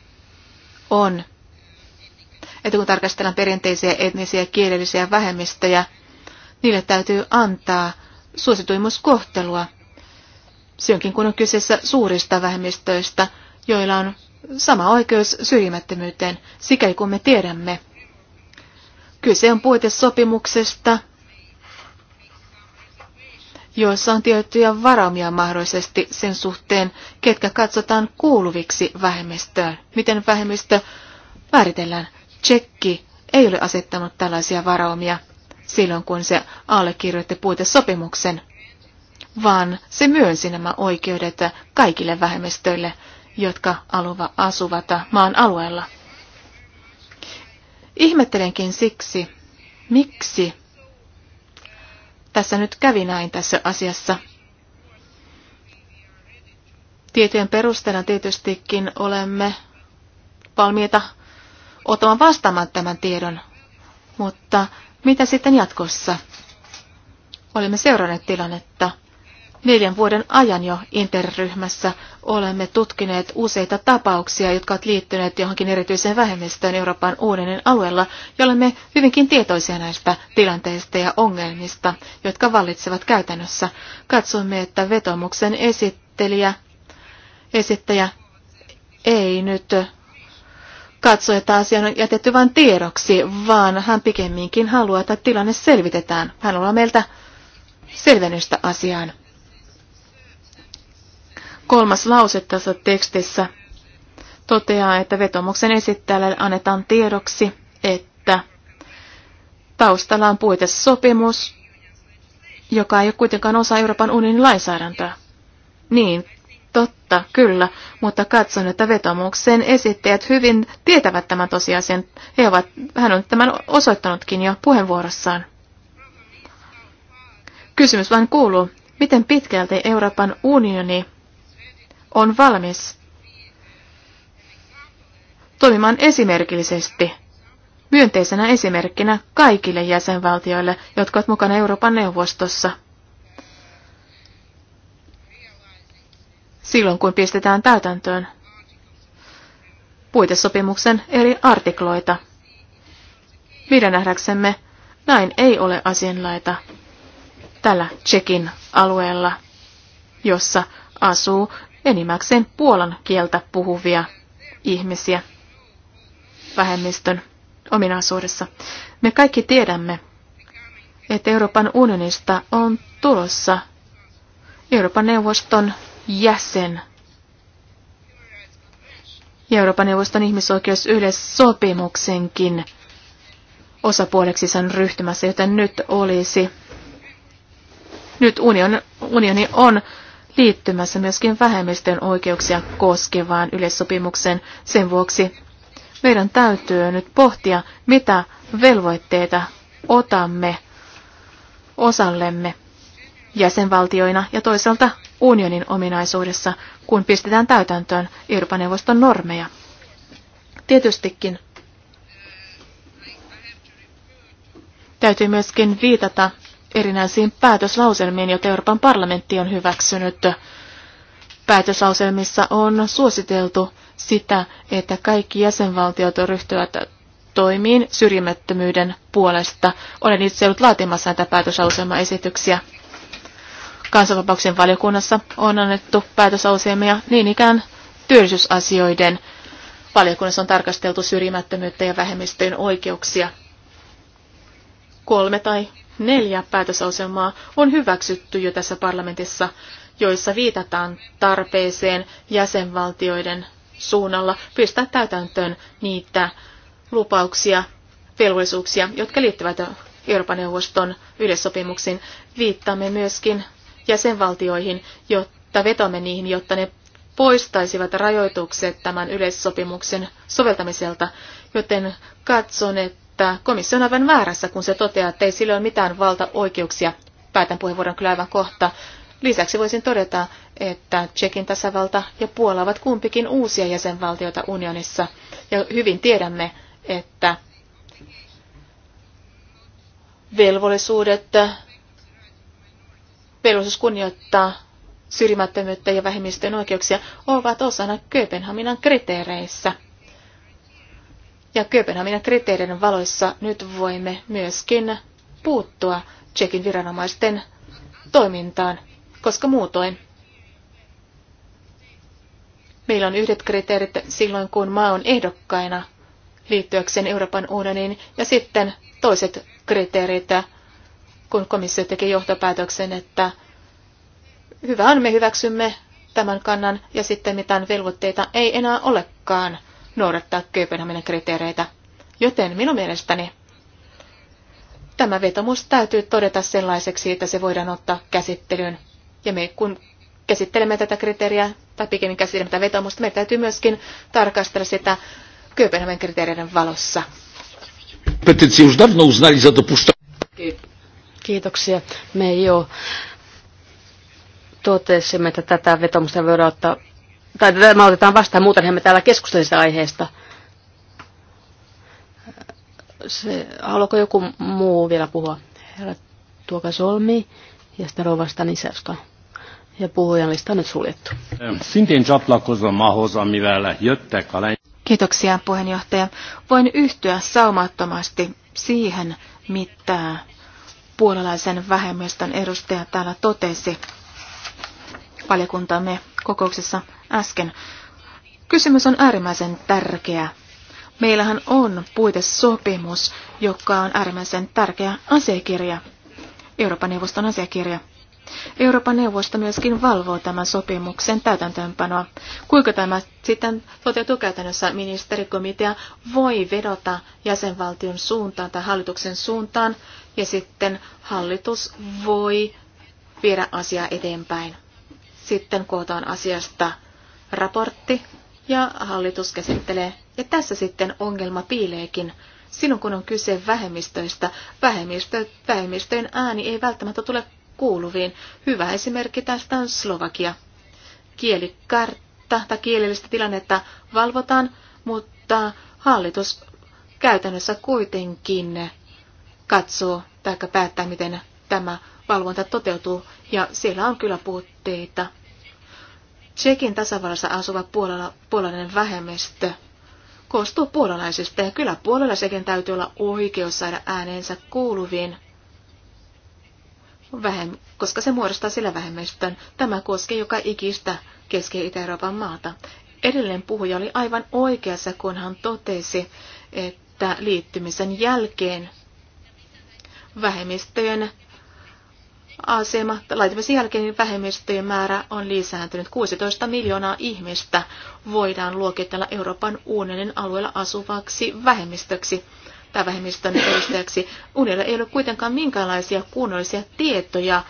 on, että kun tarkastellaan perinteisiä etnisiä ja kielellisiä vähemmistöjä, niille täytyy antaa suosituimuskohtelua. Silloinkin kun on kyseessä suurista vähemmistöistä, joilla on sama oikeus syrjimättömyyteen, sikäli kun me tiedämme. Kyse on puitesopimuksesta, joissa on tiettyjä varaumia mahdollisesti sen suhteen, ketkä katsotaan kuuluviksi vähemmistöön. Miten vähemmistö määritellään? Tsekki ei ole asettanut tällaisia varaumia silloin, kun se allekirjoitti puitesopimuksen, vaan se myönsi nämä oikeudet kaikille vähemmistöille, jotka aluva asuvat maan alueella. Ihmettelenkin siksi, miksi tässä nyt kävi näin tässä asiassa. Tietojen perusteella tietystikin olemme valmiita ottamaan vastaamaan tämän tiedon, mutta mitä sitten jatkossa? Olemme seuranneet tilannetta. Neljän vuoden ajan jo interryhmässä olemme tutkineet useita tapauksia, jotka ovat liittyneet johonkin erityiseen vähemmistöön Euroopan unionin alueella, ja olemme hyvinkin tietoisia näistä tilanteista ja ongelmista, jotka vallitsevat käytännössä. Katsomme, että vetomuksen esittelijä, esittäjä ei nyt katso, että asia on jätetty vain tiedoksi, vaan hän pikemminkin haluaa, että tilanne selvitetään. Hän haluaa meiltä selvennystä asiaan. Kolmas lause tässä tekstissä toteaa, että vetomuksen esittäjälle annetaan tiedoksi, että taustalla on puitesopimus, joka ei ole kuitenkaan osa Euroopan unionin lainsäädäntöä. Niin, totta, kyllä, mutta katson, että vetomuksen esittäjät hyvin tietävät tämän tosiasian. He ovat, hän on tämän osoittanutkin jo puheenvuorossaan. Kysymys vain kuuluu, miten pitkälti Euroopan unioni on valmis toimimaan esimerkillisesti, myönteisenä esimerkkinä kaikille jäsenvaltioille, jotka ovat mukana Euroopan neuvostossa. Silloin kun pistetään täytäntöön puitesopimuksen eri artikloita. Meidän nähdäksemme näin ei ole asianlaita tällä Tsekin alueella, jossa asuu enimmäkseen puolan kieltä puhuvia ihmisiä vähemmistön ominaisuudessa. Me kaikki tiedämme, että Euroopan unionista on tulossa Euroopan neuvoston jäsen. Ja Euroopan neuvoston ihmisoikeusyleissopimuksenkin osapuoleksi sen ryhtymässä, joten nyt olisi, nyt union, unioni on liittymässä myöskin vähemmistön oikeuksia koskevaan yleissopimukseen. Sen vuoksi meidän täytyy nyt pohtia, mitä velvoitteita otamme osallemme jäsenvaltioina ja toisaalta unionin ominaisuudessa, kun pistetään täytäntöön Euroopan neuvoston normeja. Tietystikin täytyy myöskin viitata erinäisiin päätöslauselmiin, joita Euroopan parlamentti on hyväksynyt. Päätöslauselmissa on suositeltu sitä, että kaikki jäsenvaltiot ryhtyvät toimiin syrjimättömyyden puolesta. Olen itse ollut laatimassa näitä päätöslauselmaesityksiä. Kansanvapauksien valiokunnassa on annettu päätöslauselmia niin ikään työllisyysasioiden valiokunnassa on tarkasteltu syrjimättömyyttä ja vähemmistöjen oikeuksia. Kolme tai Neljä päätösasemaa on hyväksytty jo tässä parlamentissa, joissa viitataan tarpeeseen jäsenvaltioiden suunnalla pistää täytäntöön niitä lupauksia, velvollisuuksia, jotka liittyvät Euroopan neuvoston yleissopimuksiin. Viittaamme myöskin jäsenvaltioihin, jotta vetomme niihin, jotta ne poistaisivat rajoitukset tämän yleissopimuksen soveltamiselta, joten katson, että että komissio on aivan väärässä, kun se toteaa, että ei sillä ole mitään valtaoikeuksia. Päätän puheenvuoron kyllä aivan kohta. Lisäksi voisin todeta, että Tsekin tasavalta ja Puola ovat kumpikin uusia jäsenvaltioita unionissa. Ja hyvin tiedämme, että velvollisuudet, velvollisuus kunnioittaa syrjimättömyyttä ja vähemmistöjen oikeuksia ovat osana Kööpenhaminan kriteereissä – ja Kööpenhaminan kriteerien valoissa nyt voimme myöskin puuttua Tsekin viranomaisten toimintaan, koska muutoin meillä on yhdet kriteerit silloin, kun maa on ehdokkaina liittyäkseen Euroopan unioniin, ja sitten toiset kriteerit, kun komissio teki johtopäätöksen, että hyvä on, me hyväksymme tämän kannan, ja sitten mitään velvoitteita ei enää olekaan noudattaa Kööpenhaminan kriteereitä. Joten minun mielestäni tämä vetomus täytyy todeta sellaiseksi, että se voidaan ottaa käsittelyyn. Ja me kun käsittelemme tätä kriteeriä, tai pikemmin käsittelemme tätä vetomusta, me täytyy myöskin tarkastella sitä Kööpenhaminan kriteereiden valossa. Kiitoksia. Me jo totesimme, että tätä vetomusta voidaan ottaa tai tämä otetaan vastaan, muutenhan me täällä keskustelisimme aiheesta. Se, haluaako joku muu vielä puhua? Herra Tuoka Solmi ja sitten Rovasta Niserska. Ja puhujan lista on nyt suljettu. Kiitoksia puheenjohtaja. Voin yhtyä saumattomasti siihen, mitä puolalaisen vähemmistön edustaja täällä totesi valiokuntamme kokouksessa äsken. Kysymys on äärimmäisen tärkeä. Meillähän on puitesopimus, joka on äärimmäisen tärkeä asiakirja, Euroopan neuvoston asiakirja. Euroopan neuvosto myöskin valvoo tämän sopimuksen täytäntöönpanoa. Kuinka tämä sitten toteutuu käytännössä? Ministerikomitea voi vedota jäsenvaltion suuntaan tai hallituksen suuntaan ja sitten hallitus voi viedä asiaa eteenpäin. Sitten kootaan asiasta raportti ja hallitus käsittelee. Ja tässä sitten ongelma piileekin. Sinun kun on kyse vähemmistöistä, vähemmistö, vähemmistöjen ääni ei välttämättä tule kuuluviin. Hyvä esimerkki tästä on Slovakia. Kielikartta tai kielellistä tilannetta valvotaan, mutta hallitus käytännössä kuitenkin katsoo tai päättää, miten tämä valvonta toteutuu, ja siellä on kyllä puutteita. Tsekin tasavallassa asuva puolala, puolalainen vähemmistö koostuu puolalaisista ja kyllä puolalaisekin täytyy olla oikeus saada ääneensä kuuluviin, vähem, koska se muodostaa sillä vähemmistön. Tämä koskee joka ikistä Keski- Itä-Euroopan maata. Edellinen puhuja oli aivan oikeassa, kun hän totesi, että liittymisen jälkeen vähemmistöjen asema, laitamisen jälkeen niin vähemmistöjen määrä on lisääntynyt. 16 miljoonaa ihmistä voidaan luokitella Euroopan unionin alueella asuvaksi vähemmistöksi tai vähemmistön edustajaksi. Unionilla ei ole kuitenkaan minkäänlaisia kunnollisia tietoja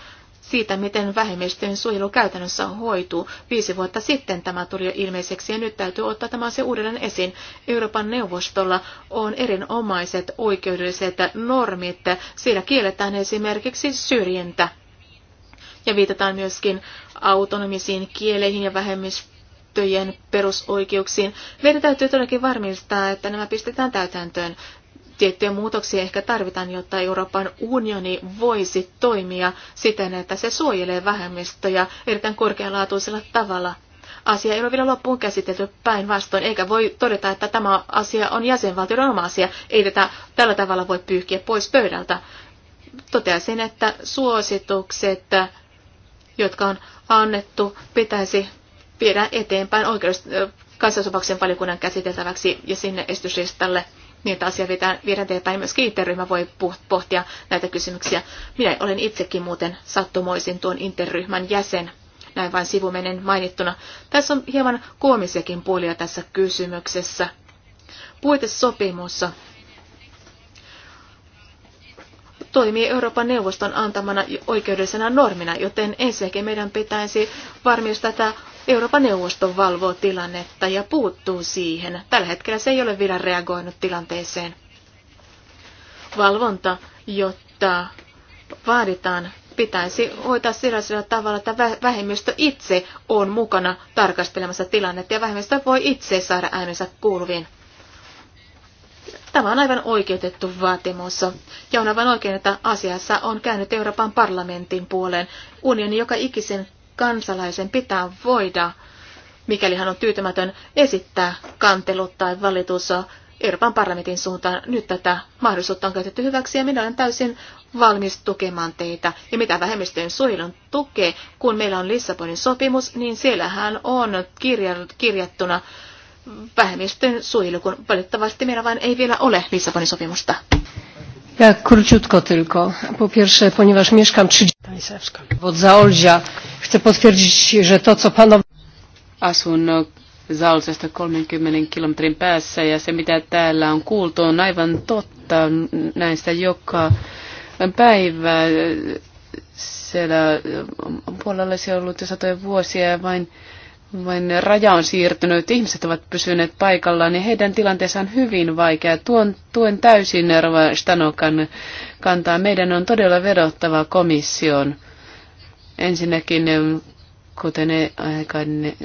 siitä, miten vähemmistöjen suojelu käytännössä hoituu. Viisi vuotta sitten tämä tuli jo ilmeiseksi ja nyt täytyy ottaa tämä se uudelleen esiin. Euroopan neuvostolla on erinomaiset oikeudelliset normit. Siellä kielletään esimerkiksi syrjintä. Ja viitataan myöskin autonomisiin kieleihin ja vähemmistöjen perusoikeuksiin. Meidän täytyy todellakin varmistaa, että nämä pistetään täytäntöön. Tiettyjä muutoksia ehkä tarvitaan, jotta Euroopan unioni voisi toimia siten, että se suojelee vähemmistöjä erittäin korkealaatuisella tavalla. Asia ei ole vielä loppuun käsitelty päinvastoin, eikä voi todeta, että tämä asia on jäsenvaltioiden oma asia. Ei tätä tällä tavalla voi pyyhkiä pois pöydältä. Toteaisin, että suositukset, jotka on annettu, pitäisi viedä eteenpäin oikeus, kansallisopaksen valiokunnan käsiteltäväksi ja sinne estyslistalle niin että asia viedään, viedään eteenpäin. Myös interryhmä voi pohtia näitä kysymyksiä. Minä olen itsekin muuten sattumoisin tuon interryhmän jäsen näin vain sivumenen mainittuna. Tässä on hieman koomisiakin puolia tässä kysymyksessä. Puitesopimus toimii Euroopan neuvoston antamana oikeudellisena normina, joten ensinnäkin meidän pitäisi varmistaa, että Euroopan neuvosto valvoo tilannetta ja puuttuu siihen. Tällä hetkellä se ei ole vielä reagoinut tilanteeseen. Valvonta, jotta vaaditaan, pitäisi hoitaa sellaisella tavalla, että vähemmistö itse on mukana tarkastelemassa tilannetta ja vähemmistö voi itse saada äänensä kuuluviin. Tämä on aivan oikeutettu vaatimus, ja on aivan oikein, että asiassa on käynyt Euroopan parlamentin puoleen. Unioni joka ikisen kansalaisen pitää voida, mikäli hän on tyytymätön, esittää kantelu tai valitus Euroopan parlamentin suuntaan. Nyt tätä mahdollisuutta on käytetty hyväksi ja minä olen täysin valmis tukemaan teitä. Ja mitä vähemmistöjen suojelun tukee, kun meillä on Lissabonin sopimus, niin siellähän on kirjattuna vähemmistöjen suojelu, kun valitettavasti meillä vain ei vielä ole Lissabonin sopimusta króciutko tylko. Po pierwsze, ponieważ mieszkam 30 Zaolzia, chcę potwierdzić, że to co panowie... Asun no, Zaolzesta 30 kilometrin päässä ja se mitä täällä on kuultu on aivan totta näistä joka päivä. Eh, siellä eh, puolella se on ollut jo satoja vuosia ja vain vain raja on siirtynyt, ihmiset ovat pysyneet paikallaan ja heidän tilanteensa on hyvin vaikea. Tuon, tuen täysin Rova Stanokan kantaa. Meidän on todella vedottava komission. Ensinnäkin, kuten e-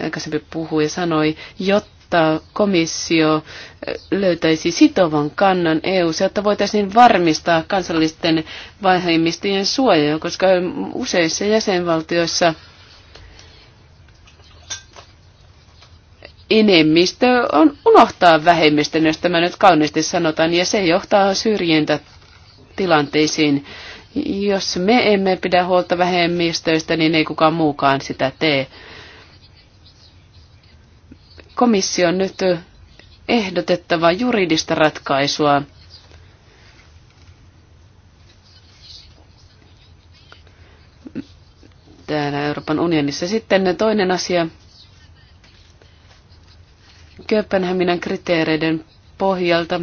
aikaisempi puhui ja sanoi, jotta komissio e, löytäisi sitovan kannan eu jotta voitaisiin varmistaa kansallisten vaiheimistien suojaa, koska useissa jäsenvaltioissa – enemmistö on unohtaa vähemmistön, jos tämä nyt kauniisti sanotaan, ja se johtaa syrjintätilanteisiin. Jos me emme pidä huolta vähemmistöistä, niin ei kukaan muukaan sitä tee. Komissio on nyt ehdotettava juridista ratkaisua täällä Euroopan unionissa. Sitten toinen asia, Kööpenhaminan kriteereiden pohjalta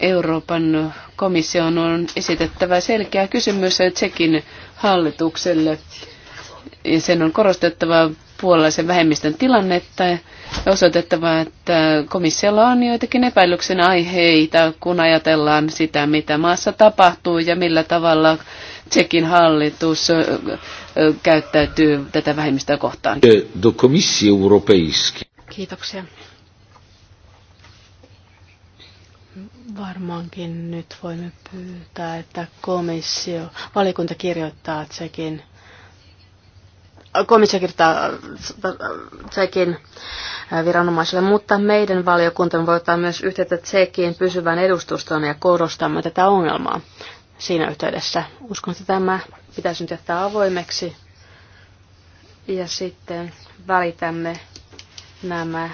Euroopan komission on esitettävä selkeä kysymys Tsekin hallitukselle. Ja sen on korostettava puolalaisen vähemmistön tilannetta ja osoitettava, että komissiolla on joitakin epäilyksen aiheita, kun ajatellaan sitä, mitä maassa tapahtuu ja millä tavalla Tsekin hallitus käyttäytyy tätä vähemmistöä kohtaan. Kiitoksia. Varmaankin nyt voimme pyytää, että komissio, valiokunta kirjoittaa sekin komissio kirjoittaa äh, Tsekin äh, viranomaisille, mutta meidän valiokuntamme voi ottaa myös yhteyttä Tsekiin pysyvään edustustoon ja korostamme tätä ongelmaa siinä yhteydessä. Uskon, että tämä pitäisi nyt jättää avoimeksi ja sitten välitämme nämä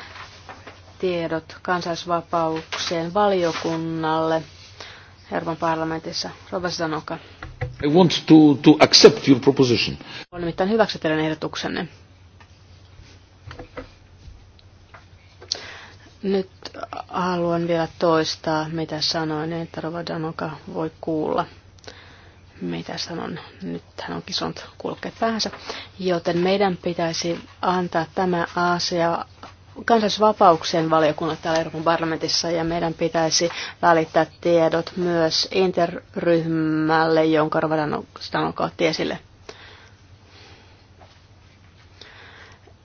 tiedot kansallisvapaukseen valiokunnalle Euroopan parlamentissa. Rova Sanoka. I want to, to accept your proposition. Olen nimittäin hyväksy teidän ehdotuksenne. Nyt haluan vielä toistaa, mitä sanoin, niin että Rova Danoka voi kuulla mitä sanon, nyt hän on kisonut kulkeet päänsä, joten meidän pitäisi antaa tämä asia kansallisvapauksien valiokunnat täällä Euroopan parlamentissa ja meidän pitäisi välittää tiedot myös interryhmälle, jonka Rovadanostan on otti esille.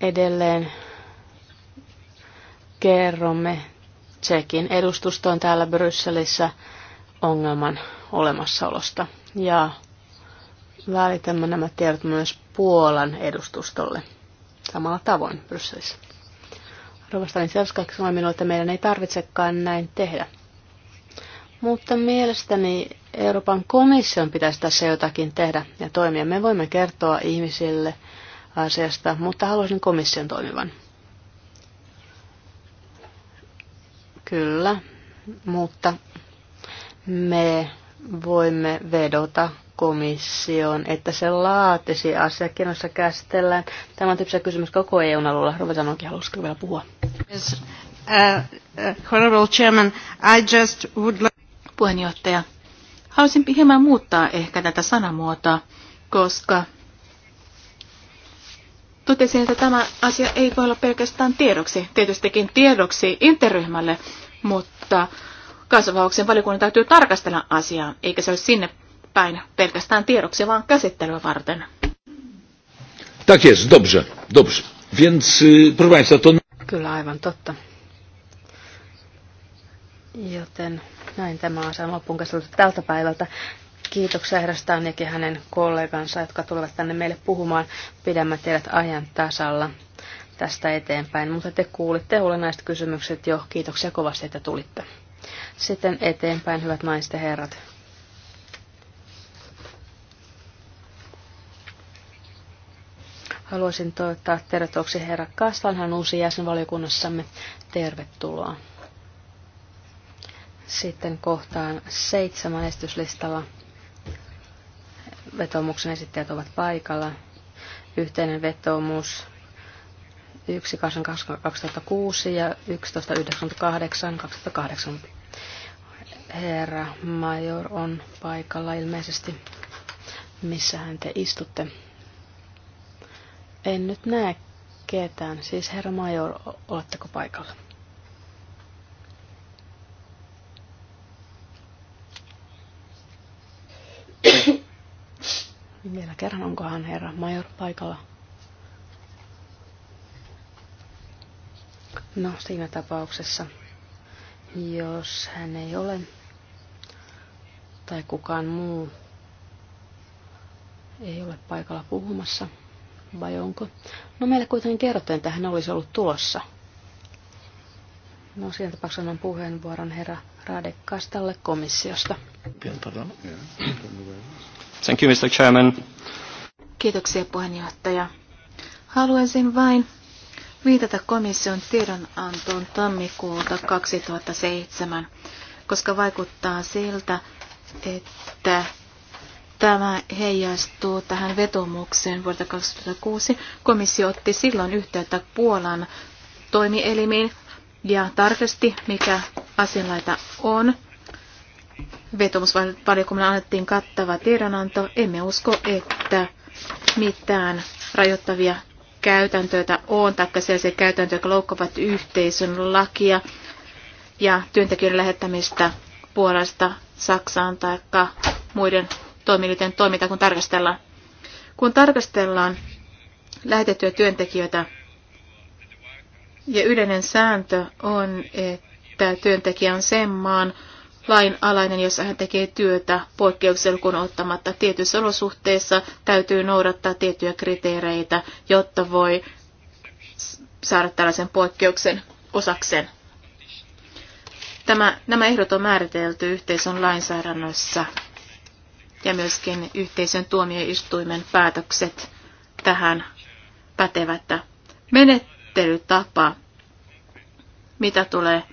Edelleen kerromme Tsekin edustustoon täällä Brysselissä ongelman olemassaolosta ja välitämme nämä tiedot myös Puolan edustustolle samalla tavoin Brysselissä. Rovastalin Selskak sanoi minulle, että meidän ei tarvitsekaan näin tehdä. Mutta mielestäni Euroopan komission pitäisi tässä jotakin tehdä ja toimia. Me voimme kertoa ihmisille asiasta, mutta haluaisin komission toimivan. Kyllä, mutta me voimme vedota komission, että se laatisi asiakirjoissa käsitellään Tämä on tyyppisiä kysymys koko EUn alueella. Ruvetaan onkin haluaisiko vielä puhua. Yes. Uh, uh, honorable chairman, I just would like... Puheenjohtaja, haluaisin hieman muuttaa ehkä tätä sanamuotoa, koska totesin, että tämä asia ei voi olla pelkästään tiedoksi, tietystikin tiedoksi interryhmälle, mutta kasvauksen valiokunnan täytyy tarkastella asiaa, eikä se ole sinne eteenpäin pelkästään tiedoksi, vaan käsittelyä varten. Tak jest, dobrze, dobrze. Więc, proszę Państwa, to... Kyllä aivan totta. Joten näin tämä asia loppuun käsitelty tältä päivältä. Kiitoksia herra Stanek ja hänen kollegansa, jotka tulevat tänne meille puhumaan. Pidämme teidät ajan tasalla tästä eteenpäin, mutta te kuulitte olennaiset kysymykset jo. Kiitoksia kovasti, että tulitte. Sitten eteenpäin, hyvät naiset ja herrat. Haluaisin toivottaa tervetuloksi herra Kastan, hän uusi jäsenvaliokunnassamme. Tervetuloa. Sitten kohtaan seitsemän esityslistalla. Vetomuksen esittäjät ovat paikalla. Yhteinen vetomus 1 ja 11.98.2008. Herra Major on paikalla ilmeisesti. Missähän te istutte? En nyt näe ketään. Siis herra major, oletteko paikalla? Vielä kerran, onkohan herra major paikalla? No, siinä tapauksessa, jos hän ei ole tai kukaan muu ei ole paikalla puhumassa vai onko? No meille kuitenkin kerrottiin, että hän olisi ollut tulossa. No siinä tapauksessa annan puheenvuoron herra Radek Kastalle komissiosta. Thank you, Mr. Chairman. Kiitoksia puheenjohtaja. Haluaisin vain viitata komission tiedonantoon tammikuuta 2007, koska vaikuttaa siltä, että Tämä heijastuu tähän vetomukseen vuodelta 2006. Komissio otti silloin yhteyttä Puolan toimielimiin ja tarkasti, mikä asianlaita on. Vetomusvaliokunnan annettiin kattava tiedonanto. Emme usko, että mitään rajoittavia käytäntöitä on, taikka sellaisia käytäntöjä, jotka loukkaavat yhteisön lakia ja työntekijöiden lähettämistä Puolasta Saksaan tai muiden miten toimintaa, kun tarkastellaan. Kun tarkastellaan lähetettyjä työntekijöitä, ja yleinen sääntö on, että työntekijä on sen maan lain alainen, jossa hän tekee työtä kun ottamatta. Tietyissä olosuhteissa täytyy noudattaa tiettyjä kriteereitä, jotta voi saada tällaisen poikkeuksen osakseen. Tämä, nämä ehdot on määritelty yhteisön lainsäädännössä ja myöskin yhteisön tuomioistuimen päätökset tähän pätevät. Menettelytapa, mitä tulee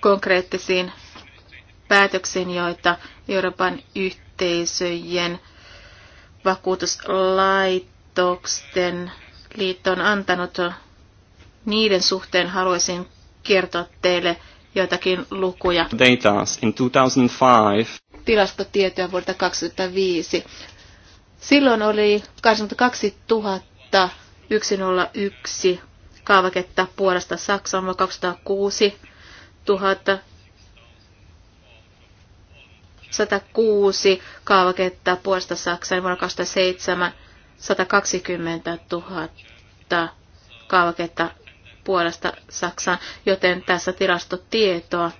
konkreettisiin päätöksiin, joita Euroopan yhteisöjen vakuutuslaitoksen liitto on antanut, niiden suhteen haluaisin kertoa teille joitakin lukuja. Data in 2005. Tilastotietoja vuodelta 2005. Silloin oli 82 000 101 kaavaketta Puolasta Saksaan 206 000 106 kaavaketta puolesta Saksaan vuonna 2007 120 000 kaavaketta Puolasta Saksaan, joten tässä tilastotietoa,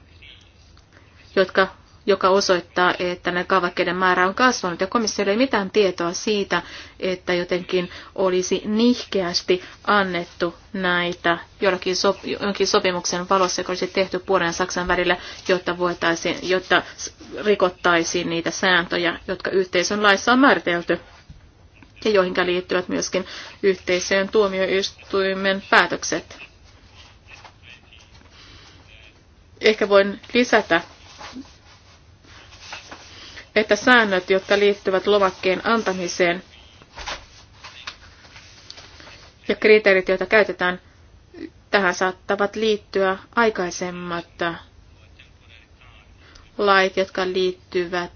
jotka, joka osoittaa, että näiden kaavakkeiden määrä on kasvanut. Ja komissiolla ei mitään tietoa siitä, että jotenkin olisi nihkeästi annettu näitä jollakin sop- jonkin sopimuksen valossa, joka olisi tehty Puolen ja Saksan välillä, jotta, voitaisiin, jotta rikottaisiin niitä sääntöjä, jotka yhteisön laissa on määritelty ja joihinkä liittyvät myöskin yhteiseen tuomioistuimen päätökset. ehkä voin lisätä, että säännöt, jotka liittyvät lomakkeen antamiseen ja kriteerit, joita käytetään, tähän saattavat liittyä aikaisemmat lait, jotka liittyvät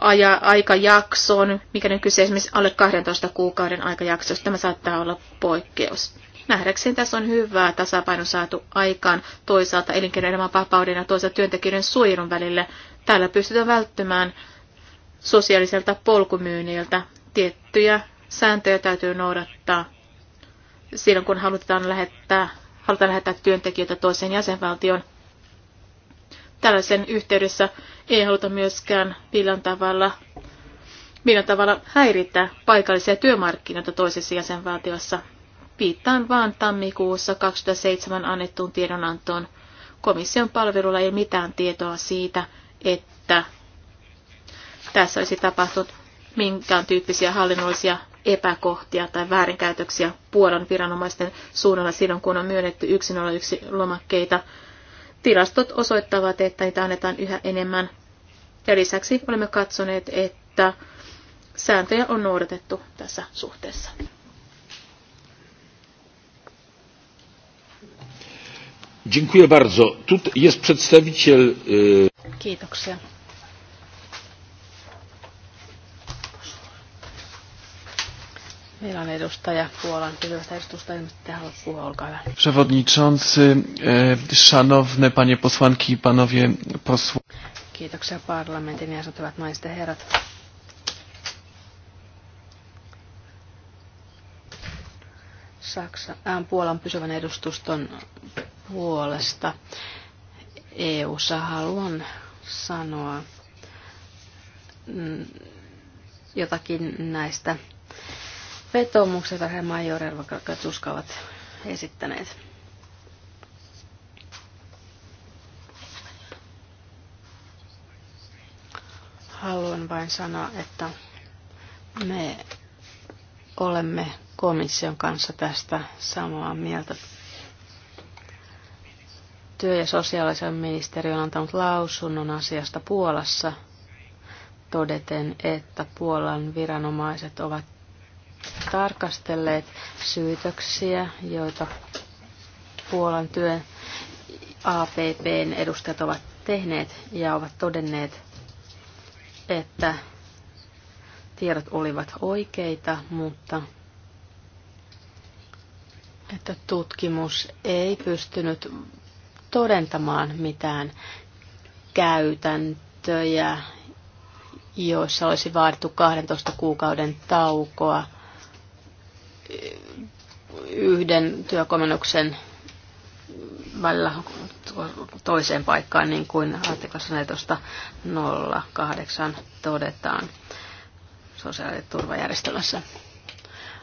aja, aikajaksoon, mikä nykyisin esimerkiksi alle 12 kuukauden aikajaksoista, Tämä saattaa olla poikkeus. Nähdäkseni tässä on hyvää tasapaino saatu aikaan toisaalta elinkeinoelämän vapauden ja toisaalta työntekijöiden suojelun välille. Täällä pystytään välttämään sosiaaliselta polkumyynniltä. Tiettyjä sääntöjä täytyy noudattaa silloin, kun halutaan lähettää, halutaan lähettää työntekijöitä toiseen jäsenvaltioon. Tällaisen yhteydessä ei haluta myöskään millään tavalla, millään tavalla häiritä paikallisia työmarkkinoita toisessa jäsenvaltiossa. Viittaan vaan tammikuussa 2007 annettuun tiedonantoon. Komission palvelulla ei ole mitään tietoa siitä, että tässä olisi tapahtunut minkään tyyppisiä hallinnollisia epäkohtia tai väärinkäytöksiä Puolan viranomaisten suunnalla silloin, kun on myönnetty 101 lomakkeita. Tilastot osoittavat, että niitä annetaan yhä enemmän. Ja lisäksi olemme katsoneet, että sääntöjä on noudatettu tässä suhteessa. Dziękuję bardzo. Tu jest przedstawiciel... Kiitoksia. Meillä on edustaja Puolan kirjasta edustusta, ilmeisesti niin haluat puhua, olkaa hyvä. Przewodniczący, e, szanowne panie posłanki i panowie posłowie. Kiitoksia parlamentin jäsenet, hyvät naiset ja herrat. Saksa, äh, Puolan pysyvän edustuston puolesta eu haluan sanoa mm, jotakin näistä vetomuksista, joita majoreilla ovat esittäneet. Haluan vain sanoa, että me olemme komission kanssa tästä samaa mieltä. Työ- ja sosiaalisen ministeriö on antanut lausunnon asiasta Puolassa todeten, että Puolan viranomaiset ovat tarkastelleet syytöksiä, joita Puolan työn APPn edustajat ovat tehneet ja ovat todenneet, että tiedot olivat oikeita, mutta että tutkimus ei pystynyt todentamaan mitään käytäntöjä, joissa olisi vaadittu 12 kuukauden taukoa yhden työkomennuksen välillä toiseen paikkaan, niin kuin artiklassa 14.08 todetaan sosiaaliturvajärjestelmässä.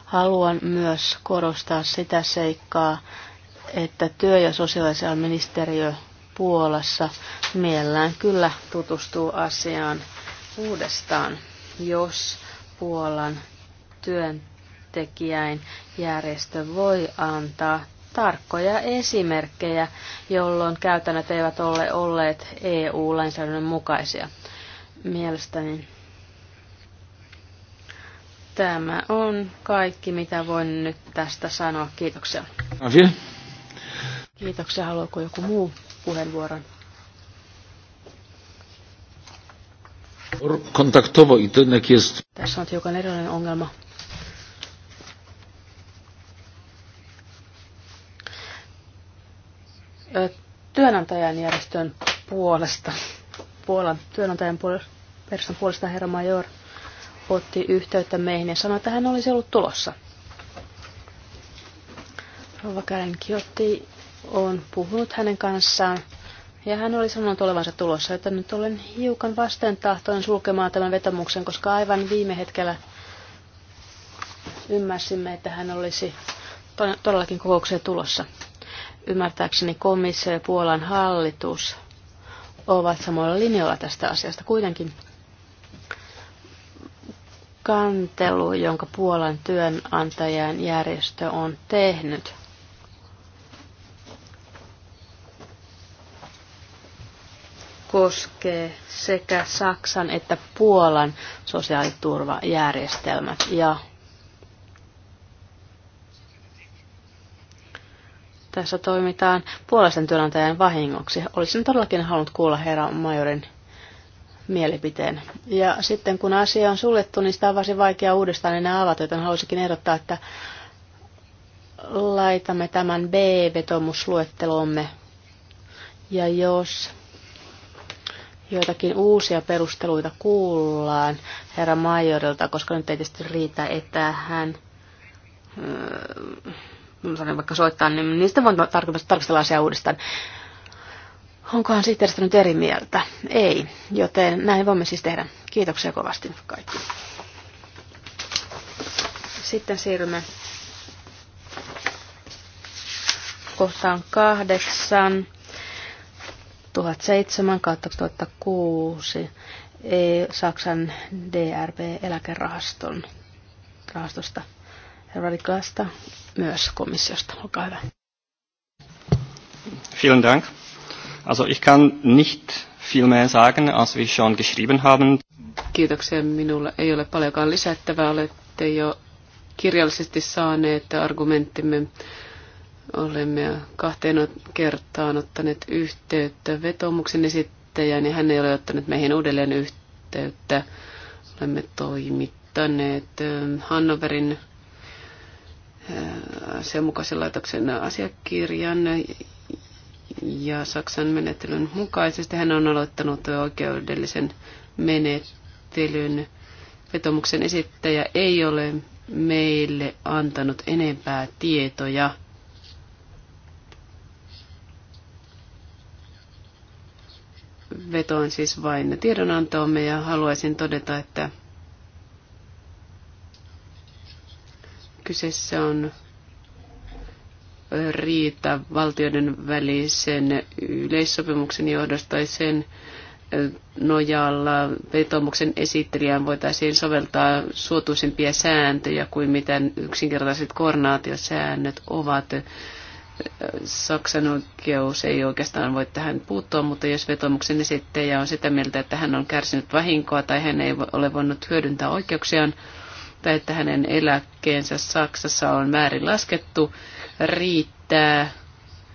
Haluan myös korostaa sitä seikkaa, että työ- ja sosiaaliministeriö Puolassa mielellään kyllä tutustuu asiaan uudestaan, jos Puolan työntekijäin järjestö voi antaa tarkkoja esimerkkejä, jolloin käytännöt eivät ole olleet EU-lainsäädännön mukaisia. Mielestäni Tämä on kaikki, mitä voin nyt tästä sanoa. Kiitoksia. Asia. Kiitoksia. Haluaako joku muu puheenvuoron? Kontaktowo jest... Tässä on hiukan erilainen ongelma. Työnantajan järjestön puolesta, Puolan työnantajan puolesta, puolesta herra Major otti yhteyttä meihin ja sanoi, että hän olisi ollut tulossa. Rova Karen Kiotti on puhunut hänen kanssaan ja hän oli sanonut olevansa tulossa, että nyt olen hiukan vasten tahtoin sulkemaan tämän vetomuksen, koska aivan viime hetkellä ymmärsimme, että hän olisi todellakin kokoukseen tulossa. Ymmärtääkseni komissio ja Puolan hallitus ovat samoilla linjoilla tästä asiasta. Kuitenkin kantelu, jonka Puolan työnantajan järjestö on tehnyt. koskee sekä Saksan että Puolan sosiaaliturvajärjestelmät ja tässä toimitaan puolaisen työnantajan vahingoksi. Olisin todellakin halunnut kuulla herra Majorin mielipiteen. Ja sitten kun asia on suljettu, niin sitä on varsin vaikea uudestaan enää avata, joten haluaisinkin ehdottaa, että laitamme tämän B-vetomusluettelomme. Ja jos joitakin uusia perusteluita kuullaan herra Majorilta, koska nyt ei tietysti riitä, että hän öö, vaikka soittaa, niin niistä voin tarkastella asiaa uudestaan. Onkohan sihteeristä nyt eri mieltä? Ei, joten näin voimme siis tehdä. Kiitoksia kovasti kaikki. Sitten siirrymme kohtaan kahdeksan. 2007 2006 e, Saksan DRB-eläkerahaston rahastosta Herra myös komissiosta. Olkaa hyvä. Vielen Dank. Also ich kann nicht viel mehr sagen, als wir schon geschrieben haben. Kiitoksia. Minulla ei ole paljonkaan lisättävää. Olette jo kirjallisesti saaneet argumenttimme. Olemme kahteen kertaan ottaneet yhteyttä vetomuksen esittäjään ja hän ei ole ottanut meihin uudelleen yhteyttä. Olemme toimittaneet ähm, Hannoverin äh, asianmukaisen laitoksen asiakirjan ja Saksan menettelyn mukaisesti hän on aloittanut oikeudellisen menettelyn. Vetomuksen esittäjä ei ole meille antanut enempää tietoja. Vetoan siis vain tiedonantoomme ja haluaisin todeta, että kyseessä on riita valtioiden välisen yleissopimuksen johdosta tai sen nojalla vetomuksen esittelijään voitaisiin soveltaa suotuisimpia sääntöjä kuin mitä yksinkertaiset koordinaatiosäännöt ovat. Saksan oikeus ei oikeastaan voi tähän puuttua, mutta jos vetomuksen esittäjä on sitä mieltä, että hän on kärsinyt vahinkoa tai hän ei ole voinut hyödyntää oikeuksiaan tai että hänen eläkkeensä Saksassa on väärin laskettu, riittää,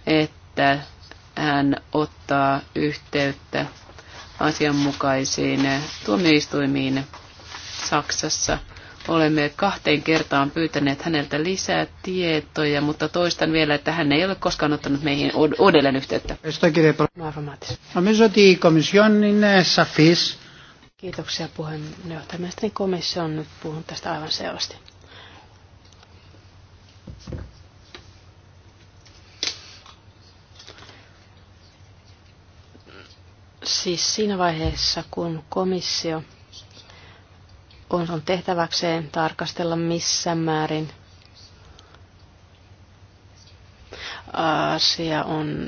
että hän ottaa yhteyttä asianmukaisiin tuomioistuimiin Saksassa. Olemme kahteen kertaan pyytäneet häneltä lisää tietoja, mutta toistan vielä, että hän ei ole koskaan ottanut meihin uudelleen yhteyttä. Kiitoksia puheenjohtaja. Mielestäni komissio on nyt puhunut tästä aivan selvästi. Siis siinä vaiheessa, kun komissio on, on tehtäväkseen tarkastella missä määrin asia on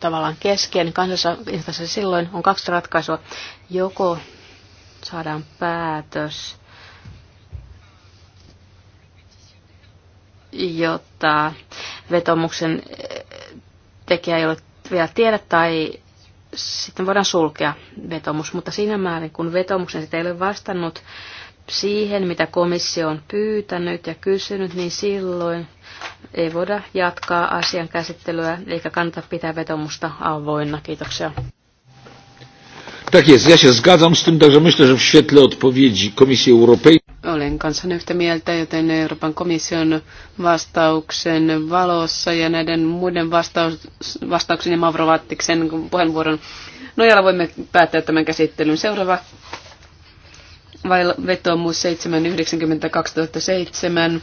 tavallaan kesken, niin kansallisessa silloin on kaksi ratkaisua. Joko saadaan päätös, jotta vetomuksen tekijä ei ole vielä tiedä tai sitten voidaan sulkea vetomus, mutta siinä määrin, kun vetomuksen sitä ei ole vastannut siihen, mitä komissio on pyytänyt ja kysynyt, niin silloin ei voida jatkaa asian käsittelyä eikä kannata pitää vetomusta avoinna. Kiitoksia. Tak jest, ja się zgadzam z tym, także myślę, że w świetle odpowiedzi Komisji Europejskiej olen kansan yhtä mieltä, joten Euroopan komission vastauksen valossa ja näiden muiden vastaus, vastauksen ja Mavrovattiksen puheenvuoron nojalla voimme päättää tämän käsittelyn. Seuraava vetoomus 790 2007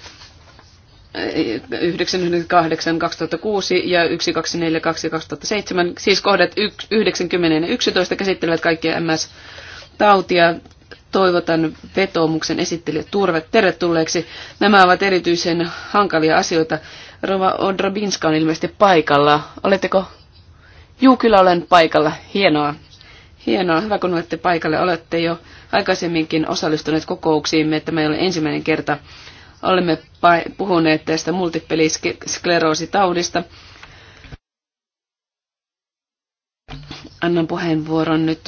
998 2006 ja 124 2007, siis kohdat 90 ja 11 käsittelevät kaikkia MS-tautia toivotan vetoomuksen esittelijä Turve tervetulleeksi. Nämä ovat erityisen hankalia asioita. Rova Odrabinska on ilmeisesti paikalla. Oletteko? Juu, kyllä olen paikalla. Hienoa. Hienoa, hyvä kun olette paikalle. Olette jo aikaisemminkin osallistuneet kokouksiimme. Tämä ei ole ensimmäinen kerta. Olemme puhuneet tästä multipeliskleroositaudista. Annan puheenvuoron nyt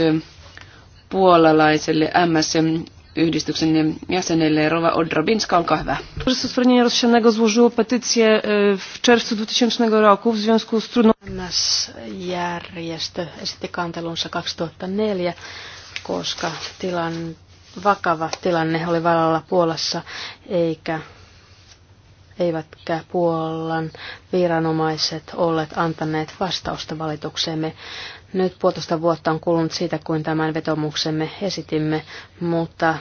puolalaiselle MSM-yhdistyksen jäsenelle Rova Odrobinska, olkaa hyvä. Stronienia Rozsianego złożyło petycję e, w czerwcu 2000 roku w związku z trudną... MS-järjestö esitti kantelunsa 2004, koska tilan, vakava tilanne oli valalla Puolassa, eikä eivätkä Puolan viranomaiset olleet antaneet vastausta valitukseemme. Nyt puolitoista vuotta on kulunut siitä, kuin tämän vetomuksemme esitimme, mutta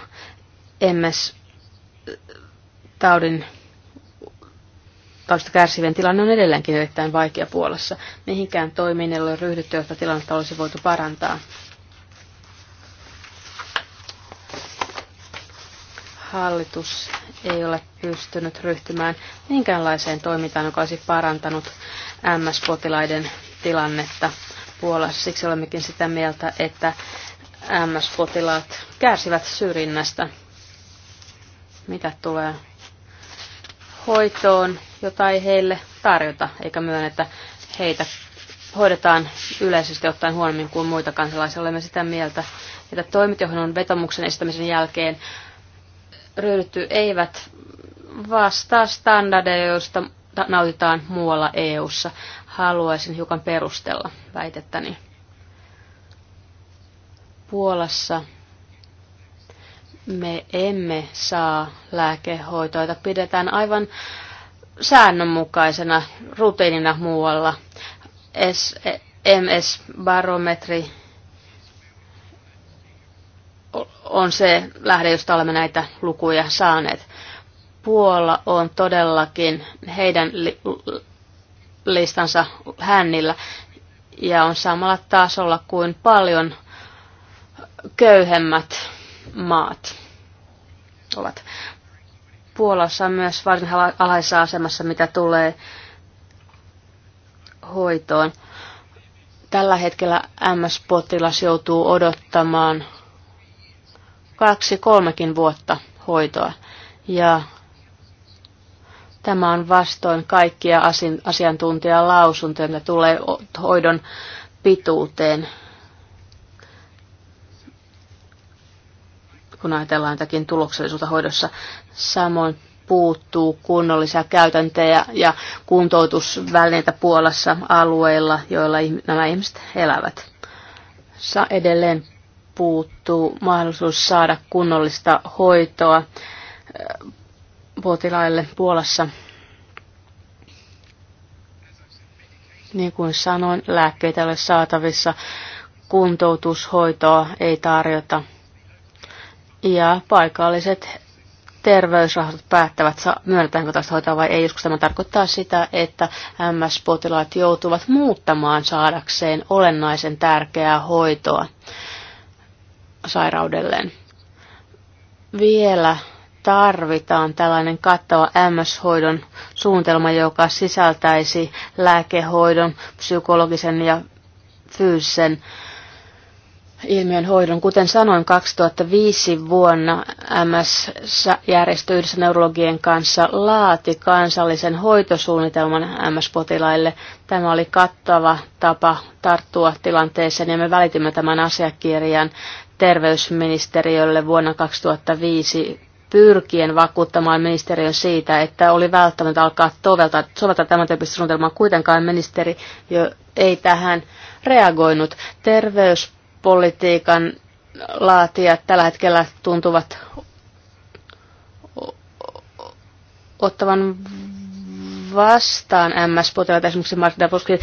MS-taudin taudista kärsivien tilanne on edelleenkin erittäin vaikea puolessa. Mihinkään toimiin ei ole ryhdytty, jotta tilannetta olisi voitu parantaa. Hallitus ei ole pystynyt ryhtymään minkäänlaiseen toimintaan, joka olisi parantanut MS-potilaiden tilannetta Puolassa. Siksi olemmekin sitä mieltä, että MS-potilaat kärsivät syrjinnästä. Mitä tulee hoitoon, jota ei heille tarjota eikä myönnetä. Heitä hoidetaan yleisesti ottaen huonommin kuin muita kansalaisia. Olemme sitä mieltä, että toimet, johon on vetomuksen esittämisen jälkeen ryhdytty, eivät vastaa standardeja, joista nautitaan muualla EU:ssa. Haluaisin hiukan perustella väitettäni. Puolassa me emme saa lääkehoitoa, jota pidetään aivan säännönmukaisena rutiinina muualla. E- MS-barometri on se lähde, josta olemme näitä lukuja saaneet. Puola on todellakin heidän listansa hännillä ja on samalla tasolla kuin paljon köyhemmät maat ovat. Puolassa on myös varsin alhaisessa asemassa, mitä tulee hoitoon. Tällä hetkellä MS-potilas joutuu odottamaan kaksi kolmekin vuotta hoitoa. Ja Tämä on vastoin kaikkia asiantuntijalausuntoja, mitä tulee hoidon pituuteen. kun ajatellaan jotakin tuloksellisuutta hoidossa. Samoin puuttuu kunnollisia käytäntöjä ja kuntoutusvälineitä Puolassa alueilla, joilla nämä ihmiset elävät. Sa- edelleen puuttuu mahdollisuus saada kunnollista hoitoa potilaille Puolassa. Niin kuin sanoin, lääkkeitä ei ole saatavissa, kuntoutushoitoa ei tarjota. Ja paikalliset terveysrahoitus päättävät, myönnetäänkö tästä hoitoa vai ei. Joskus tämä tarkoittaa sitä, että MS-potilaat joutuvat muuttamaan saadakseen olennaisen tärkeää hoitoa sairaudelleen. Vielä tarvitaan tällainen kattava MS-hoidon suunnitelma, joka sisältäisi lääkehoidon, psykologisen ja fyysisen ilmiön hoidon. Kuten sanoin, 2005 vuonna MS-järjestö yhdessä neurologien kanssa laati kansallisen hoitosuunnitelman MS-potilaille. Tämä oli kattava tapa tarttua tilanteeseen ja me välitimme tämän asiakirjan terveysministeriölle vuonna 2005 pyrkien vakuuttamaan ministeriön siitä, että oli välttämättä alkaa toveltaa, soveltaa tämän tyyppistä suunnitelmaa. Kuitenkaan ministeri jo ei tähän reagoinut. Terveyspolitiikan laatijat tällä hetkellä tuntuvat ottavan vastaan MS-potilaita, esimerkiksi Martin Davoskin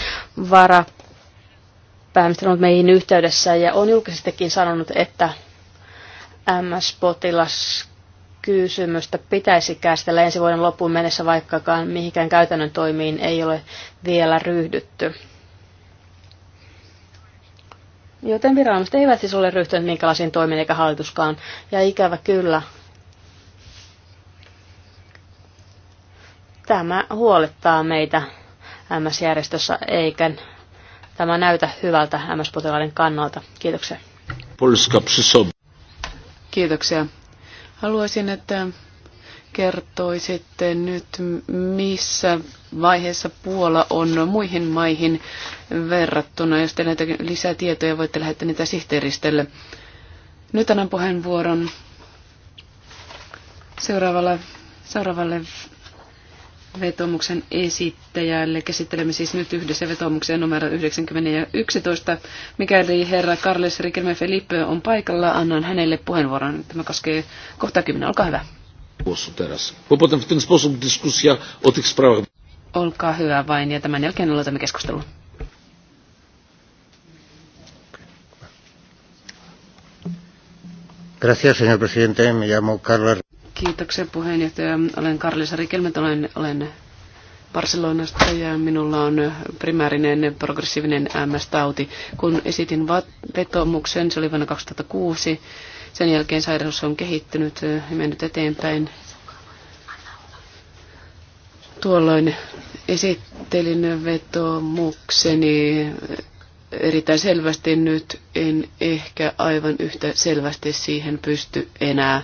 varapääministeri on meihin yhteydessä ja on julkisestikin sanonut, että MS-potilas kysymystä pitäisi käsitellä ensi vuoden loppuun mennessä, vaikkakaan mihinkään käytännön toimiin ei ole vielä ryhdytty. Joten viranomaiset eivät siis ole ryhtyneet minkälaisiin toimiin eikä hallituskaan. Ja ikävä kyllä. Tämä huolettaa meitä MS-järjestössä, eikä tämä näytä hyvältä MS-potilaiden kannalta. Kiitoksia. Kiitoksia. Haluaisin, että kertoisitte nyt, missä vaiheessa Puola on muihin maihin verrattuna. Jos teillä näitä tietoja, voitte lähettää niitä sihteeristölle. Nyt annan puheenvuoron seuraavalle, seuraavalle vetomuksen esittäjälle. Käsittelemme siis nyt yhdessä vetomuksen numero 90 ja 11. Mikäli herra Carles Rikelme Felipe on paikalla, annan hänelle puheenvuoron. Tämä koskee kohta 10. Olkaa hyvä. Olkaa hyvä vain ja tämän jälkeen aloitamme keskustelun. Gracias, señor presidente. Me llamo Carlos. Kiitoksia puheenjohtaja. Olen Karli Sari olen, olen Barcelonasta ja minulla on primäärinen progressiivinen MS-tauti. Kun esitin vetomuksen, se oli vuonna 2006, sen jälkeen sairaus on kehittynyt ja mennyt eteenpäin. Tuolloin esittelin vetomukseni erittäin selvästi nyt en ehkä aivan yhtä selvästi siihen pysty enää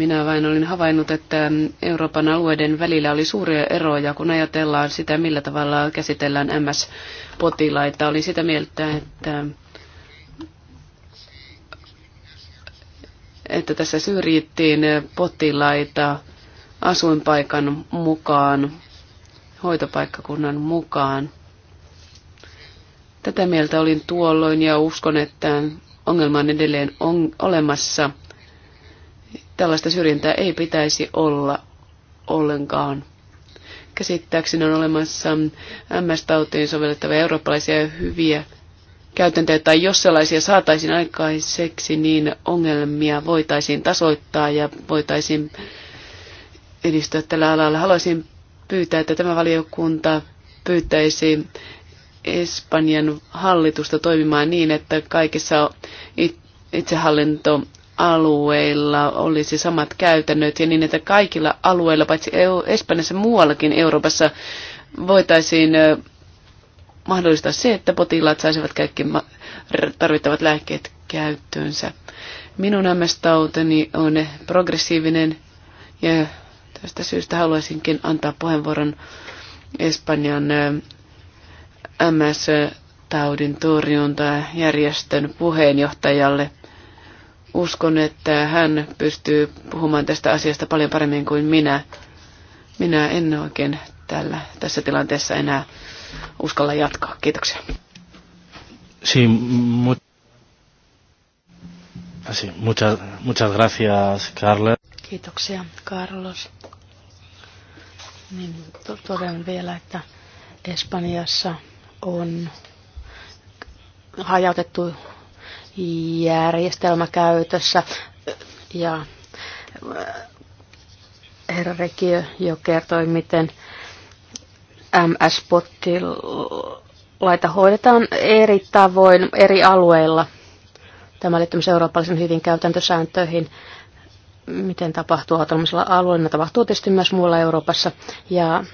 Minä vain olin havainnut, että Euroopan alueiden välillä oli suuria eroja, kun ajatellaan sitä, millä tavalla käsitellään MS-potilaita. Olin sitä mieltä, että, että tässä syrjittiin potilaita asuinpaikan mukaan, hoitopaikkakunnan mukaan. Tätä mieltä olin tuolloin ja uskon, että ongelma on edelleen on olemassa – Tällaista syrjintää ei pitäisi olla ollenkaan. Käsittääkseni on olemassa MS-tautiin sovellettavia eurooppalaisia hyviä käytänteitä, tai jos sellaisia saataisiin aikaiseksi, niin ongelmia voitaisiin tasoittaa ja voitaisiin edistyä tällä alalla. Haluaisin pyytää, että tämä valiokunta pyytäisi Espanjan hallitusta toimimaan niin, että kaikissa itsehallinto alueilla olisi samat käytännöt ja niin, että kaikilla alueilla, paitsi Espanjassa muuallakin Euroopassa, voitaisiin mahdollistaa se, että potilaat saisivat kaikki tarvittavat lääkkeet käyttöönsä. Minun MS-tauteni on progressiivinen ja tästä syystä haluaisinkin antaa puheenvuoron Espanjan MS-taudin torjuntajärjestön puheenjohtajalle uskon, että hän pystyy puhumaan tästä asiasta paljon paremmin kuin minä. Minä en oikein tällä, tässä tilanteessa enää uskalla jatkaa. Kiitoksia. Sí, mu sí, muchas, muchas gracias, Carlos. Kiitoksia, Carlos. Niin, to toden vielä, että Espanjassa on hajautettu järjestelmä käytössä. Ja äh, herra Rekio jo kertoi, miten ms laita hoidetaan eri tavoin eri alueilla. Tämä liittyy myös eurooppalaisen hyvin käytäntösääntöihin, miten tapahtuu autonomisella alueella. Tapahtuu tietysti myös muualla Euroopassa. Ja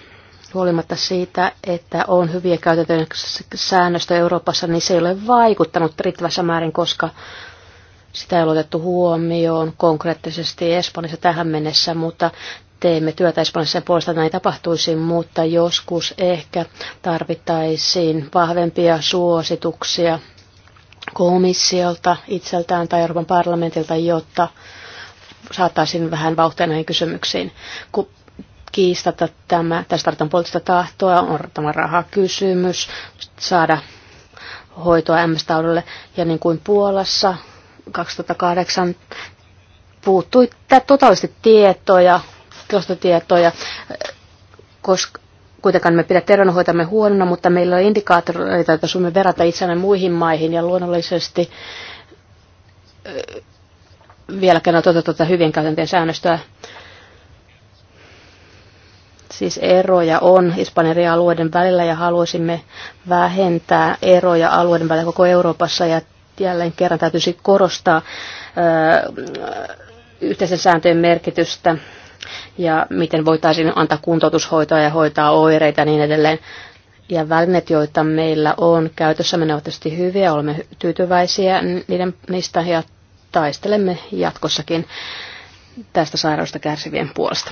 Huolimatta siitä, että on hyviä käytetyn säännöstä Euroopassa, niin se ei ole vaikuttanut riittävässä määrin, koska sitä ei ole otettu huomioon konkreettisesti Espanjassa tähän mennessä, mutta teemme työtä Espanjassa puolesta, näin tapahtuisi, mutta joskus ehkä tarvittaisiin vahvempia suosituksia komissiolta itseltään tai Euroopan parlamentilta, jotta saataisiin vähän vauhtia näihin kysymyksiin. Kun kiistata tämä, tässä tarvitaan poliittista tahtoa, on tämä rahakysymys, saada hoitoa MS-taudille. Ja niin kuin Puolassa 2008 puuttui totaalisesti tietoja, tilastotietoja, koska kuitenkaan me pidä terveydenhoitamme huonona, mutta meillä on indikaattoreita, että suomme verrata itseämme muihin maihin ja luonnollisesti vieläkään on toteutettu hyvien käytäntöjen säännöstöä. Siis eroja on Espanjan eri alueiden välillä ja haluaisimme vähentää eroja alueiden välillä koko Euroopassa ja jälleen kerran täytyisi korostaa ö, yhteisen sääntöjen merkitystä ja miten voitaisiin antaa kuntoutushoitoa ja hoitaa oireita ja niin edelleen. Ja välineet, joita meillä on käytössä, me ovat tietysti hyviä, olemme tyytyväisiä niiden, niistä ja taistelemme jatkossakin tästä sairaudesta kärsivien puolesta.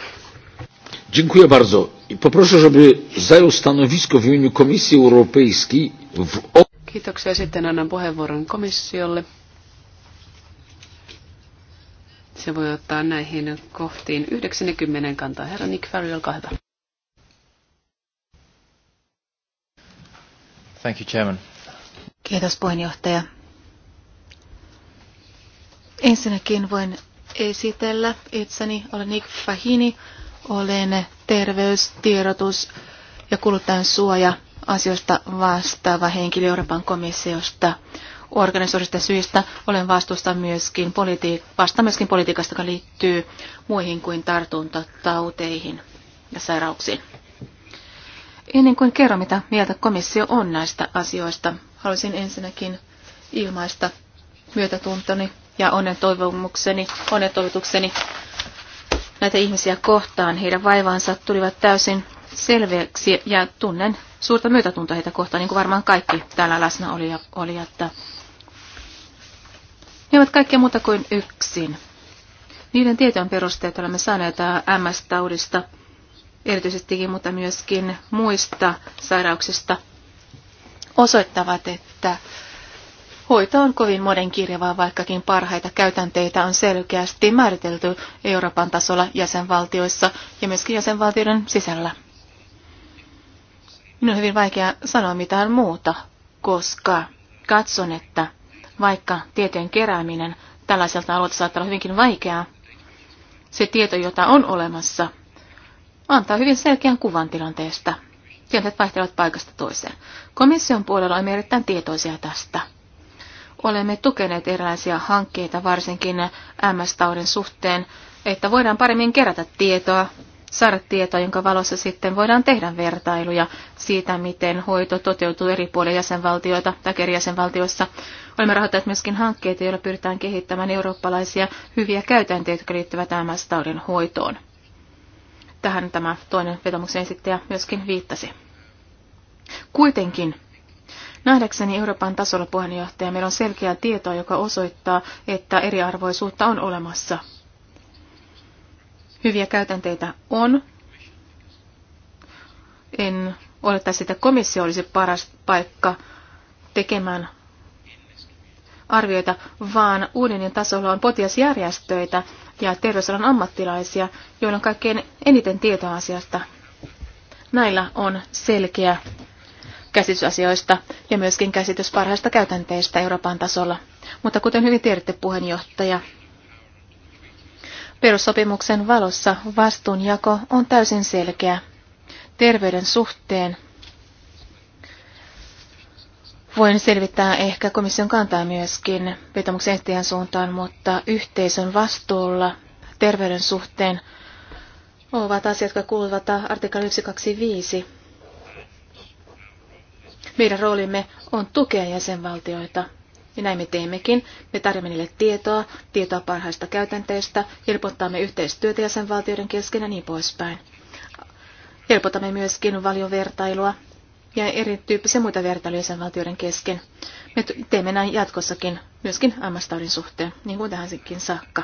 Dziękuję bardzo. I poproszę, żeby zajął stanowisko w imieniu Komisji Europejskiej w... Kiitoksia. Sitten annan puheenvuoron komissiolle. Se voi ottaa näihin kohtiin 90 kantaa. Herra Nick Farrell, olkaa hyvä. Thank you, Chairman. Kiitos puheenjohtaja. Ensinnäkin voin esitellä itseni. Olen Nick Fahini. Olen terveys, tiedotus ja kuluttajan suoja asioista vastaava henkilö Euroopan komissiosta. Organisoidusta syistä olen vastuusta myöskin, politi- vasta myöskin politiikasta, joka liittyy muihin kuin tartuntatauteihin ja sairauksiin. Ennen kuin kerron, mitä mieltä komissio on näistä asioista, haluaisin ensinnäkin ilmaista myötätuntoni ja onnen toivomukseni, onnen toivotukseni näitä ihmisiä kohtaan. Heidän vaivaansa tulivat täysin selveäksi ja tunnen suurta myötätuntoa heitä kohtaan, niin kuin varmaan kaikki täällä läsnä oli, oli että ne ovat kaikkea muuta kuin yksin. Niiden tietojen perusteet olemme saaneet MS-taudista erityisestikin, mutta myöskin muista sairauksista osoittavat, että Hoito on kovin monenkirjavaa, vaikkakin parhaita käytänteitä on selkeästi määritelty Euroopan tasolla jäsenvaltioissa ja myöskin jäsenvaltioiden sisällä. Minun on hyvin vaikea sanoa mitään muuta, koska katson, että vaikka tieteen kerääminen tällaiselta alueelta saattaa olla hyvinkin vaikeaa, se tieto, jota on olemassa, antaa hyvin selkeän kuvan tilanteesta. Tilanteet vaihtelevat paikasta toiseen. Komission puolella on erittäin tietoisia tästä. Olemme tukeneet erilaisia hankkeita, varsinkin MS-taudin suhteen, että voidaan paremmin kerätä tietoa, saada tietoa, jonka valossa sitten voidaan tehdä vertailuja siitä, miten hoito toteutuu eri puolilla jäsenvaltioita tai eri jäsenvaltioissa. Olemme rahoittaneet myöskin hankkeita, joilla pyritään kehittämään eurooppalaisia hyviä käytänteitä, jotka liittyvät MS-taudin hoitoon. Tähän tämä toinen vetomuksen esittäjä myöskin viittasi. Kuitenkin Nähdäkseni Euroopan tasolla puheenjohtaja meillä on selkeää tietoa, joka osoittaa, että eriarvoisuutta on olemassa. Hyviä käytänteitä on. En olettaisi, että komissio olisi paras paikka tekemään arvioita, vaan unionin tasolla on potiasjärjestöitä ja terveysalan ammattilaisia, joilla on kaikkein eniten tietoa asiasta. Näillä on selkeä käsitysasioista ja myöskin käsitys parhaista käytänteistä Euroopan tasolla. Mutta kuten hyvin tiedätte, puheenjohtaja, perussopimuksen valossa vastuunjako on täysin selkeä. Terveyden suhteen voin selvittää ehkä komission kantaa myöskin vetomuksen ehtiän suuntaan, mutta yhteisön vastuulla terveyden suhteen ovat asiat, jotka kuuluvat artikla 125 meidän roolimme on tukea jäsenvaltioita. Ja näin me teemmekin. Me tarjoamme niille tietoa, tietoa parhaista käytänteistä, helpottamme yhteistyötä jäsenvaltioiden kesken ja niin poispäin. Helpotamme myöskin valiovertailua ja erityyppisiä muita vertailuja jäsenvaltioiden kesken. Me teemme näin jatkossakin, myöskin ammastaudin suhteen, niin kuin tähänkin saakka.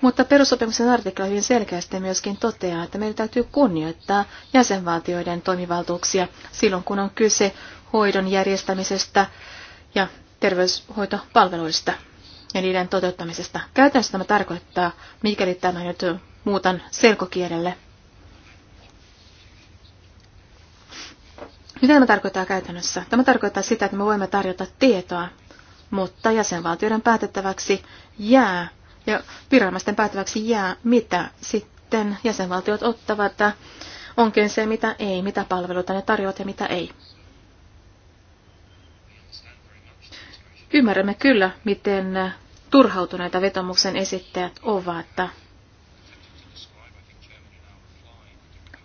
Mutta perussopimuksen artikla hyvin selkeästi myöskin toteaa, että meidän täytyy kunnioittaa jäsenvaltioiden toimivaltuuksia silloin, kun on kyse hoidon järjestämisestä ja terveyshoitopalveluista ja niiden toteuttamisesta. Käytännössä tämä tarkoittaa, mikäli tämä nyt muutan selkokielelle. Mitä tämä tarkoittaa käytännössä? Tämä tarkoittaa sitä, että me voimme tarjota tietoa, mutta jäsenvaltioiden päätettäväksi jää, ja viranomaisten päätettäväksi jää, mitä sitten jäsenvaltiot ottavat, onkin se, mitä ei, mitä palveluita ne tarjoavat ja mitä ei. Ymmärrämme kyllä, miten turhautuneita vetomuksen esittäjät ovat.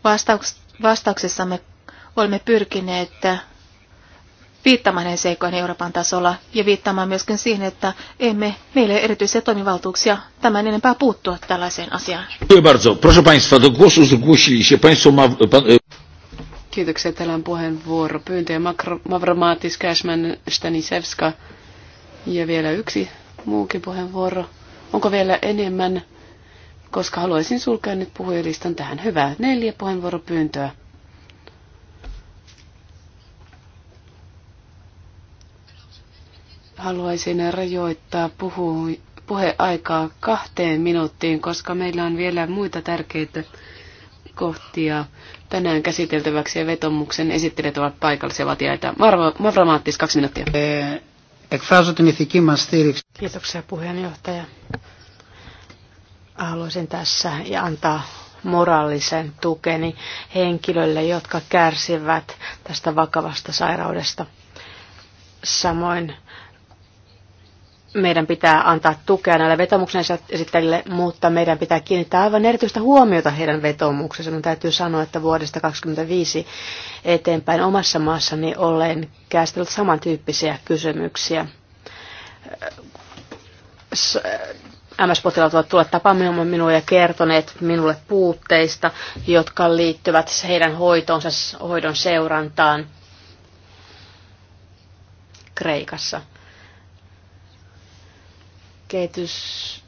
Vastauks- vastauksessamme olemme pyrkineet viittamaan näihin seikoihin Euroopan tasolla ja viittamaan myöskin siihen, että emme meille erityisiä toimivaltuuksia tämän enempää puuttua tällaiseen asiaan. E- Kiitoksia. Täällä on puheenvuoro. Pyyntöjä Mavromaatis, Cashman, Stanisevska. Ja vielä yksi muukin puheenvuoro. Onko vielä enemmän? Koska haluaisin sulkea nyt puhujalistan tähän. hyvää Neljä puheenvuoropyyntöä. Haluaisin rajoittaa puhu, puheaikaa kahteen minuuttiin, koska meillä on vielä muita tärkeitä kohtia tänään käsiteltäväksi ja vetomuksen esittelijät ovat paikallisia vatiaita. Mavromaattis, kaksi minuuttia. Eh, Εκφράζω την ηθική μας στήριξη. Kiitoksia puheenjohtaja. Haluaisin tässä antaa moraalisen tukeni henkilöille, jotka kärsivät tästä vakavasta sairaudesta. Samoin meidän pitää antaa tukea näille vetomuksen esittäjille, mutta meidän pitää kiinnittää aivan erityistä huomiota heidän vetomuksensa. Minun täytyy sanoa, että vuodesta 2025 eteenpäin omassa maassani olen käsitellyt samantyyppisiä kysymyksiä. MS-potilaat ovat tulleet tapaamaan minua ja kertoneet minulle puutteista, jotka liittyvät heidän hoitonsa, hoidon seurantaan Kreikassa – kehitys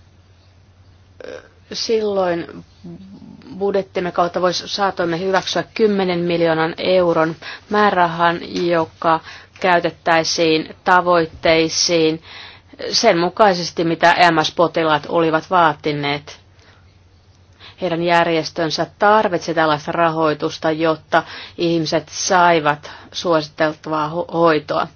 silloin budjettimme kautta voisi, saatoimme hyväksyä 10 miljoonan euron määrärahan, joka käytettäisiin tavoitteisiin sen mukaisesti, mitä MS-potilaat olivat vaatineet. Heidän järjestönsä tarvitsi tällaista rahoitusta, jotta ihmiset saivat suositeltavaa hoitoa.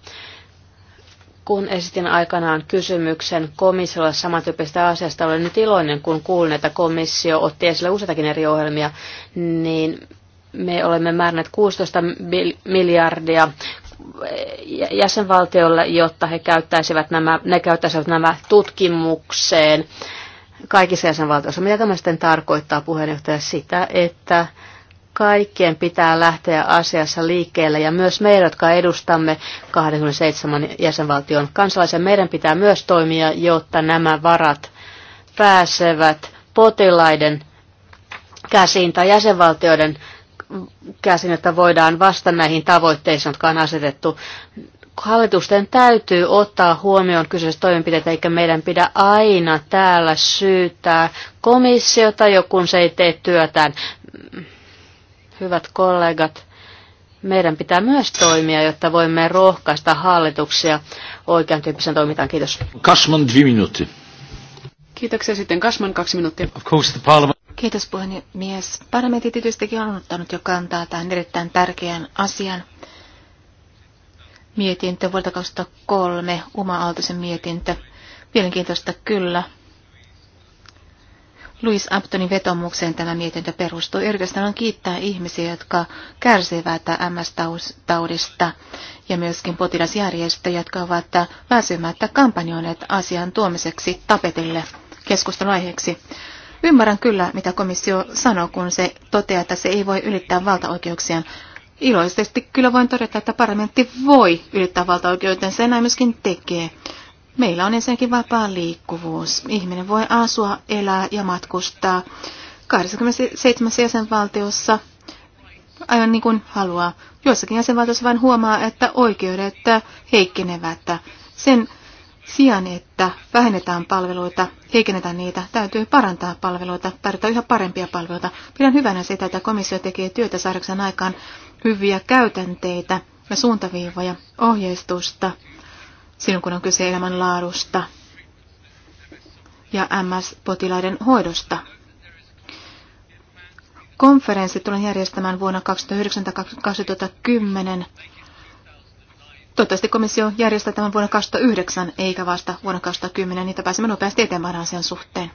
Kun esitin aikanaan kysymyksen komissiolle samantyyppisestä asiasta, olen nyt iloinen, kun kuulin, että komissio otti esille useitakin eri ohjelmia, niin me olemme määränneet 16 miljardia jäsenvaltiolle, jotta he käyttäisivät nämä, ne käyttäisivät nämä tutkimukseen kaikissa jäsenvaltioissa. Mitä tämä sitten tarkoittaa puheenjohtaja sitä, että Kaikkien pitää lähteä asiassa liikkeelle ja myös meidän jotka edustamme 27 jäsenvaltion kansalaisen, meidän pitää myös toimia, jotta nämä varat pääsevät potilaiden käsiin tai jäsenvaltioiden käsin, että voidaan vastata näihin tavoitteisiin, jotka on asetettu. Hallitusten täytyy ottaa huomioon kyseiset toimenpiteet, eikä meidän pidä aina täällä syyttää komissiota, kun se ei tee työtään. Hyvät kollegat, meidän pitää myös toimia, jotta voimme rohkaista hallituksia oikean tyyppisen toimintaan. Kiitos. Kasman, dvi minuutti. Kiitoksia sitten. Kasman, kaksi minuuttia. Of course the parliament. Kiitos puhemies. Parlamentti tietysti on ottanut jo kantaa tähän erittäin tärkeän asian. Mietintö vuodelta 2003, Uma Aaltoisen mietintö. Mielenkiintoista kyllä. Louis Aptonin vetomukseen tämä mietintö perustuu. Erityisesti on kiittää ihmisiä, jotka kärsivät MS-taudista ja myöskin potilasjärjestöjä, jotka ovat väsymättä kampanjoineet asian tuomiseksi tapetille keskusteluaiheeksi. Ymmärrän kyllä, mitä komissio sanoo, kun se toteaa, että se ei voi ylittää valtaoikeuksiaan. Iloisesti kyllä voin todeta, että parlamentti voi ylittää valtaoikeutensa ja näin myöskin tekee. Meillä on ensinnäkin vapaa liikkuvuus. Ihminen voi asua, elää ja matkustaa 27 jäsenvaltiossa aivan niin kuin haluaa. Joissakin jäsenvaltiossa vain huomaa, että oikeudet heikkenevät. Sen sijaan, että vähennetään palveluita, heikennetään niitä, täytyy parantaa palveluita, tarjota yhä parempia palveluita. Pidän hyvänä sitä, että komissio tekee työtä saadakseen aikaan hyviä käytänteitä ja suuntaviivoja, ohjeistusta silloin kun on kyse laadusta ja MS-potilaiden hoidosta. Konferenssi tulen järjestämään vuonna 2009-2010. Toivottavasti komissio järjestää tämän vuonna 2009 eikä vasta vuonna 2010, niin pääsemme nopeasti eteenpäin asian suhteen.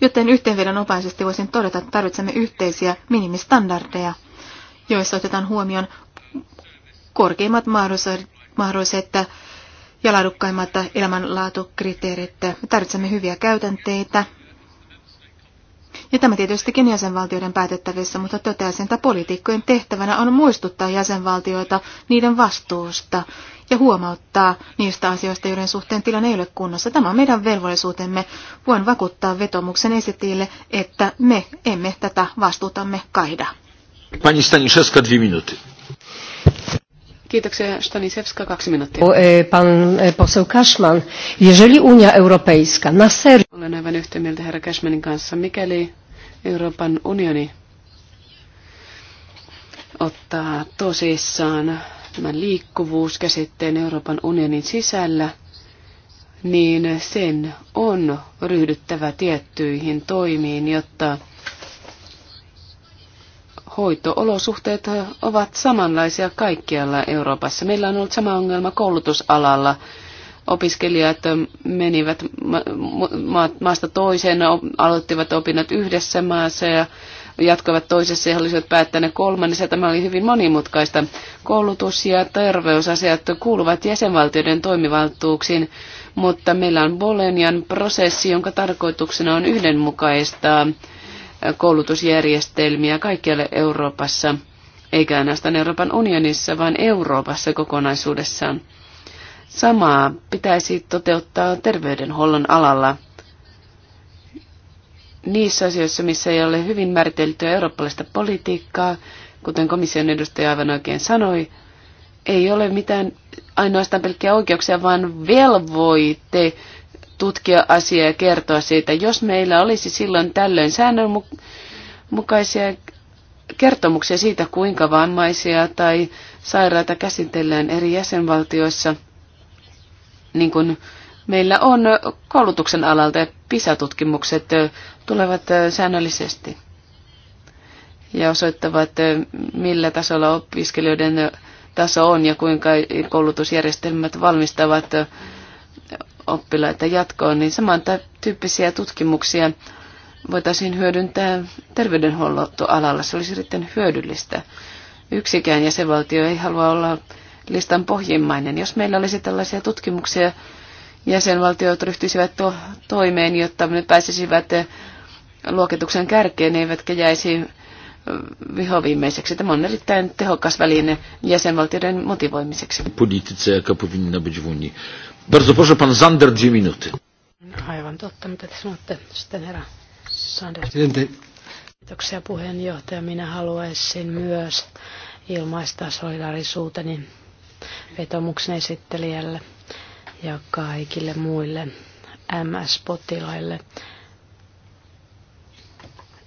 Joten yhteenvedonopaisesti voisin todeta, että tarvitsemme yhteisiä minimistandardeja, joissa otetaan huomioon korkeimmat mahdollisuudet, mahdollisuudet ja laadukkaimmat elämänlaatukriteerit. Me tarvitsemme hyviä käytänteitä. Ja tämä tietystikin jäsenvaltioiden päätettävissä, mutta toteaisin, että poliitikkojen tehtävänä on muistuttaa jäsenvaltioita niiden vastuusta ja huomauttaa niistä asioista, joiden suhteen tilanne ei ole kunnossa. Tämä on meidän velvollisuutemme. Voin vakuuttaa vetomuksen esitille, että me emme tätä vastuutamme kaida. Pani Staniszewska, kaksi minuutti. Kiitoksia. Stanisewska, kaksi minuuttia. E, pan e, poseł Cashman, jeżeli Unia Europejska na serio... Olen aivan yhtä mieltä herra Cashmanin kanssa. Mikäli Euroopan unioni ottaa tosissaan tämän liikkuvuuskäsitteen Euroopan unionin sisällä, niin sen on ryhdyttävä tiettyihin toimiin, jotta hoitoolosuhteet ovat samanlaisia kaikkialla Euroopassa. Meillä on ollut sama ongelma koulutusalalla. Opiskelijat menivät maasta toiseen, aloittivat opinnot yhdessä maassa ja jatkoivat toisessa ja olisivat päättäneet kolmannessa. Tämä oli hyvin monimutkaista. Koulutus- ja terveysasiat kuuluvat jäsenvaltioiden toimivaltuuksiin, mutta meillä on Bolenian prosessi, jonka tarkoituksena on yhdenmukaistaa koulutusjärjestelmiä kaikkialle Euroopassa, eikä ainoastaan Euroopan unionissa, vaan Euroopassa kokonaisuudessaan. Samaa pitäisi toteuttaa terveydenhuollon alalla. Niissä asioissa, missä ei ole hyvin määriteltyä eurooppalaista politiikkaa, kuten komission edustaja aivan oikein sanoi, ei ole mitään ainoastaan pelkkiä oikeuksia, vaan velvoite tutkia asiaa ja kertoa siitä. Jos meillä olisi silloin tällöin säännönmukaisia kertomuksia siitä, kuinka vammaisia tai sairaita käsitellään eri jäsenvaltioissa, niin kuin meillä on koulutuksen alalta ja PISA-tutkimukset tulevat säännöllisesti ja osoittavat, millä tasolla opiskelijoiden taso on ja kuinka koulutusjärjestelmät valmistavat oppilaita jatkoon, niin saman tyyppisiä tutkimuksia voitaisiin hyödyntää terveydenhuoltoalalla. Se olisi erittäin hyödyllistä. Yksikään jäsenvaltio ei halua olla listan pohjimmainen. Jos meillä olisi tällaisia tutkimuksia, jäsenvaltiot ryhtyisivät to- toimeen, jotta ne pääsisivät luokituksen kärkeen, eivätkä jäisi vihoviimeiseksi. Tämä on erittäin tehokas väline jäsenvaltioiden motivoimiseksi. Bardzo proszę, pan Zander, dwie minuty. Aivan totta, mitä Kiitoksia puheenjohtaja. Minä haluaisin myös ilmaista solidarisuuteni vetomuksen esittelijälle ja kaikille muille MS-potilaille.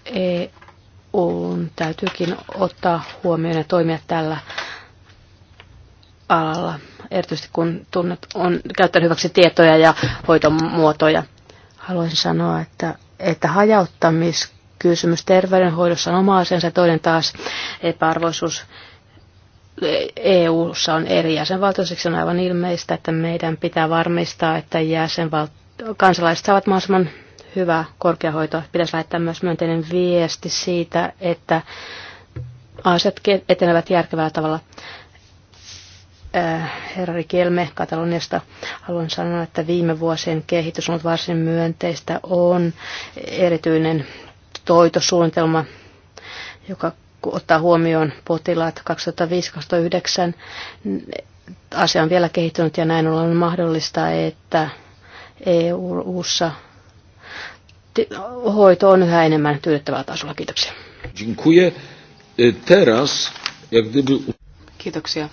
EUn täytyykin ottaa huomioon ja toimia tällä alalla, erityisesti kun tunnet on käyttänyt hyväksi tietoja ja hoitomuotoja. Haluaisin sanoa, että, että hajauttamiskysymys terveydenhoidossa on oma asiansa ja toinen taas epäarvoisuus EU-ssa on eri jäsenvaltioiseksi. on aivan ilmeistä, että meidän pitää varmistaa, että jäsenval- kansalaiset saavat mahdollisimman hyvää korkeahoitoa. Pitäisi lähettää myös myönteinen viesti siitä, että asiat etenevät järkevällä tavalla. Äh, herra Kelme Kataloniasta haluan sanoa, että viime vuosien kehitys on ollut varsin myönteistä. On erityinen toitosuunnitelma, joka ottaa huomioon potilaat 2005-2009. Asia on vielä kehittynyt ja näin ollen mahdollista, että EU-ssa hoito on yhä enemmän tyydyttävällä tasolla. Kiitoksia. Dziękuję. Teraz, jak gdyby... Kiitoksia.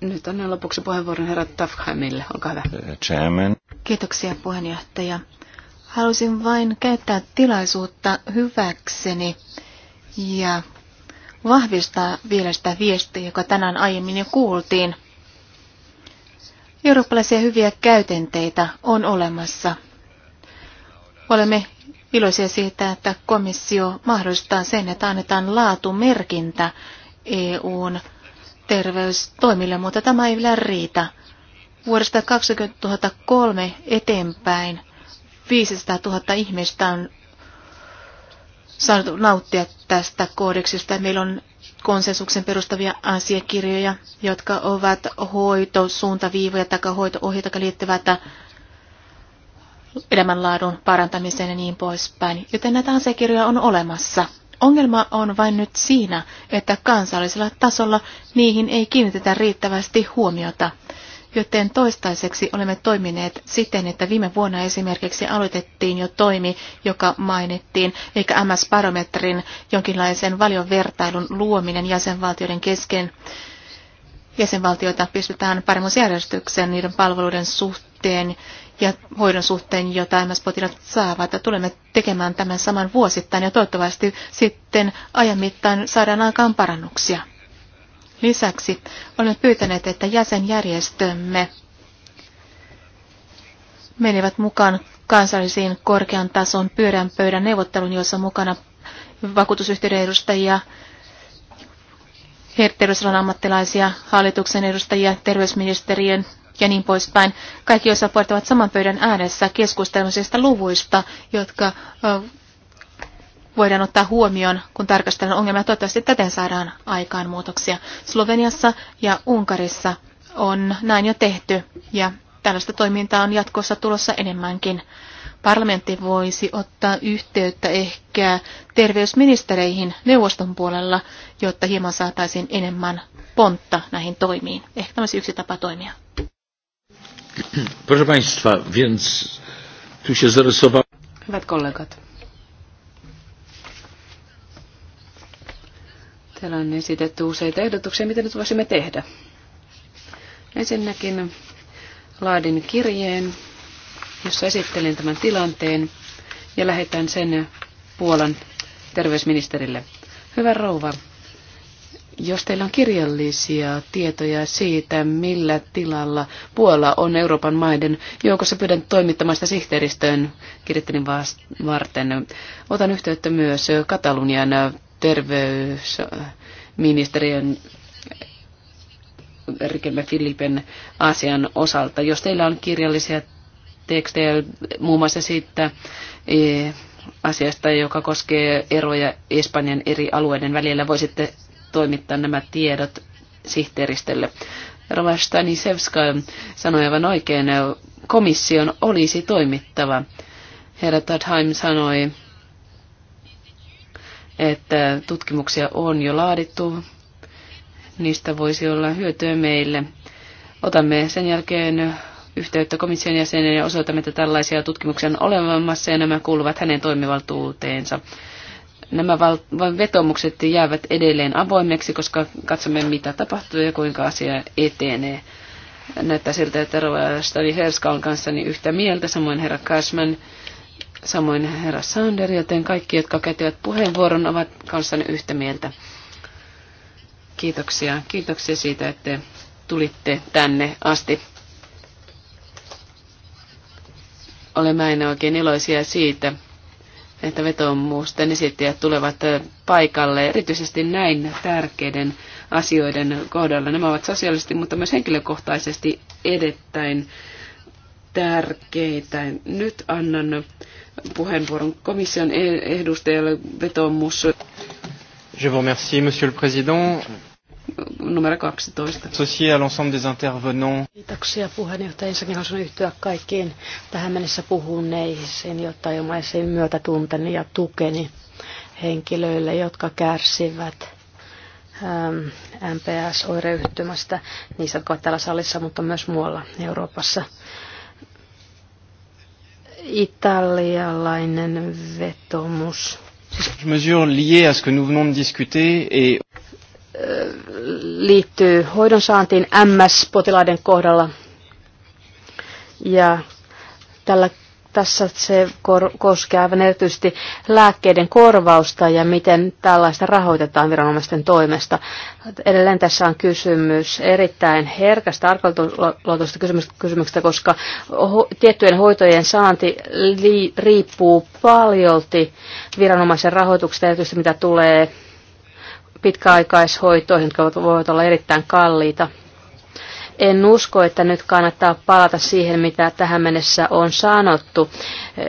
Nyt on lopuksi puheenvuoron herra Tafkheimille. Olkaa hyvä. Uh, chairman. Kiitoksia puheenjohtaja. Halusin vain käyttää tilaisuutta hyväkseni ja vahvistaa vielä sitä viestiä, joka tänään aiemmin jo kuultiin. Eurooppalaisia hyviä käytenteitä on olemassa. Olemme iloisia siitä, että komissio mahdollistaa sen, että annetaan laatumerkintä EUn terveystoimille, mutta tämä ei vielä riitä. Vuodesta 2003 eteenpäin 500 000 ihmistä on saanut nauttia tästä koodeksista. Meillä on konsensuksen perustavia asiakirjoja, jotka ovat hoitosuuntaviivoja tai hoito-ohjeita, jotka liittyvät elämänlaadun parantamiseen ja niin poispäin. Joten näitä asiakirjoja on olemassa. Ongelma on vain nyt siinä, että kansallisella tasolla niihin ei kiinnitetä riittävästi huomiota, joten toistaiseksi olemme toimineet siten, että viime vuonna esimerkiksi aloitettiin jo toimi, joka mainittiin, eikä MS-barometrin jonkinlaisen valiovertailun luominen jäsenvaltioiden kesken. Jäsenvaltioita paremmin järjestykseen niiden palveluiden suhteen suhteen ja hoidon suhteen, jota MS-potilaat saavat. Tulemme tekemään tämän saman vuosittain ja toivottavasti sitten ajan mittaan saadaan aikaan parannuksia. Lisäksi olemme pyytäneet, että jäsenjärjestömme menevät mukaan kansallisiin korkean tason pyörän pöydän neuvottelun, jossa mukana vakuutusyhtiöiden edustajia, terveysalan ammattilaisia, hallituksen edustajia, terveysministeriön ja niin poispäin. Kaikki osapuolet ovat saman pöydän ääressä keskustelmisista luvuista, jotka voidaan ottaa huomioon, kun tarkastellaan ongelmia. Toivottavasti täten saadaan aikaan muutoksia. Sloveniassa ja Unkarissa on näin jo tehty ja tällaista toimintaa on jatkossa tulossa enemmänkin. Parlamentti voisi ottaa yhteyttä ehkä terveysministereihin neuvoston puolella, jotta hieman saataisiin enemmän pontta näihin toimiin. Ehkä tämä yksi tapa toimia. Proszę Państwa, więc tu się zarysowało. Hyvät kollegat. Täällä on esitetty useita ehdotuksia, mitä nyt voisimme tehdä. Ensinnäkin laadin kirjeen, jossa esittelen tämän tilanteen ja lähetän sen Puolan terveysministerille. Hyvä rouva, jos teillä on kirjallisia tietoja siitä, millä tilalla Puola on Euroopan maiden joukossa, pyydän toimittamaan sitä sihteeristöön kirjoittelin varten. Otan yhteyttä myös Katalunian terveysministeriön Rikelme Filipen asian osalta. Jos teillä on kirjallisia tekstejä muun muassa siitä eh, asiasta, joka koskee eroja Espanjan eri alueiden välillä, voisitte toimittaa nämä tiedot sihteeristölle. Rova Stanisevska sanoi aivan oikein, komission olisi toimittava. Herra Tadheim sanoi, että tutkimuksia on jo laadittu, niistä voisi olla hyötyä meille. Otamme sen jälkeen yhteyttä komission jäseneen ja osoitamme, että tällaisia tutkimuksia on olemassa ja nämä kuuluvat hänen toimivaltuuteensa. Nämä vetomukset jäävät edelleen avoimeksi, koska katsomme mitä tapahtuu ja kuinka asia etenee. Näyttää siltä, että Stadi Herska on kanssani yhtä mieltä, samoin herra Cashman, samoin herra Sander, joten kaikki, jotka käyttävät puheenvuoron, ovat kanssani yhtä mieltä. Kiitoksia. Kiitoksia siitä, että tulitte tänne asti. Olemme aina oikein iloisia siitä, että vetoomuusten esittäjät tulevat paikalle, erityisesti näin tärkeiden asioiden kohdalla. Nämä ovat sosiaalisesti, mutta myös henkilökohtaisesti edettäin tärkeitä. Nyt annan puheenvuoron komission e- edustajalle vetoomus. Je vous remercie, monsieur le président numero 12. Social ensemble des intervenants. Kiitoksia puheenjohtaja. Ensinnäkin haluan yhtyä kaikkiin tähän mennessä puhuneisiin, jotta ilmaisin myötätunteni ja tukeni henkilöille, jotka kärsivät MPS-oireyhtymästä, ähm, niissä, jotka ovat täällä salissa, mutta myös muualla Euroopassa. Italialainen vetomus. mesure liée à ce que nous venons de discuter et liittyy hoidon saantiin MS-potilaiden kohdalla. Ja tällä, tässä se kor, koskee aivan erityisesti lääkkeiden korvausta ja miten tällaista rahoitetaan viranomaisten toimesta. Edelleen tässä on kysymys erittäin herkästä arkaluotoista kysymyksestä, koska ho, tiettyjen hoitojen saanti li, riippuu paljolti viranomaisen rahoituksesta, erityisesti mitä tulee pitkäaikaishoitoihin, jotka voivat olla erittäin kalliita. En usko, että nyt kannattaa palata siihen, mitä tähän mennessä on sanottu eh,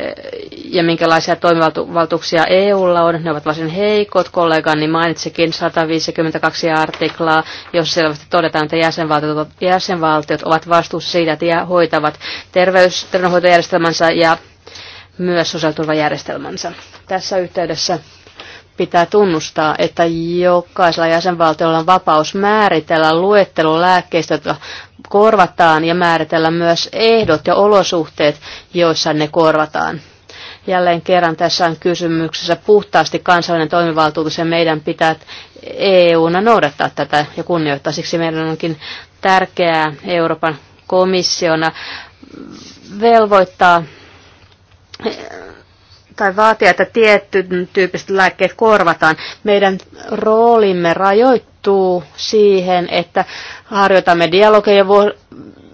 ja minkälaisia toimivaltuuksia EUlla on. Ne ovat varsin heikot. Kollegani mainitsikin 152 artiklaa, jossa selvästi todetaan, että jäsenvaltiot, jäsenvaltiot ovat vastuussa siitä, että hoitavat terveysterveydenhoitojärjestelmänsä ja myös sosiaaliturvajärjestelmänsä. Tässä yhteydessä Pitää tunnustaa, että jokaisella jäsenvaltiolla on vapaus määritellä luettelo lääkkeistä, jotka korvataan ja määritellä myös ehdot ja olosuhteet, joissa ne korvataan. Jälleen kerran tässä on kysymyksessä puhtaasti kansallinen toimivaltuutus ja meidän pitää EUna noudattaa tätä ja kunnioittaa. Siksi meidän onkin tärkeää Euroopan komissiona velvoittaa tai vaatia, että tietty tyyppiset lääkkeet korvataan. Meidän roolimme rajoittuu siihen, että harjoitamme dialogeja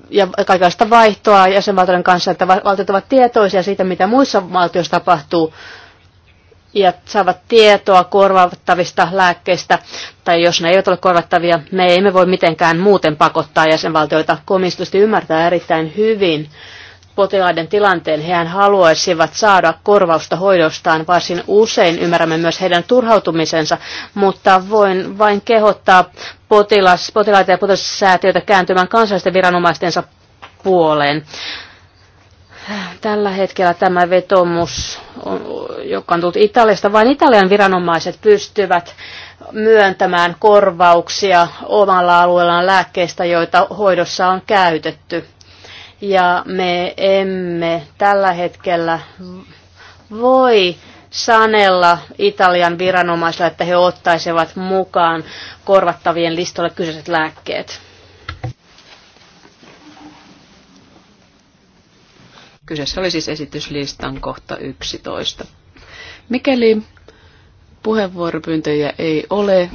ja kaikenlaista vaihtoa jäsenvaltioiden kanssa, että valtiot ovat tietoisia siitä, mitä muissa valtioissa tapahtuu ja saavat tietoa korvattavista lääkkeistä, tai jos ne eivät ole korvattavia, me emme voi mitenkään muuten pakottaa jäsenvaltioita. Komistusti ymmärtää erittäin hyvin potilaiden tilanteen. Hehän haluaisivat saada korvausta hoidostaan. Varsin usein ymmärrämme myös heidän turhautumisensa, mutta voin vain kehottaa potilas, potilaita ja potilassäätiöitä kääntymään kansallisten viranomaistensa puoleen. Tällä hetkellä tämä vetomus, joka on tullut Italiasta, vain Italian viranomaiset pystyvät myöntämään korvauksia omalla alueellaan lääkkeistä, joita hoidossa on käytetty ja me emme tällä hetkellä voi sanella Italian viranomaisilla, että he ottaisivat mukaan korvattavien listolle kyseiset lääkkeet. Kyseessä oli siis esityslistan kohta 11. Mikäli puheenvuoropyyntöjä ei ole,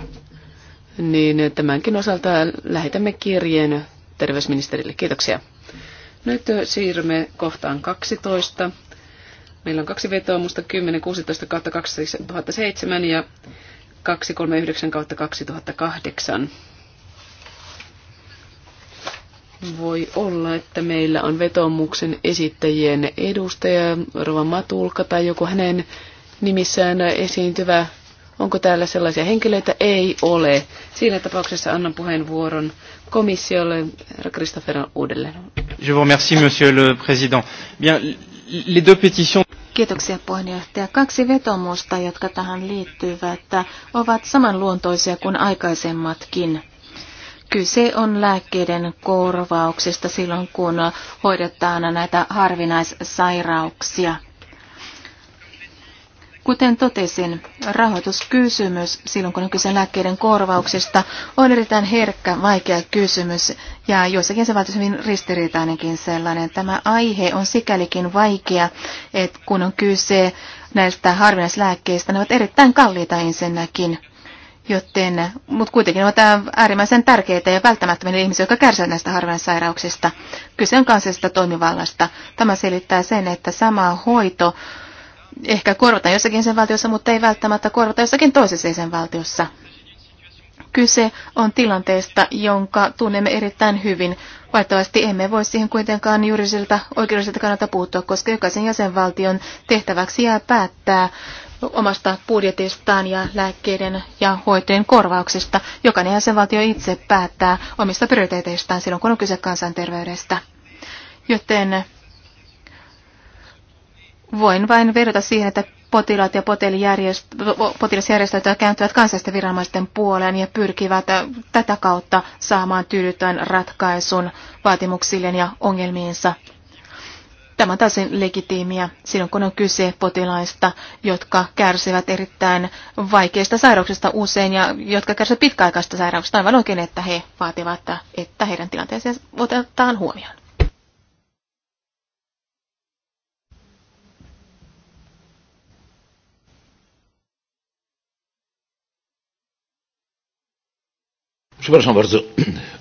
niin tämänkin osalta lähetämme kirjeen terveysministerille. Kiitoksia. Nyt siirrymme kohtaan 12. Meillä on kaksi vetoomusta 10, 16 kautta 2007 ja 239 kautta 2008. Voi olla, että meillä on vetomuksen esittäjien edustaja Rova Matulka tai joku hänen nimissään esiintyvä. Onko täällä sellaisia henkilöitä? Ei ole. Siinä tapauksessa annan puheenvuoron komissiolle, Christopher uudelleen. Je vous remercie, monsieur le président. Bien, les deux Kiitoksia puheenjohtaja. Kaksi vetomusta, jotka tähän liittyvät, ovat samanluontoisia kuin aikaisemmatkin. Kyse on lääkkeiden korvauksista silloin, kun hoidetaan näitä harvinaissairauksia. Kuten totesin, rahoituskysymys silloin kun on kyse lääkkeiden korvauksesta on erittäin herkkä, vaikea kysymys ja joissakin se vaatii hyvin ristiriitainenkin sellainen. Tämä aihe on sikälikin vaikea, että kun on kyse näistä harvinaislääkkeistä, ne ovat erittäin kalliita ensinnäkin. Joten, mutta kuitenkin ovat äh, äärimmäisen tärkeitä ja välttämättömiä ihmisiä, jotka kärsivät näistä harvinaissairauksista. Kyse on kansallisesta toimivallasta. Tämä selittää sen, että sama hoito ehkä korvata jossakin sen valtiossa, mutta ei välttämättä korvata jossakin toisessa sen valtiossa. Kyse on tilanteesta, jonka tunnemme erittäin hyvin. Valitettavasti emme voi siihen kuitenkaan juridiselta oikeudelliselta kannalta puuttua, koska jokaisen jäsenvaltion tehtäväksi jää päättää omasta budjetistaan ja lääkkeiden ja hoitojen korvauksista. Jokainen jäsenvaltio itse päättää omista prioriteeteistaan silloin, kun on kyse kansanterveydestä. Joten Voin vain vedota siihen, että potilaat ja potilasjärjestöt kääntyvät kansallisten viranomaisten puoleen ja pyrkivät äh, tätä kautta saamaan tyydyttävän ratkaisun vaatimuksilleen ja ongelmiinsa. Tämä on täysin legitiimiä silloin, kun on kyse potilaista, jotka kärsivät erittäin vaikeista sairauksista usein ja jotka kärsivät pitkäaikaista sairauksista. Aivan oikein, että he vaativat, että heidän tilanteensa otetaan huomioon. Przepraszam bardzo,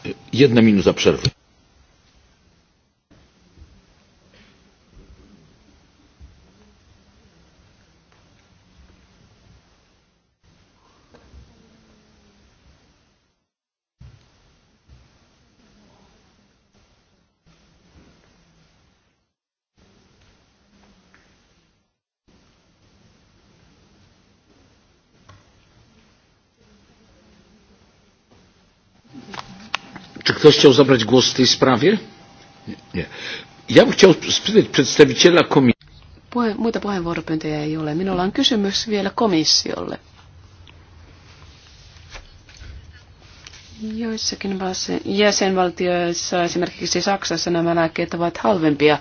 jedna minuta przerwy. Czy ktoś chciał zabrać głos w tej sprawie? Nie. nie. Ja bym chciał spytać przedstawiciela komisji. Puhe, muita puheenvuoropyyntöjä ei ole. Minulla on kysymys vielä komissiolle. Joissakin jäsenvaltioissa, esimerkiksi Saksassa, nämä lääkkeet ovat halvempia.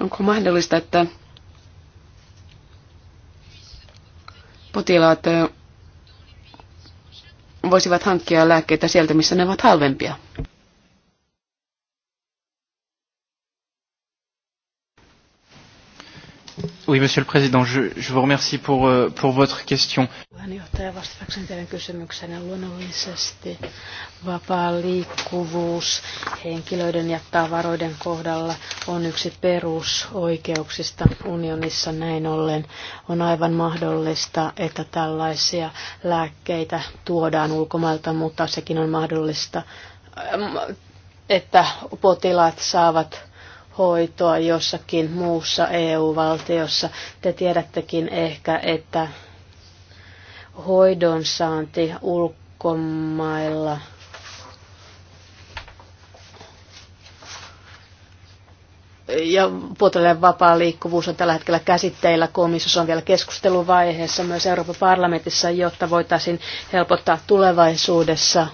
Onko mahdollista, että potilaat voisivat hankkia lääkkeitä sieltä, missä ne ovat halvempia. Oui, Monsieur le Président, je, je vous remercie pour, euh, pour votre question. Puheenjohtaja, vastatakseni teidän kysymyksenne luonnollisesti vapaa liikkuvuus henkilöiden ja tavaroiden kohdalla on yksi perusoikeuksista unionissa näin ollen. On aivan mahdollista, että tällaisia lääkkeitä tuodaan ulkomailta, mutta sekin on mahdollista, että potilaat saavat hoitoa jossakin muussa EU-valtiossa. Te tiedättekin ehkä, että hoidon saanti ulkomailla ja potilaiden vapaa liikkuvuus on tällä hetkellä käsitteillä. Komissiossa on vielä keskusteluvaiheessa myös Euroopan parlamentissa, jotta voitaisiin helpottaa tulevaisuudessa –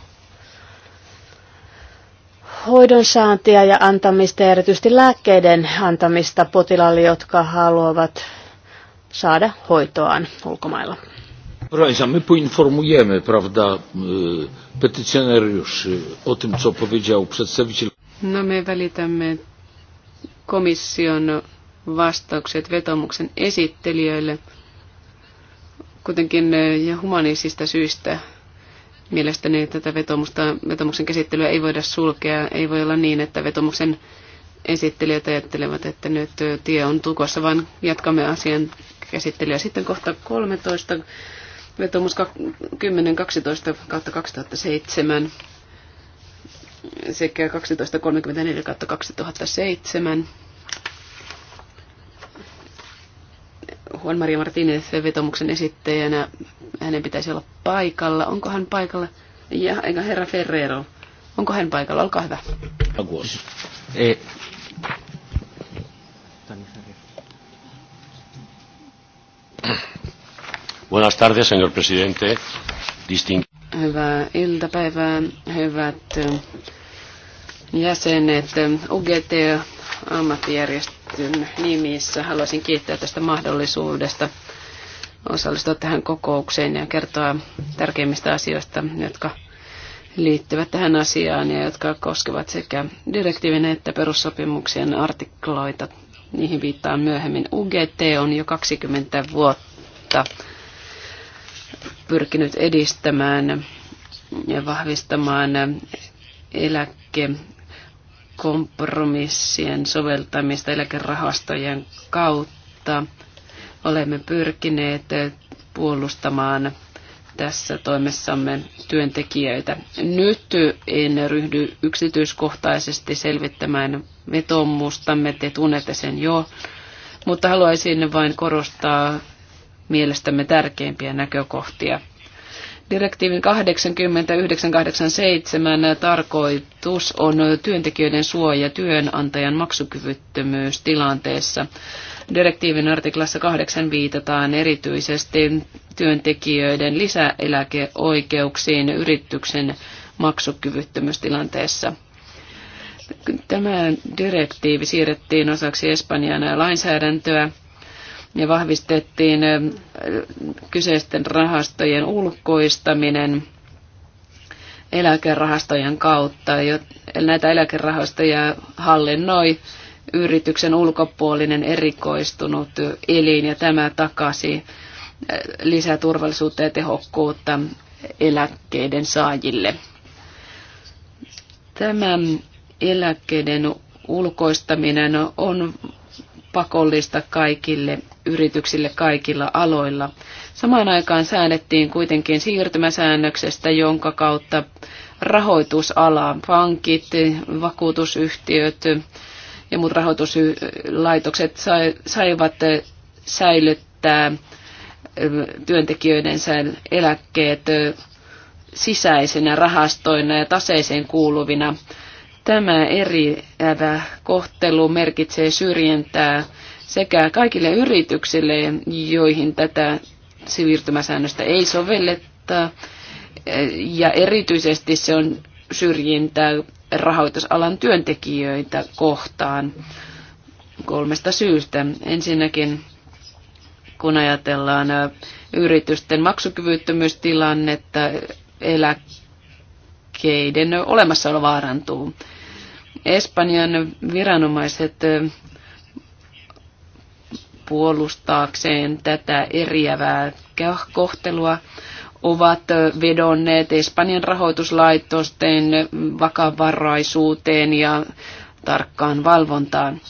hoidon saantia ja antamista ja erityisesti lääkkeiden antamista potilaille, jotka haluavat saada hoitoaan ulkomailla. Rajza, my poinformujemy, prawda, petycjonariuszy o tym, co powiedział przedstawiciel. No me välitämme komission vastaukset vetomuksen esittelijöille, kuitenkin ja humanisista syistä Mielestäni tätä vetomusta, vetomuksen käsittelyä ei voida sulkea. Ei voi olla niin, että vetomuksen esittelijät ajattelevat, että nyt tie on tukossa, vaan jatkamme asian käsittelyä. Sitten kohta 13, vetomus 10.12 kautta 2007 sekä 12.34 2007. Juan Maria Martinez vetomuksen esittäjänä. Hänen pitäisi olla paikalla. Onko hän paikalla? Ja eikä herra Ferrero. Onko hän paikalla? Olkaa hyvä. Eh, Buenas tardes, señor presidente. Disting... Hyvää iltapäivää, hyvät jäsenet. UGT ammattijärjestön nimissä. Haluaisin kiittää tästä mahdollisuudesta osallistua tähän kokoukseen ja kertoa tärkeimmistä asioista, jotka liittyvät tähän asiaan ja jotka koskevat sekä direktiivin että perussopimuksien artikloita. Niihin viittaa myöhemmin. UGT on jo 20 vuotta pyrkinyt edistämään ja vahvistamaan eläke kompromissien soveltamista eläkerahastojen kautta. Olemme pyrkineet puolustamaan tässä toimessamme työntekijöitä. Nyt en ryhdy yksityiskohtaisesti selvittämään vetomustamme, te tunnette sen jo, mutta haluaisin vain korostaa mielestämme tärkeimpiä näkökohtia. Direktiivin 8987 tarkoitus on työntekijöiden suoja työnantajan maksukyvyttömyystilanteessa. Direktiivin artiklassa 8 viitataan erityisesti työntekijöiden lisäeläkeoikeuksiin yrityksen maksukyvyttömyystilanteessa. Tämä direktiivi siirrettiin osaksi Espanjan lainsäädäntöä ja vahvistettiin kyseisten rahastojen ulkoistaminen eläkerahastojen kautta. Näitä eläkerahastoja hallinnoi yrityksen ulkopuolinen erikoistunut elin ja tämä takasi lisää turvallisuutta ja tehokkuutta eläkkeiden saajille. Tämä eläkkeiden ulkoistaminen on pakollista kaikille yrityksille kaikilla aloilla. Samaan aikaan säädettiin kuitenkin siirtymäsäännöksestä, jonka kautta rahoitusala, pankit, vakuutusyhtiöt ja muut rahoituslaitokset saivat säilyttää työntekijöiden eläkkeet sisäisenä rahastoina ja taseeseen kuuluvina. Tämä eriävä kohtelu merkitsee syrjintää sekä kaikille yrityksille, joihin tätä siirtymäsäännöstä ei sovelleta. Ja erityisesti se on syrjintää rahoitusalan työntekijöitä kohtaan kolmesta syystä. Ensinnäkin kun ajatellaan yritysten maksukyvyttömyystilannetta, eläkkeiden olemassaolo vaarantuu. Espanjan viranomaiset puolustaakseen tätä eriävää kohtelua ovat vedonneet Espanjan rahoituslaitosten vakavaraisuuteen ja tarkkaan valvontaan.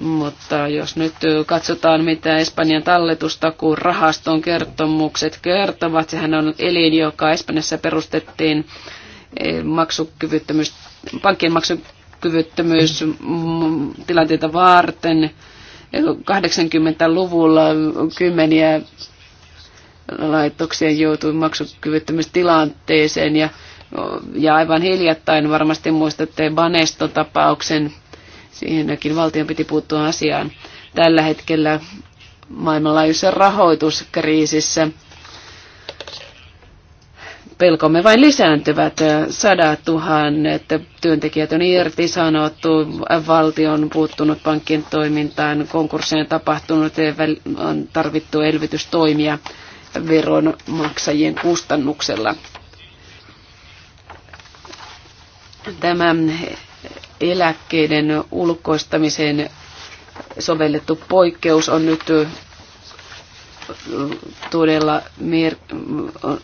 Mutta jos nyt katsotaan, mitä Espanjan talletusta kun rahaston kertomukset kertovat, sehän on elin, joka Espanjassa perustettiin eh, maksukyvyttömyys, pankkien maksukyvyttömyystilanteita varten – 80-luvulla kymmeniä laitoksia joutui maksukyvyttömyystilanteeseen ja, ja aivan hiljattain varmasti muistatte Banesto-tapauksen. Siihenkin valtion piti puuttua asiaan. Tällä hetkellä maailmanlaajuisessa rahoituskriisissä pelkomme vain lisääntyvät. Sadat tuhannet työntekijät on irtisanottu, valtio on puuttunut pankkien toimintaan, konkursseja on tapahtunut, on tarvittu elvytystoimia veronmaksajien kustannuksella. Tämä eläkkeiden ulkoistamiseen sovellettu poikkeus on nyt todella mer-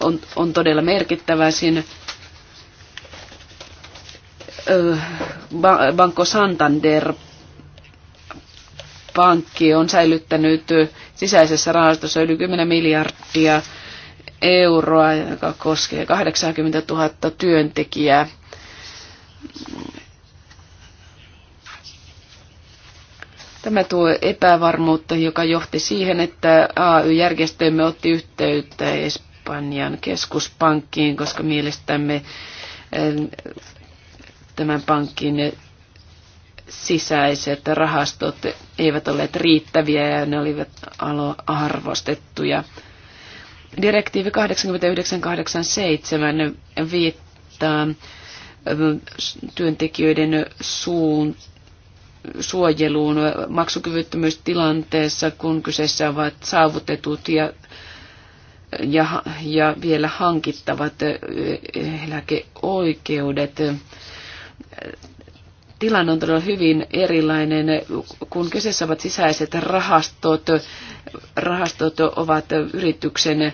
on, on todella merkittävä siinä Banco Santander pankki on säilyttänyt sisäisessä rahastossa yli 10 miljardia euroa, joka koskee 80 000 työntekijää. Tämä tuo epävarmuutta, joka johti siihen, että ay järjestöimme otti yhteyttä Espanjan keskuspankkiin, koska mielestämme eh, tämän pankin sisäiset rahastot eivät olleet riittäviä ja ne olivat arvostettuja. Direktiivi 8987 viittaa eh, työntekijöiden suuntaan suojeluun maksukyvyttömyystilanteessa, kun kyseessä ovat saavutetut ja, ja, ja vielä hankittavat eläkeoikeudet. Tilanne on todella hyvin erilainen, kun kyseessä ovat sisäiset rahastot. Rahastot ovat yrityksen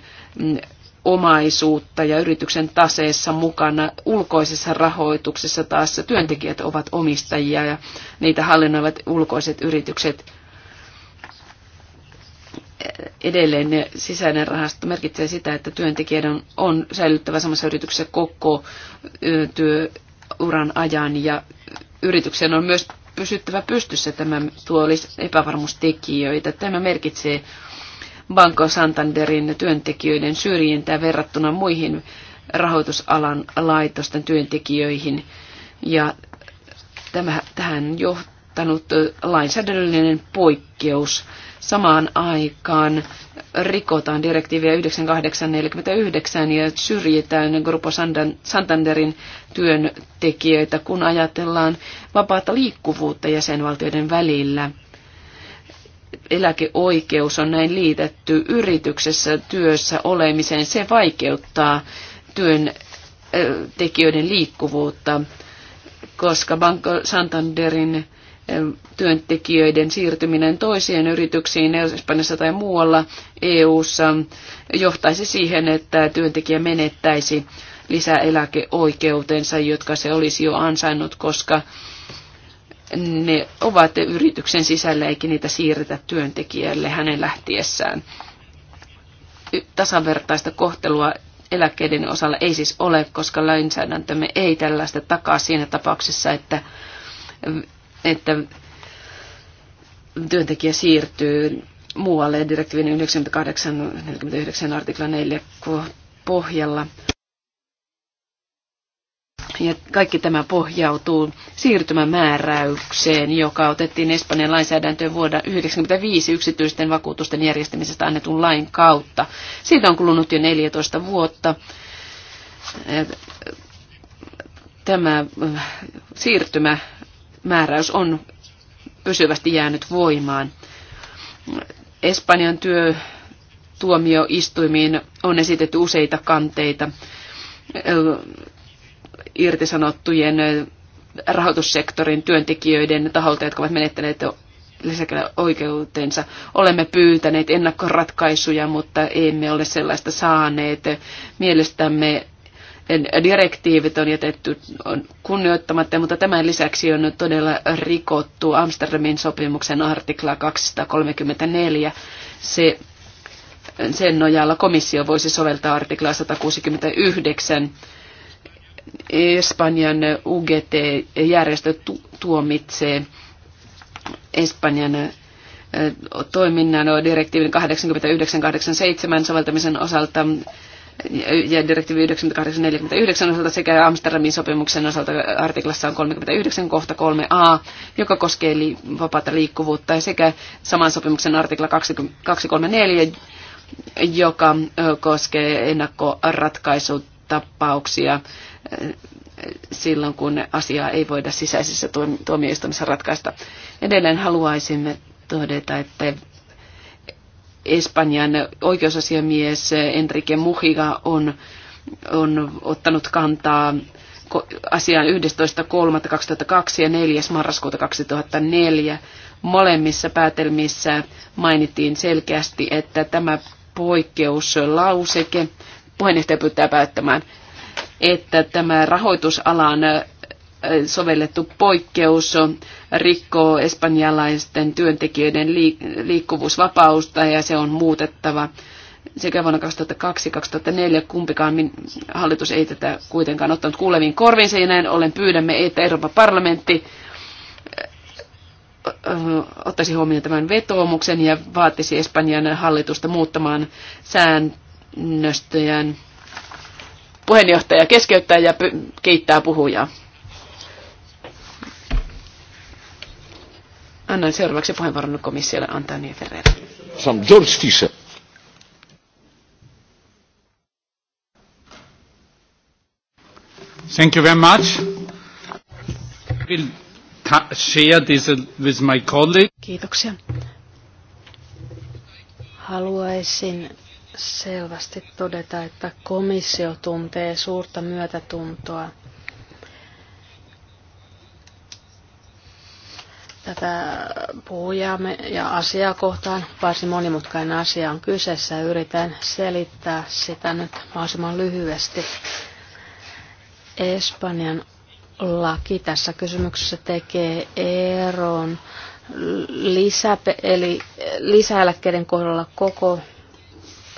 omaisuutta ja yrityksen taseessa mukana. Ulkoisessa rahoituksessa taas työntekijät ovat omistajia ja niitä hallinnoivat ulkoiset yritykset. Edelleen sisäinen rahasto merkitsee sitä, että työntekijöiden on, säilyttävä samassa yrityksessä koko työuran ajan ja yrityksen on myös pysyttävä pystyssä. Tämä tuo epävarmuustekijöitä. Tämä merkitsee Banco Santanderin työntekijöiden syrjintää verrattuna muihin rahoitusalan laitosten työntekijöihin. Ja tämä, tähän johtanut lainsäädännöllinen poikkeus. Samaan aikaan rikotaan direktiiviä 9849 ja syrjitään Grupo Santanderin työntekijöitä, kun ajatellaan vapaata liikkuvuutta jäsenvaltioiden välillä – eläkeoikeus on näin liitetty yrityksessä työssä olemiseen. Se vaikeuttaa työn tekijöiden liikkuvuutta, koska Banco Santanderin työntekijöiden siirtyminen toisiin yrityksiin Espanjassa tai muualla EU-ssa johtaisi siihen, että työntekijä menettäisi lisäeläkeoikeutensa, jotka se olisi jo ansainnut, koska ne ovat yrityksen sisällä eikä niitä siirretä työntekijälle hänen lähtiessään. Tasavertaista kohtelua eläkkeiden osalla ei siis ole, koska lainsäädäntömme ei tällaista takaa siinä tapauksessa, että, että työntekijä siirtyy muualle direktiivin 9849 artikla 4 pohjalla. Ja kaikki tämä pohjautuu siirtymämääräykseen, joka otettiin Espanjan lainsäädäntöön vuonna 1995 yksityisten vakuutusten järjestämisestä annetun lain kautta. Siitä on kulunut jo 14 vuotta. Tämä siirtymämääräys on pysyvästi jäänyt voimaan. Espanjan työtuomioistuimiin on esitetty useita kanteita irtisanottujen rahoitussektorin työntekijöiden taholta, jotka ovat menettäneet lisäkään oikeutensa. Olemme pyytäneet ennakkoratkaisuja, mutta emme ole sellaista saaneet. Mielestämme direktiivit on jätetty on kunnioittamatta, mutta tämän lisäksi on todella rikottu Amsterdamin sopimuksen artikla 234. Se, sen nojalla komissio voisi soveltaa artiklaa 169 Espanjan UGT-järjestö tuomitsee Espanjan toiminnan direktiivin 8987 soveltamisen osalta ja direktiivi 9849 osalta sekä Amsterdamin sopimuksen osalta artiklassa on 39 kohta 3a, joka koskee li- vapaata liikkuvuutta sekä saman sopimuksen artikla 234, joka koskee ennakkoratkaisutapauksia silloin, kun asiaa ei voida sisäisessä tuomioistuimessa ratkaista. Edelleen haluaisimme todeta, että Espanjan oikeusasiamies Enrique Mujiga on, on ottanut kantaa asiaan 11.3.2002 ja 4. marraskuuta 2004. Molemmissa päätelmissä mainittiin selkeästi, että tämä poikkeuslauseke puheenjohtaja pyytää päättämään että tämä rahoitusalan sovellettu poikkeus rikkoo espanjalaisten työntekijöiden liikkuvuusvapausta ja se on muutettava sekä vuonna 2002-2004 kumpikaan hallitus ei tätä kuitenkaan ottanut kuuleviin korviin. ja näin ollen pyydämme, että Euroopan parlamentti ottaisi huomioon tämän vetoomuksen ja vaatisi Espanjan hallitusta muuttamaan säännöstöjään Puheenjohtaja keskeyttää ja kiittää puhujaa. Annan seuraavaksi puheenvuoron komissiolle Antonio Ferreira. Sam George Fischer. Thank you very much. We'll share this with my colleague. Kiitoksia. Haluaisin selvästi todeta, että komissio tuntee suurta myötätuntoa tätä puhujaamme ja asiaa kohtaan. Varsin monimutkainen asia on kyseessä. Yritän selittää sitä nyt mahdollisimman lyhyesti. Espanjan laki tässä kysymyksessä tekee eron lisä, eli lisäeläkkeiden kohdalla koko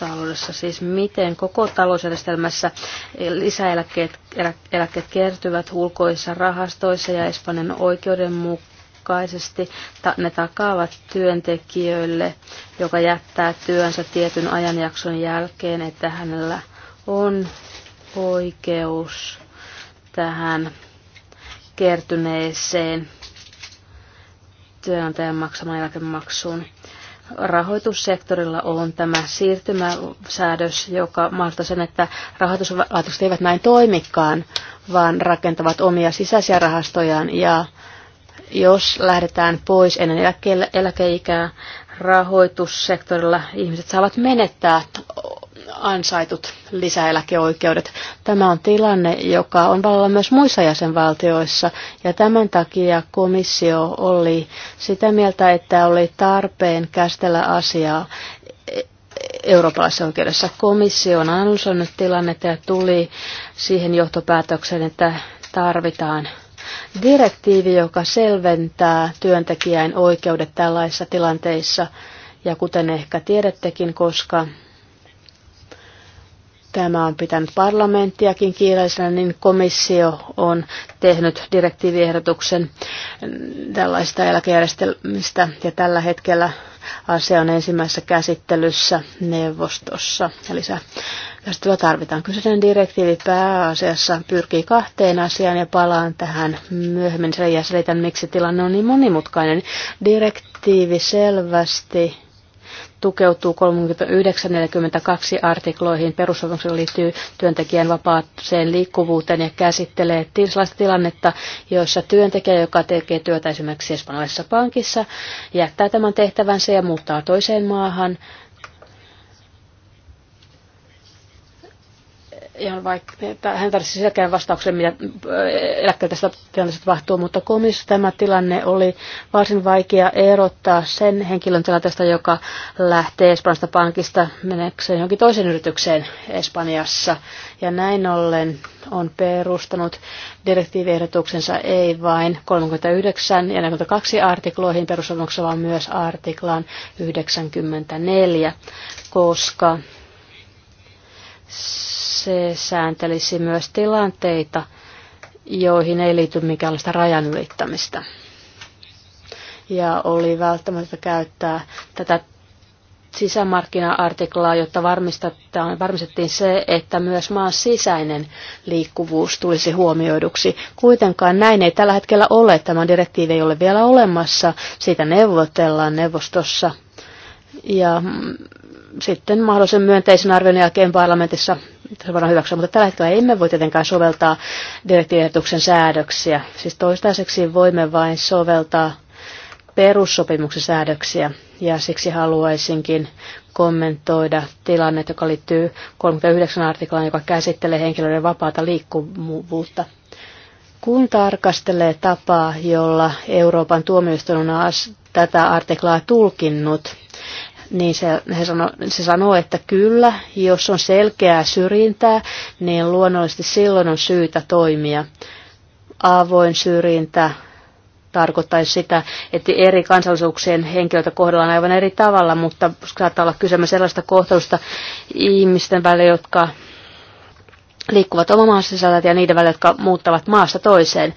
taloudessa, siis miten koko talousjärjestelmässä lisäeläkkeet eläkkeet kertyvät ulkoissa rahastoissa ja Espanjan oikeudenmukaisesti ne takaavat työntekijöille, joka jättää työnsä tietyn ajanjakson jälkeen, että hänellä on oikeus tähän kertyneeseen työnantajan maksamaan eläkemaksuun rahoitussektorilla on tämä siirtymäsäädös, joka mahdollistaa sen, että rahoituslaitokset eivät näin toimikaan, vaan rakentavat omia sisäisiä rahastojaan ja jos lähdetään pois ennen eläke- eläkeikää rahoitussektorilla, ihmiset saavat menettää ansaitut lisäeläkeoikeudet. Tämä on tilanne, joka on vallalla myös muissa jäsenvaltioissa, ja tämän takia komissio oli sitä mieltä, että oli tarpeen käsitellä asiaa eurooppalaisessa oikeudessa. Komissio on analysoinut tilannetta ja tuli siihen johtopäätökseen, että tarvitaan direktiivi, joka selventää työntekijän oikeudet tällaisissa tilanteissa. Ja kuten ehkä tiedättekin, koska Tämä on pitänyt parlamenttiakin kiireisenä, niin komissio on tehnyt direktiiviehdotuksen tällaista eläkejärjestelmistä ja tällä hetkellä asia on ensimmäisessä käsittelyssä neuvostossa. Eli käsittelyä tarvitaan. Kyseinen direktiivi pääasiassa pyrkii kahteen asiaan ja palaan tähän myöhemmin sen ja selitän, miksi tilanne on niin monimutkainen. Direktiivi selvästi tukeutuu 39.42 artikloihin. Perussopimukseen liittyy työntekijän vapaaseen liikkuvuuteen ja käsittelee sellaista tilannetta, joissa työntekijä, joka tekee työtä esimerkiksi espanjalaisessa pankissa, jättää tämän tehtävänsä ja muuttaa toiseen maahan, ihan vaikka, hän tarvitsi selkeän vastauksen, mitä äh, eläkkeeltä tästä tilanteesta tapahtuu, mutta komissio tämä tilanne oli varsin vaikea erottaa sen henkilön tilanteesta, joka lähtee Espanjasta pankista menekseen johonkin toiseen yritykseen Espanjassa. Ja näin ollen on perustanut direktiiviehdotuksensa ei vain 39 ja 42 artikloihin perussopimuksessa, vaan myös artiklaan 94, koska se sääntelisi myös tilanteita, joihin ei liity minkäänlaista rajan ylittämistä. Ja oli välttämättä käyttää tätä sisämarkkina-artiklaa, jotta varmistettiin se, että myös maan sisäinen liikkuvuus tulisi huomioiduksi. Kuitenkaan näin ei tällä hetkellä ole. Tämä direktiivi ei ole vielä olemassa. Siitä neuvotellaan neuvostossa. Ja mm, sitten mahdollisen myönteisen arvion jälkeen parlamentissa voidaan hyväksyä, mutta tällä hetkellä emme voi tietenkään soveltaa direktiivehdotuksen säädöksiä. Siis toistaiseksi voimme vain soveltaa perussopimuksen säädöksiä ja siksi haluaisinkin kommentoida tilanne joka liittyy 39 artiklaan, joka käsittelee henkilöiden vapaata liikkuvuutta. Kun tarkastelee tapaa, jolla Euroopan tuomioistuin on tätä artiklaa tulkinnut, niin se, he sano, se sanoo, että kyllä, jos on selkeää syrjintää, niin luonnollisesti silloin on syytä toimia. Avoin syrjintä tarkoittaisi sitä, että eri kansallisuuksien henkilöitä kohdellaan aivan eri tavalla, mutta saattaa olla kysymys sellaista kohtelusta ihmisten välillä, jotka liikkuvat oman maansa sisällä ja niiden välillä, jotka muuttavat maasta toiseen.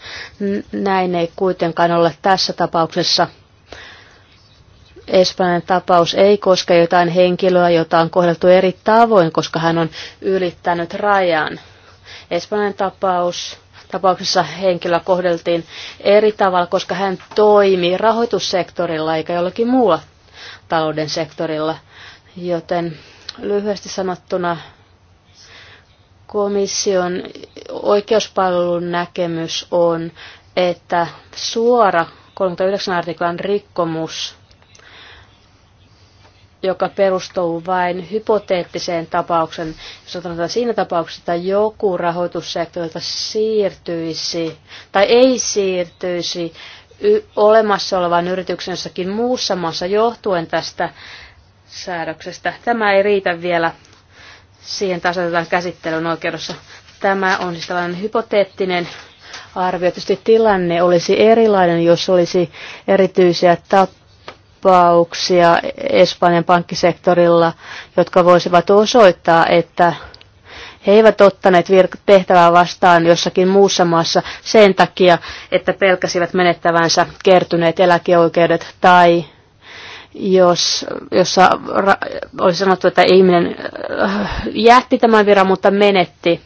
Näin ei kuitenkaan ole tässä tapauksessa – Espanjan tapaus ei koske jotain henkilöä, jota on kohdeltu eri tavoin, koska hän on ylittänyt rajan. Espanjan tapaus tapauksessa henkilöä kohdeltiin eri tavalla, koska hän toimi rahoitussektorilla eikä jollakin muulla talouden sektorilla. Joten lyhyesti sanottuna komission oikeuspalvelun näkemys on, että suora 39 artiklan rikkomus joka perustuu vain hypoteettiseen tapaukseen. Jos otetaan siinä tapauksessa, että joku rahoitussektorilta siirtyisi tai ei siirtyisi olemassa olevan yrityksen muussa maassa johtuen tästä säädöksestä. Tämä ei riitä vielä. Siihen tasoitetaan käsittelyn oikeudessa. Tämä on siis tällainen hypoteettinen arvio. Tietysti tilanne olisi erilainen, jos olisi erityisiä tapauksia tapauksia Espanjan pankkisektorilla, jotka voisivat osoittaa, että he eivät ottaneet tehtävää vastaan jossakin muussa maassa sen takia, että pelkäsivät menettävänsä kertyneet eläkeoikeudet tai jos, jossa ra, olisi sanottu, että ihminen äh, jätti tämän viran, mutta menetti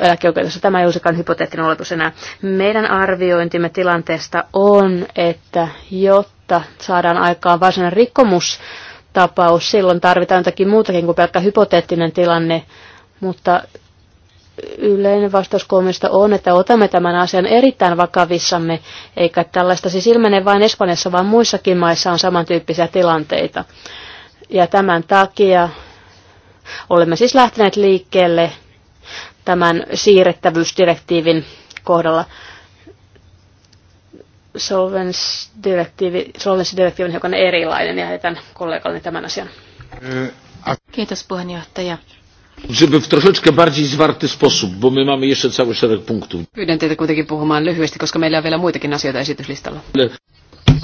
eläkeoikeudessa. Tämä ei olisikaan hypoteettinen oletus enää. Meidän arviointimme tilanteesta on, että jotta että saadaan aikaan varsinainen rikkomustapaus. Silloin tarvitaan jotakin muutakin kuin pelkkä hypoteettinen tilanne, mutta yleinen vastaus kolmesta on, että otamme tämän asian erittäin vakavissamme, eikä tällaista siis ilmene vain Espanjassa, vaan muissakin maissa on samantyyppisiä tilanteita. Ja tämän takia olemme siis lähteneet liikkeelle tämän siirrettävyysdirektiivin kohdalla solvenssidirektiivi, solvenssidirektiivi on hiukan erilainen ja heitän kollegalleni tämän asian. Kiitos puheenjohtaja. Żeby w troszeczkę bardziej zwarty sposób, bo my mamy jeszcze cały szereg punktów. Pyydän teitä kuitenkin puhumaan lyhyesti, koska meillä on vielä muitakin asioita esityslistalla.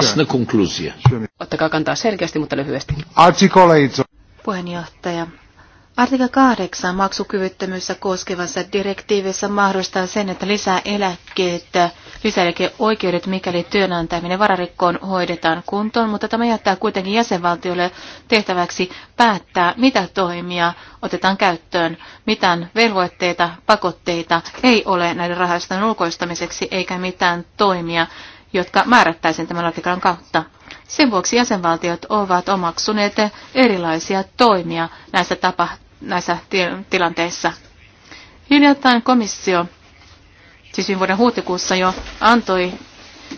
Jasne konkluzje. Ottakaa kantaa selkeästi, mutta lyhyesti. Puheenjohtaja, Artikla 8 maksukyvyttömyyssä koskevassa direktiivissä mahdollistaa sen, että lisää lisäeläkkeet, lisäeläkeoikeudet, mikäli työnantaminen vararikkoon hoidetaan kuntoon, mutta tämä jättää kuitenkin jäsenvaltiolle tehtäväksi päättää, mitä toimia otetaan käyttöön. Mitään velvoitteita, pakotteita ei ole näiden rahastojen ulkoistamiseksi eikä mitään toimia, jotka määrättäisiin tämän artiklan kautta. Sen vuoksi jäsenvaltiot ovat omaksuneet erilaisia toimia näissä, tapa, näissä tilanteissa. Hiljattain komissio, siis viime vuoden huhtikuussa jo, antoi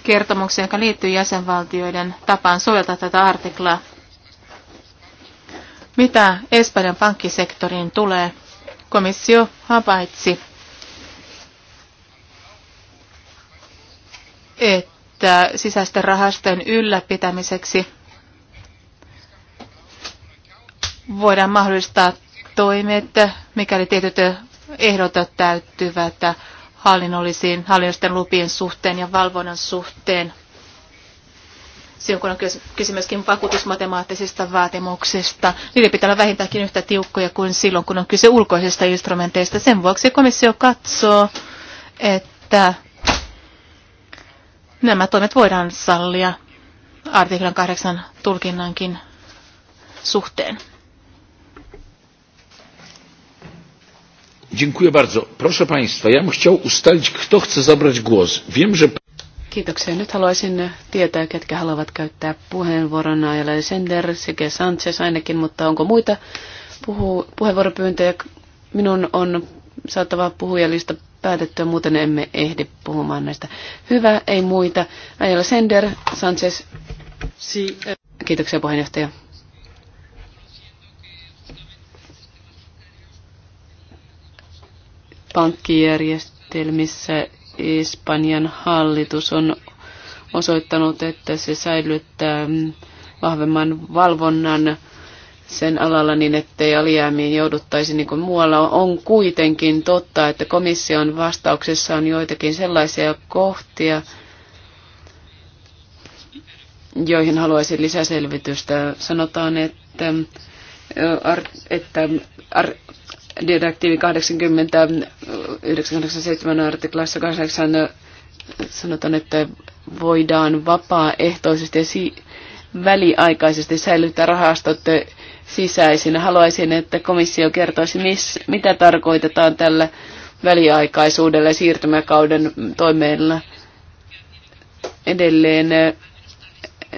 kertomuksen, joka liittyy jäsenvaltioiden tapaan soveltaa tätä artiklaa. Mitä Espanjan pankkisektoriin tulee, komissio havaitsi, että käyttää sisäisten rahastojen ylläpitämiseksi. Voidaan mahdollistaa toimet, mikäli tietyt ehdot täyttyvät hallinnollisiin, hallinnollisten lupien suhteen ja valvonnan suhteen. Silloin kun on kyse myöskin vakuutusmatemaattisista vaatimuksista, niiden pitää olla vähintäänkin yhtä tiukkoja kuin silloin, kun on kyse ulkoisista instrumenteista. Sen vuoksi komissio katsoo, että Nämä toimet voidaan sallia artiklan 8 tulkinnankin suhteen. Dziękuję bardzo. Proszę Państwa, ja bym chciał ustalić, kto chce zabrać głos. Wiem, że... Kiitoksia. Nyt haluaisin tietää, ketkä haluavat käyttää puheenvuoron. Ajala Sender sekä Sanchez ainakin, mutta onko muita puheenvuoropyyntöjä? Minun on saatava puhujalista päätettyä, muuten emme ehdi puhumaan näistä. Hyvä, ei muita. Ajalla Sender, Sanchez. Si- eh. Kiitoksia puheenjohtaja. Pankkijärjestelmissä Espanjan hallitus on osoittanut, että se säilyttää vahvemman valvonnan sen alalla niin, ettei alijäämiin jouduttaisi niin kuin muualla. On kuitenkin totta, että komission vastauksessa on joitakin sellaisia kohtia, joihin haluaisin lisäselvitystä. Sanotaan, että, että direktiivi 80.97 artiklassa 8 sanotaan, että voidaan vapaaehtoisesti ja väliaikaisesti säilyttää rahastot sisäisinä. Haluaisin, että komissio kertoisi, miss, mitä tarkoitetaan tällä väliaikaisuudella ja siirtymäkauden toimeilla. Edelleen eh,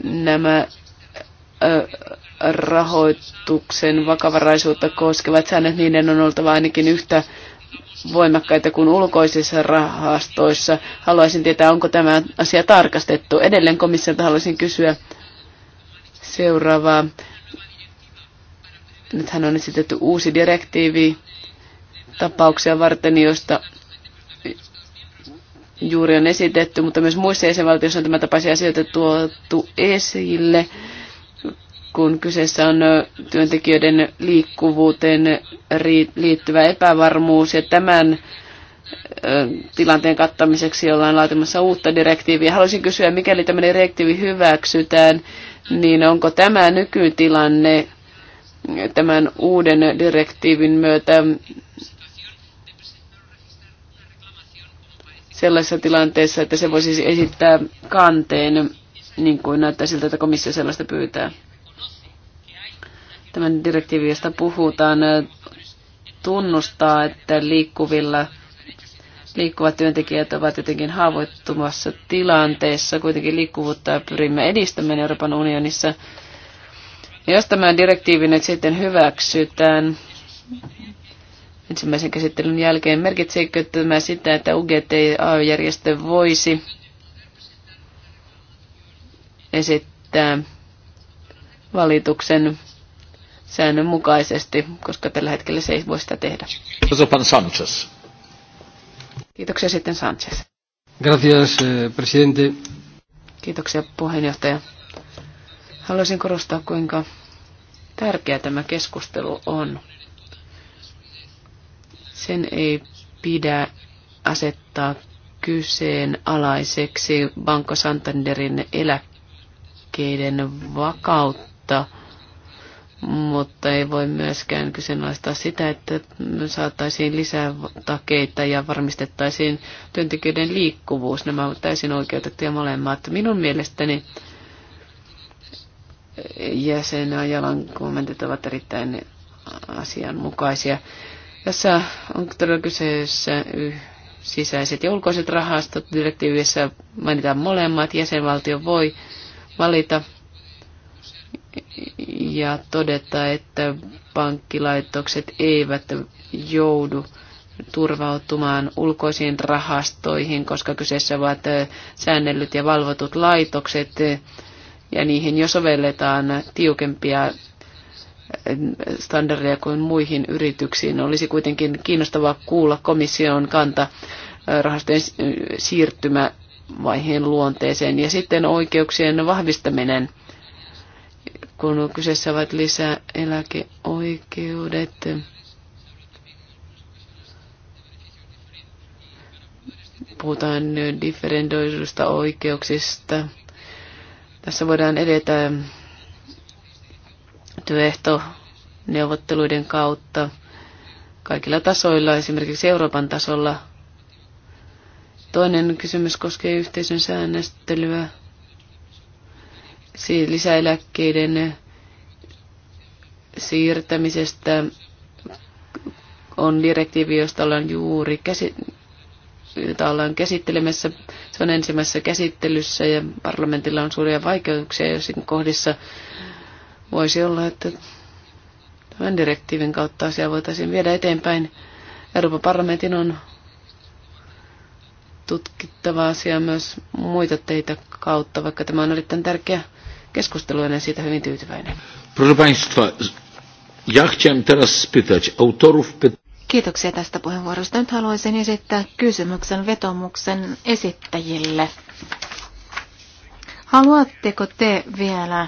nämä eh, rahoituksen vakavaraisuutta koskevat säännöt, niiden on oltava ainakin yhtä voimakkaita kuin ulkoisissa rahastoissa. Haluaisin tietää, onko tämä asia tarkastettu. Edelleen komissiolta haluaisin kysyä seuraavaa. Nythän on esitetty uusi direktiivi tapauksia varten, josta juuri on esitetty, mutta myös muissa jäsenvaltioissa on tämä tapaisia asioita tuotu esille, kun kyseessä on työntekijöiden liikkuvuuteen liittyvä epävarmuus ja tämän tilanteen kattamiseksi ollaan laatimassa uutta direktiiviä. Haluaisin kysyä, mikäli tämmöinen direktiivi hyväksytään, niin onko tämä nykytilanne tämän uuden direktiivin myötä sellaisessa tilanteessa, että se voisi esittää kanteen, niin kuin näyttää siltä, että komissio sellaista pyytää. Tämän direktiivin, josta puhutaan, tunnustaa, että liikkuvilla liikkuvat työntekijät ovat jotenkin haavoittumassa tilanteessa. Kuitenkin liikkuvuutta pyrimme edistämään Euroopan unionissa jos tämä direktiivi nyt sitten hyväksytään ensimmäisen käsittelyn jälkeen, merkitseekö tämä sitä, että UGT-AY-järjestö voisi esittää valituksen säännönmukaisesti, koska tällä hetkellä se ei voi sitä tehdä. Sanchez. Kiitoksia sitten Sanchez. Gracias, eh, presidente. Kiitoksia puheenjohtaja. Haluaisin korostaa, kuinka tärkeä tämä keskustelu on. Sen ei pidä asettaa kyseenalaiseksi Banco Santanderin eläkkeiden vakautta, mutta ei voi myöskään kyseenalaistaa sitä, että saataisiin lisää takeita ja varmistettaisiin työntekijöiden liikkuvuus. Nämä ovat täysin oikeutettuja molemmat. Minun mielestäni jäsenä jalan kommentit ovat erittäin asianmukaisia. Tässä on todella kyseessä sisäiset ja ulkoiset rahastot. Direktiivissä mainitaan molemmat. Jäsenvaltio voi valita ja todeta, että pankkilaitokset eivät joudu turvautumaan ulkoisiin rahastoihin, koska kyseessä ovat säännellyt ja valvotut laitokset, ja niihin jo sovelletaan tiukempia eh, standardeja kuin muihin yrityksiin. Olisi kuitenkin kiinnostavaa kuulla komission kanta eh, rahastojen siirtymävaiheen luonteeseen ja sitten oikeuksien vahvistaminen, kun kyseessä ovat lisäeläkeoikeudet. Puhutaan differendoidusta oikeuksista. Tässä voidaan edetä työehtoneuvotteluiden kautta kaikilla tasoilla, esimerkiksi Euroopan tasolla. Toinen kysymys koskee yhteisön säännöstelyä, lisäeläkkeiden siirtämisestä on direktiivi, josta ollaan juuri käsi- jota ollaan käsittelemässä. Se on ensimmäisessä käsittelyssä ja parlamentilla on suuria vaikeuksia joissakin kohdissa. Voisi olla, että tämän direktiivin kautta asiaa voitaisiin viedä eteenpäin. Euroopan parlamentin on tutkittava asia myös muita teitä kautta, vaikka tämä on erittäin tärkeä keskustelu ja siitä hyvin tyytyväinen. Proszę Państwa, ja chciałem teraz spytać autorów pytania. Kiitoksia tästä puheenvuorosta. Nyt haluaisin esittää kysymyksen vetomuksen esittäjille. Haluatteko te vielä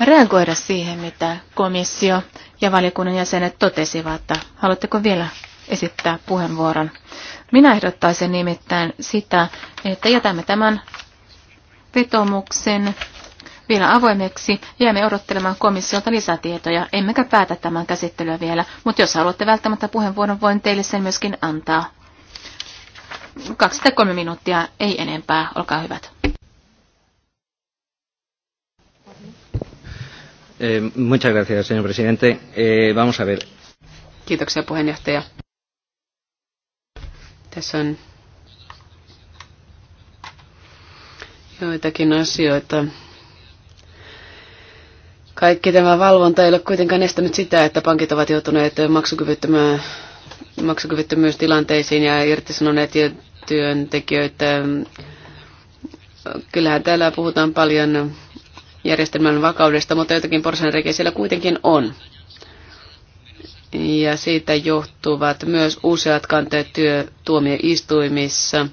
reagoida siihen, mitä komissio ja valiokunnan jäsenet totesivat? Haluatteko vielä esittää puheenvuoron? Minä ehdottaisin nimittäin sitä, että jätämme tämän vetomuksen vielä avoimeksi. Jäämme odottelemaan komissiolta lisätietoja, emmekä päätä tämän käsittelyä vielä, mutta jos haluatte välttämättä puheenvuoron, voin teille sen myöskin antaa. Kaksi tai kolme minuuttia, ei enempää, olkaa hyvät. Eh, muchas gracias, señor presidente. Eh, Vamos a ver. Kiitoksia puheenjohtaja. Tässä on joitakin asioita, kaikki tämä valvonta ei ole kuitenkaan estänyt sitä, että pankit ovat joutuneet maksukyvyttömyystilanteisiin ja irtisanoneet työntekijöitä. Kyllähän täällä puhutaan paljon järjestelmän vakaudesta, mutta jotakin porsanreikiä siellä kuitenkin on. Ja siitä johtuvat myös useat kanteet työtuomioistuimissa.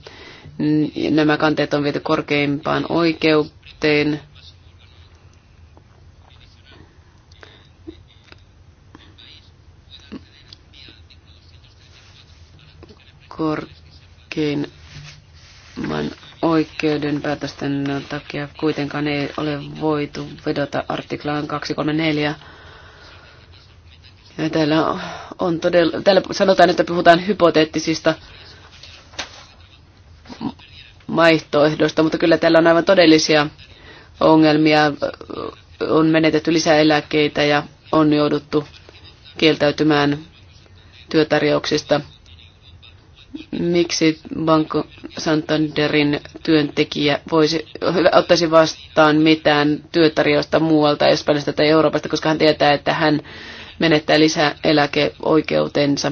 Nämä kanteet on viety korkeimpaan oikeuteen korkeimman oikeuden päätösten takia kuitenkaan ei ole voitu vedota artiklaan 234. Ja täällä, on todella, täällä sanotaan, että puhutaan hypoteettisista vaihtoehdoista, mutta kyllä täällä on aivan todellisia ongelmia. On menetetty lisäeläkkeitä ja on jouduttu kieltäytymään työtarjouksista miksi Banco Santanderin työntekijä voisi, ottaisi vastaan mitään työtarjousta muualta Espanjasta tai Euroopasta, koska hän tietää, että hän menettää lisää eläkeoikeutensa.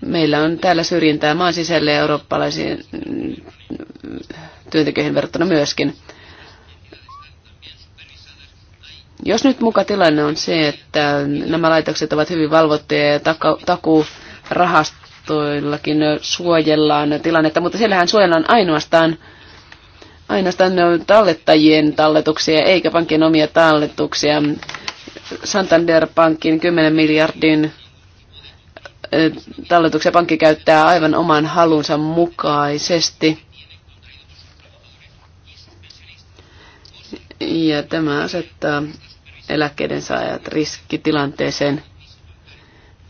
Meillä on täällä syrjintää maan sisälle ja eurooppalaisiin työntekijöihin verrattuna myöskin. Jos nyt muka tilanne on se, että nämä laitokset ovat hyvin valvottuja ja taku, takuu rahast, toillakin suojellaan tilannetta, mutta siellähän suojellaan ainoastaan, ainoastaan tallettajien talletuksia, eikä pankin omia talletuksia. Santander Pankin 10 miljardin talletuksia pankki käyttää aivan oman halunsa mukaisesti. Ja tämä asettaa eläkkeiden saajat riskitilanteeseen,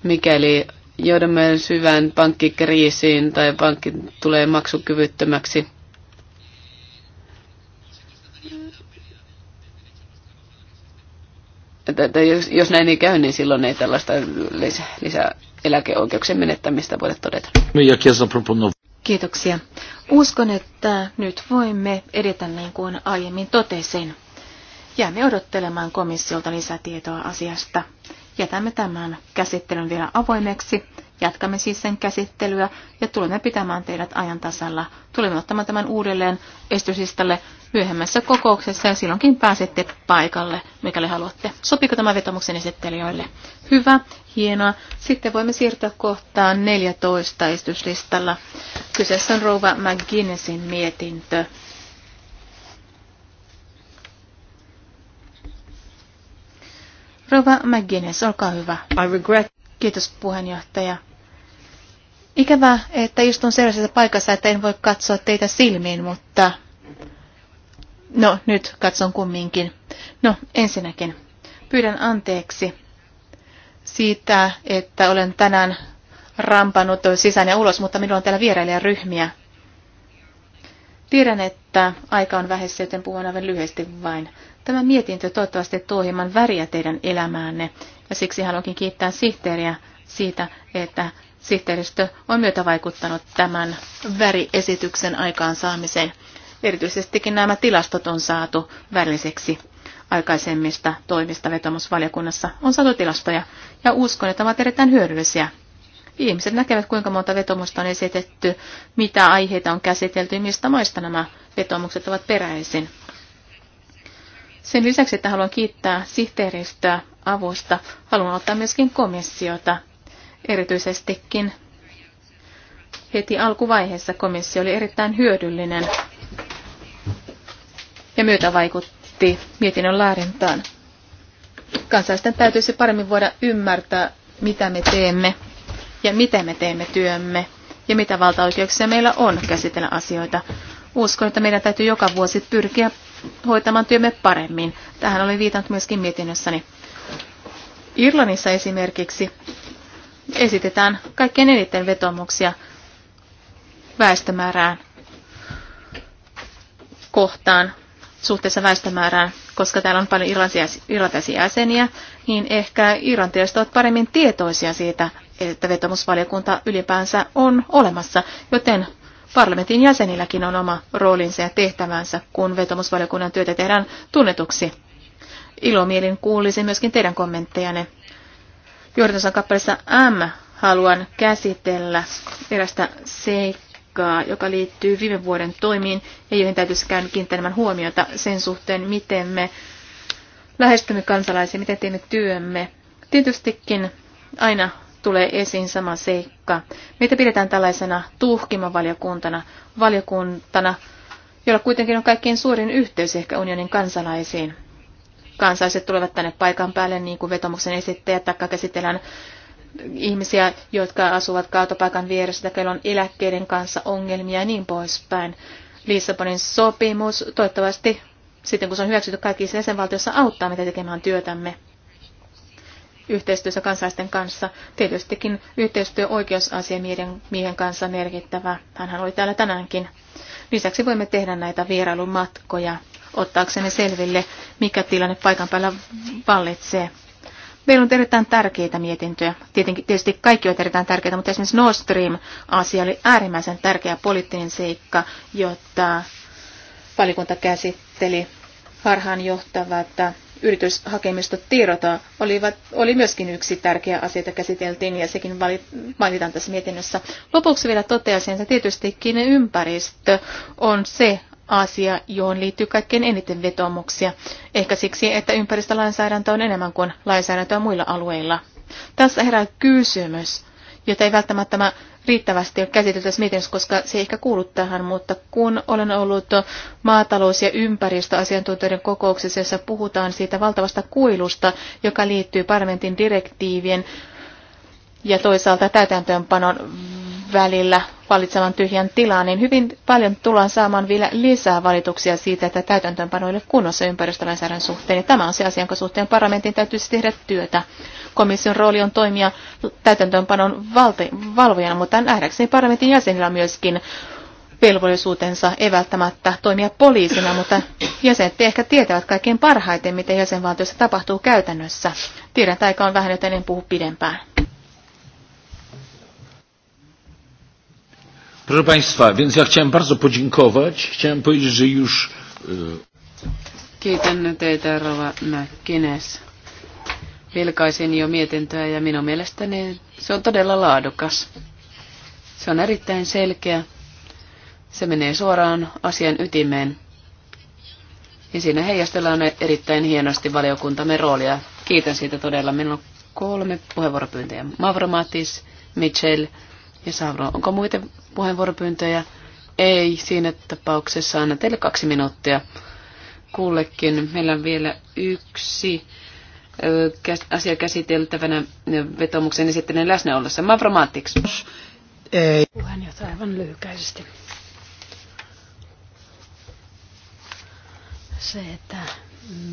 mikäli joudumme syvään pankkikriisiin tai pankki tulee maksukyvyttömäksi. jos, jos näin ei käy, niin silloin ei tällaista lisä, lisäeläkeoikeuksien menettämistä voida todeta. No, Kiitoksia. Uskon, että nyt voimme edetä niin kuin aiemmin totesin. Jäämme odottelemaan komissiolta lisätietoa asiasta. Jätämme tämän käsittelyn vielä avoimeksi. Jatkamme siis sen käsittelyä ja tulemme pitämään teidät ajan tasalla. Tulemme ottamaan tämän uudelleen estyslistalle myöhemmässä kokouksessa ja silloinkin pääsette paikalle, mikäli haluatte. Sopiiko tämä vetomuksen esittelijöille? Hyvä, hienoa. Sitten voimme siirtyä kohtaan 14 estyslistalla. Kyseessä on Rouva McGinnessin mietintö. Rova McGuinness, olkaa hyvä. I regret. Kiitos puheenjohtaja. Ikävää, että istun sellaisessa paikassa, että en voi katsoa teitä silmiin, mutta no nyt katson kumminkin. No ensinnäkin pyydän anteeksi siitä, että olen tänään rampannut sisään ja ulos, mutta minulla on täällä vierailijaryhmiä. Tiedän, että aika on vähissä, joten puhun aivan lyhyesti vain. Tämä mietintö toivottavasti tuo hieman väriä teidän elämäänne ja siksi haluankin kiittää sihteeriä siitä, että sihteeristö on myötä vaikuttanut tämän väriesityksen aikaansaamiseen. Erityisestikin nämä tilastot on saatu väriseksi aikaisemmista toimista vetomusvaliokunnassa. On saatu tilastoja ja uskon, että ovat erittäin hyödyllisiä. Ihmiset näkevät, kuinka monta vetomusta on esitetty, mitä aiheita on käsitelty ja mistä maista nämä vetomukset ovat peräisin. Sen lisäksi, että haluan kiittää sihteeristöä avusta, haluan ottaa myöskin komissiota. Erityisestikin heti alkuvaiheessa komissio oli erittäin hyödyllinen ja myötä vaikutti mietinnön laadintaan. Kansalaisten täytyisi paremmin voida ymmärtää, mitä me teemme ja miten me teemme työmme ja mitä valtaoikeuksia meillä on käsitellä asioita. Uskon, että meidän täytyy joka vuosi pyrkiä hoitamaan työmme paremmin. Tähän olen viitannut myöskin mietinnössäni. Irlannissa esimerkiksi esitetään kaikkein eniten vetomuksia väestömäärään kohtaan suhteessa väestömäärään, koska täällä on paljon irlantilaisia jäseniä, niin ehkä irlantilaiset ovat paremmin tietoisia siitä, että vetomusvaliokunta ylipäänsä on olemassa, joten Parlamentin jäsenilläkin on oma roolinsa ja tehtävänsä, kun vetomusvaliokunnan työtä tehdään tunnetuksi. Ilomielin kuulisin myöskin teidän kommenttejanne. Johdantosan kappaleessa M haluan käsitellä erästä seikkaa, joka liittyy viime vuoden toimiin ja joihin täytyisi käydä kiinnittämään huomiota sen suhteen, miten me lähestymme kansalaisia, miten teemme työmme. Tietystikin aina tulee esiin sama seikka. Meitä pidetään tällaisena tuhkimavaliokuntana, valiokuntana, jolla kuitenkin on kaikkein suurin yhteys ehkä unionin kansalaisiin. Kansalaiset tulevat tänne paikan päälle, niin kuin vetomuksen esittäjät, taikka käsitellään ihmisiä, jotka asuvat kautopaikan vieressä, tai on eläkkeiden kanssa ongelmia ja niin poispäin. Lissabonin sopimus toivottavasti sitten kun se on hyväksytty kaikissa jäsenvaltioissa, auttaa meitä tekemään työtämme yhteistyössä kansalaisten kanssa. Tietystikin yhteistyö oikeusasiamiehen miehen kanssa merkittävä. Hänhän oli täällä tänäänkin. Lisäksi voimme tehdä näitä vierailumatkoja ottaaksemme selville, mikä tilanne paikan päällä vallitsee. Meillä on erittäin tärkeitä mietintöjä. Tietenkin, tietysti kaikki ovat erittäin tärkeitä, mutta esimerkiksi Nord Stream-asia oli äärimmäisen tärkeä poliittinen seikka, jotta valikunta käsitteli harhaanjohtavat yrityshakemista tiedota olivat, oli myöskin yksi tärkeä asia, jota käsiteltiin ja sekin mainitaan tässä mietinnössä. Lopuksi vielä toteaisin, että tietystikin ympäristö on se asia, johon liittyy kaikkein eniten vetomuksia. Ehkä siksi, että ympäristölainsäädäntö on enemmän kuin lainsäädäntöä muilla alueilla. Tässä herää kysymys, jota ei välttämättä tämä riittävästi käsitelty tässä mietinnössä, koska se ei ehkä kuulu tähän, mutta kun olen ollut maatalous- ja ympäristöasiantuntijoiden kokouksessa, jossa puhutaan siitä valtavasta kuilusta, joka liittyy parlamentin direktiivien ja toisaalta täytäntöönpanon välillä valitsevan tyhjän tilaa, niin hyvin paljon tullaan saamaan vielä lisää valituksia siitä, että täytäntöönpano ei ole kunnossa ympäristölainsäädännön suhteen. Ja tämä on se asia, jonka suhteen parlamentin täytyisi tehdä työtä. Komission rooli on toimia täytäntöönpanon valte- valvojana, mutta nähdäkseni parlamentin jäsenillä myöskin velvollisuutensa ei välttämättä toimia poliisina, mutta jäsenet ehkä tietävät kaikkein parhaiten, miten jäsenvaltiossa tapahtuu käytännössä. Tiedän, että aika on vähän, joten en puhu pidempään. Proszę Państwa, więc ja chciałem bardzo podziękować. Chciałem powiedzieć, że już... Kiitän teitä, Rova Mäkkines. Vilkaisin jo mietintöä ja minun mielestäni se on todella laadukas. Se on erittäin selkeä. Se menee suoraan asian ytimeen. Ja siinä heijastellaan erittäin hienosti valiokuntamme roolia. Kiitän siitä todella. Minulla on kolme puheenvuoropyyntöjä. Mavromatis, Mitchell, ja Sauro, Onko muita puheenvuoropyyntöjä? Ei, siinä tapauksessa annan teille kaksi minuuttia kullekin. Meillä on vielä yksi asia käsiteltävänä vetomuksen esittäneen läsnä ollessa. Mavromaattiks. Ei. jotain aivan lyhykäisesti. Se, että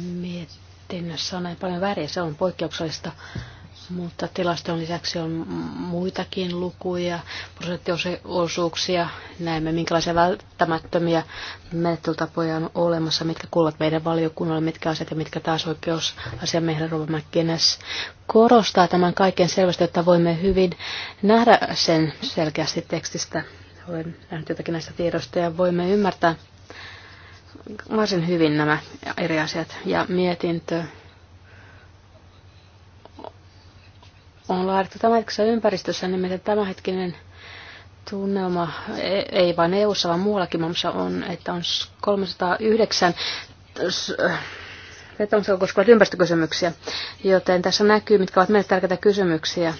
mietinnössä on näin paljon väriä, se on poikkeuksellista. Mutta tilaston lisäksi on muitakin lukuja, prosenttiosuuksia. Näemme, minkälaisia välttämättömiä menettelytapoja on olemassa, mitkä kuuluvat meidän valiokunnalle, mitkä asiat ja mitkä taas oikeusasiamiehelle meidän McGuinness korostaa tämän kaiken selvästi, että voimme hyvin nähdä sen selkeästi tekstistä. Olen nähnyt jotakin näistä tiedoista ja voimme ymmärtää varsin hyvin nämä eri asiat ja mietintö on laadittu tämänhetkisessä ympäristössä, nimittäin tämänhetkinen tunnelma, e- ei vain EU-ssa, vaan muuallakin on, että on 309 koska koskevat ympäristökysymyksiä, joten tässä näkyy, mitkä ovat meille tärkeitä kysymyksiä,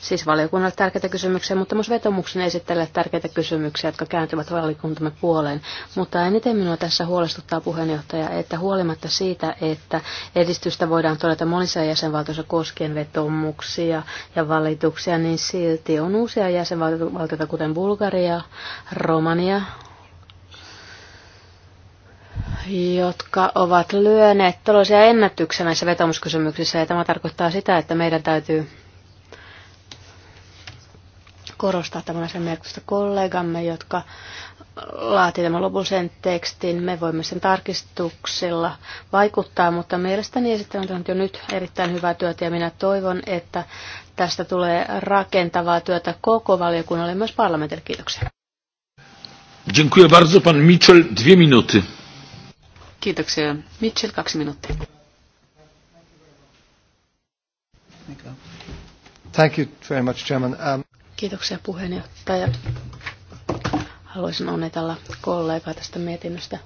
siis valiokunnalle tärkeitä kysymyksiä, mutta myös vetomuksen esittelee tärkeitä kysymyksiä, jotka kääntyvät valiokuntamme puoleen. Mutta eniten minua tässä huolestuttaa puheenjohtaja, että huolimatta siitä, että edistystä voidaan todeta monissa jäsenvaltioissa koskien vetomuksia ja valituksia, niin silti on uusia jäsenvaltioita, kuten Bulgaria, Romania, jotka ovat lyöneet tällaisia ennätyksiä näissä vetomuskysymyksissä. Ja tämä tarkoittaa sitä, että meidän täytyy korostaa tämän sen merkitystä kollegamme, jotka laativat tämän lopullisen tekstin. Me voimme sen tarkistuksilla vaikuttaa, mutta mielestäni esittämä on jo nyt erittäin hyvää työtä ja minä toivon, että tästä tulee rakentavaa työtä koko valiokunnalle ja myös parlamentille. Kiitoksia. Dziękuję bardzo. Pan Mitchell, dwie minuty. Kiitoksia. Mitchell, kaksi minuuttia. Thank you very much, Chairman. Um... Kiitoksia puheenjohtaja. Haluaisin onnitella kollegaa tästä mietinnöstä.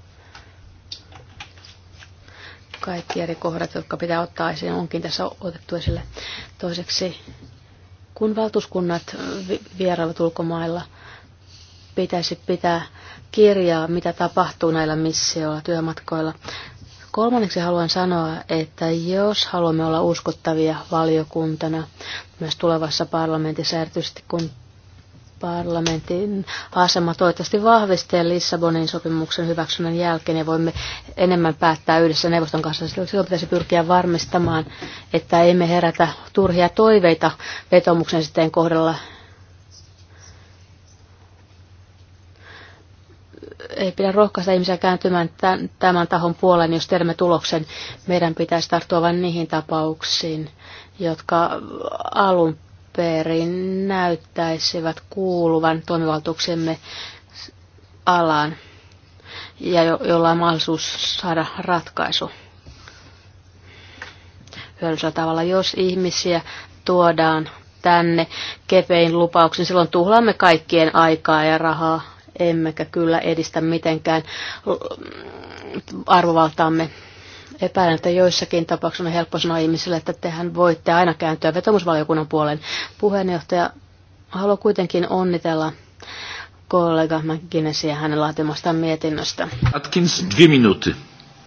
Kaikki eri kohdat, jotka pitää ottaa esiin, onkin tässä otettu esille. Toiseksi, kun valtuuskunnat vierailut ulkomailla – pitäisi pitää kirjaa, mitä tapahtuu näillä missioilla, työmatkoilla. Kolmanneksi haluan sanoa, että jos haluamme olla uskottavia valiokuntana myös tulevassa parlamentissa, erityisesti kun parlamentin asema toivottavasti vahvistaa Lissabonin sopimuksen hyväksynnän jälkeen ja voimme enemmän päättää yhdessä neuvoston kanssa. Silloin pitäisi pyrkiä varmistamaan, että emme herätä turhia toiveita vetomuksen sitten kohdalla, ei pidä rohkaista ihmisiä kääntymään tämän tahon puoleen, jos tiedämme tuloksen. Meidän pitäisi tarttua vain niihin tapauksiin, jotka alun perin näyttäisivät kuuluvan toimivaltuuksemme alaan ja jo- jolla on mahdollisuus saada ratkaisu hyödyllisellä tavalla. Jos ihmisiä tuodaan tänne kepein lupauksen, silloin tuhlaamme kaikkien aikaa ja rahaa emmekä kyllä edistä mitenkään arvovaltaamme. Epäilen, että joissakin tapauksissa on helppo sanoa ihmisille, että tehän voitte aina kääntyä vetomusvaliokunnan puolen. Puheenjohtaja, haluan kuitenkin onnitella kollega McGinnessia hänen laatimastaan mietinnöstä. Atkins, kaksi minuuttia.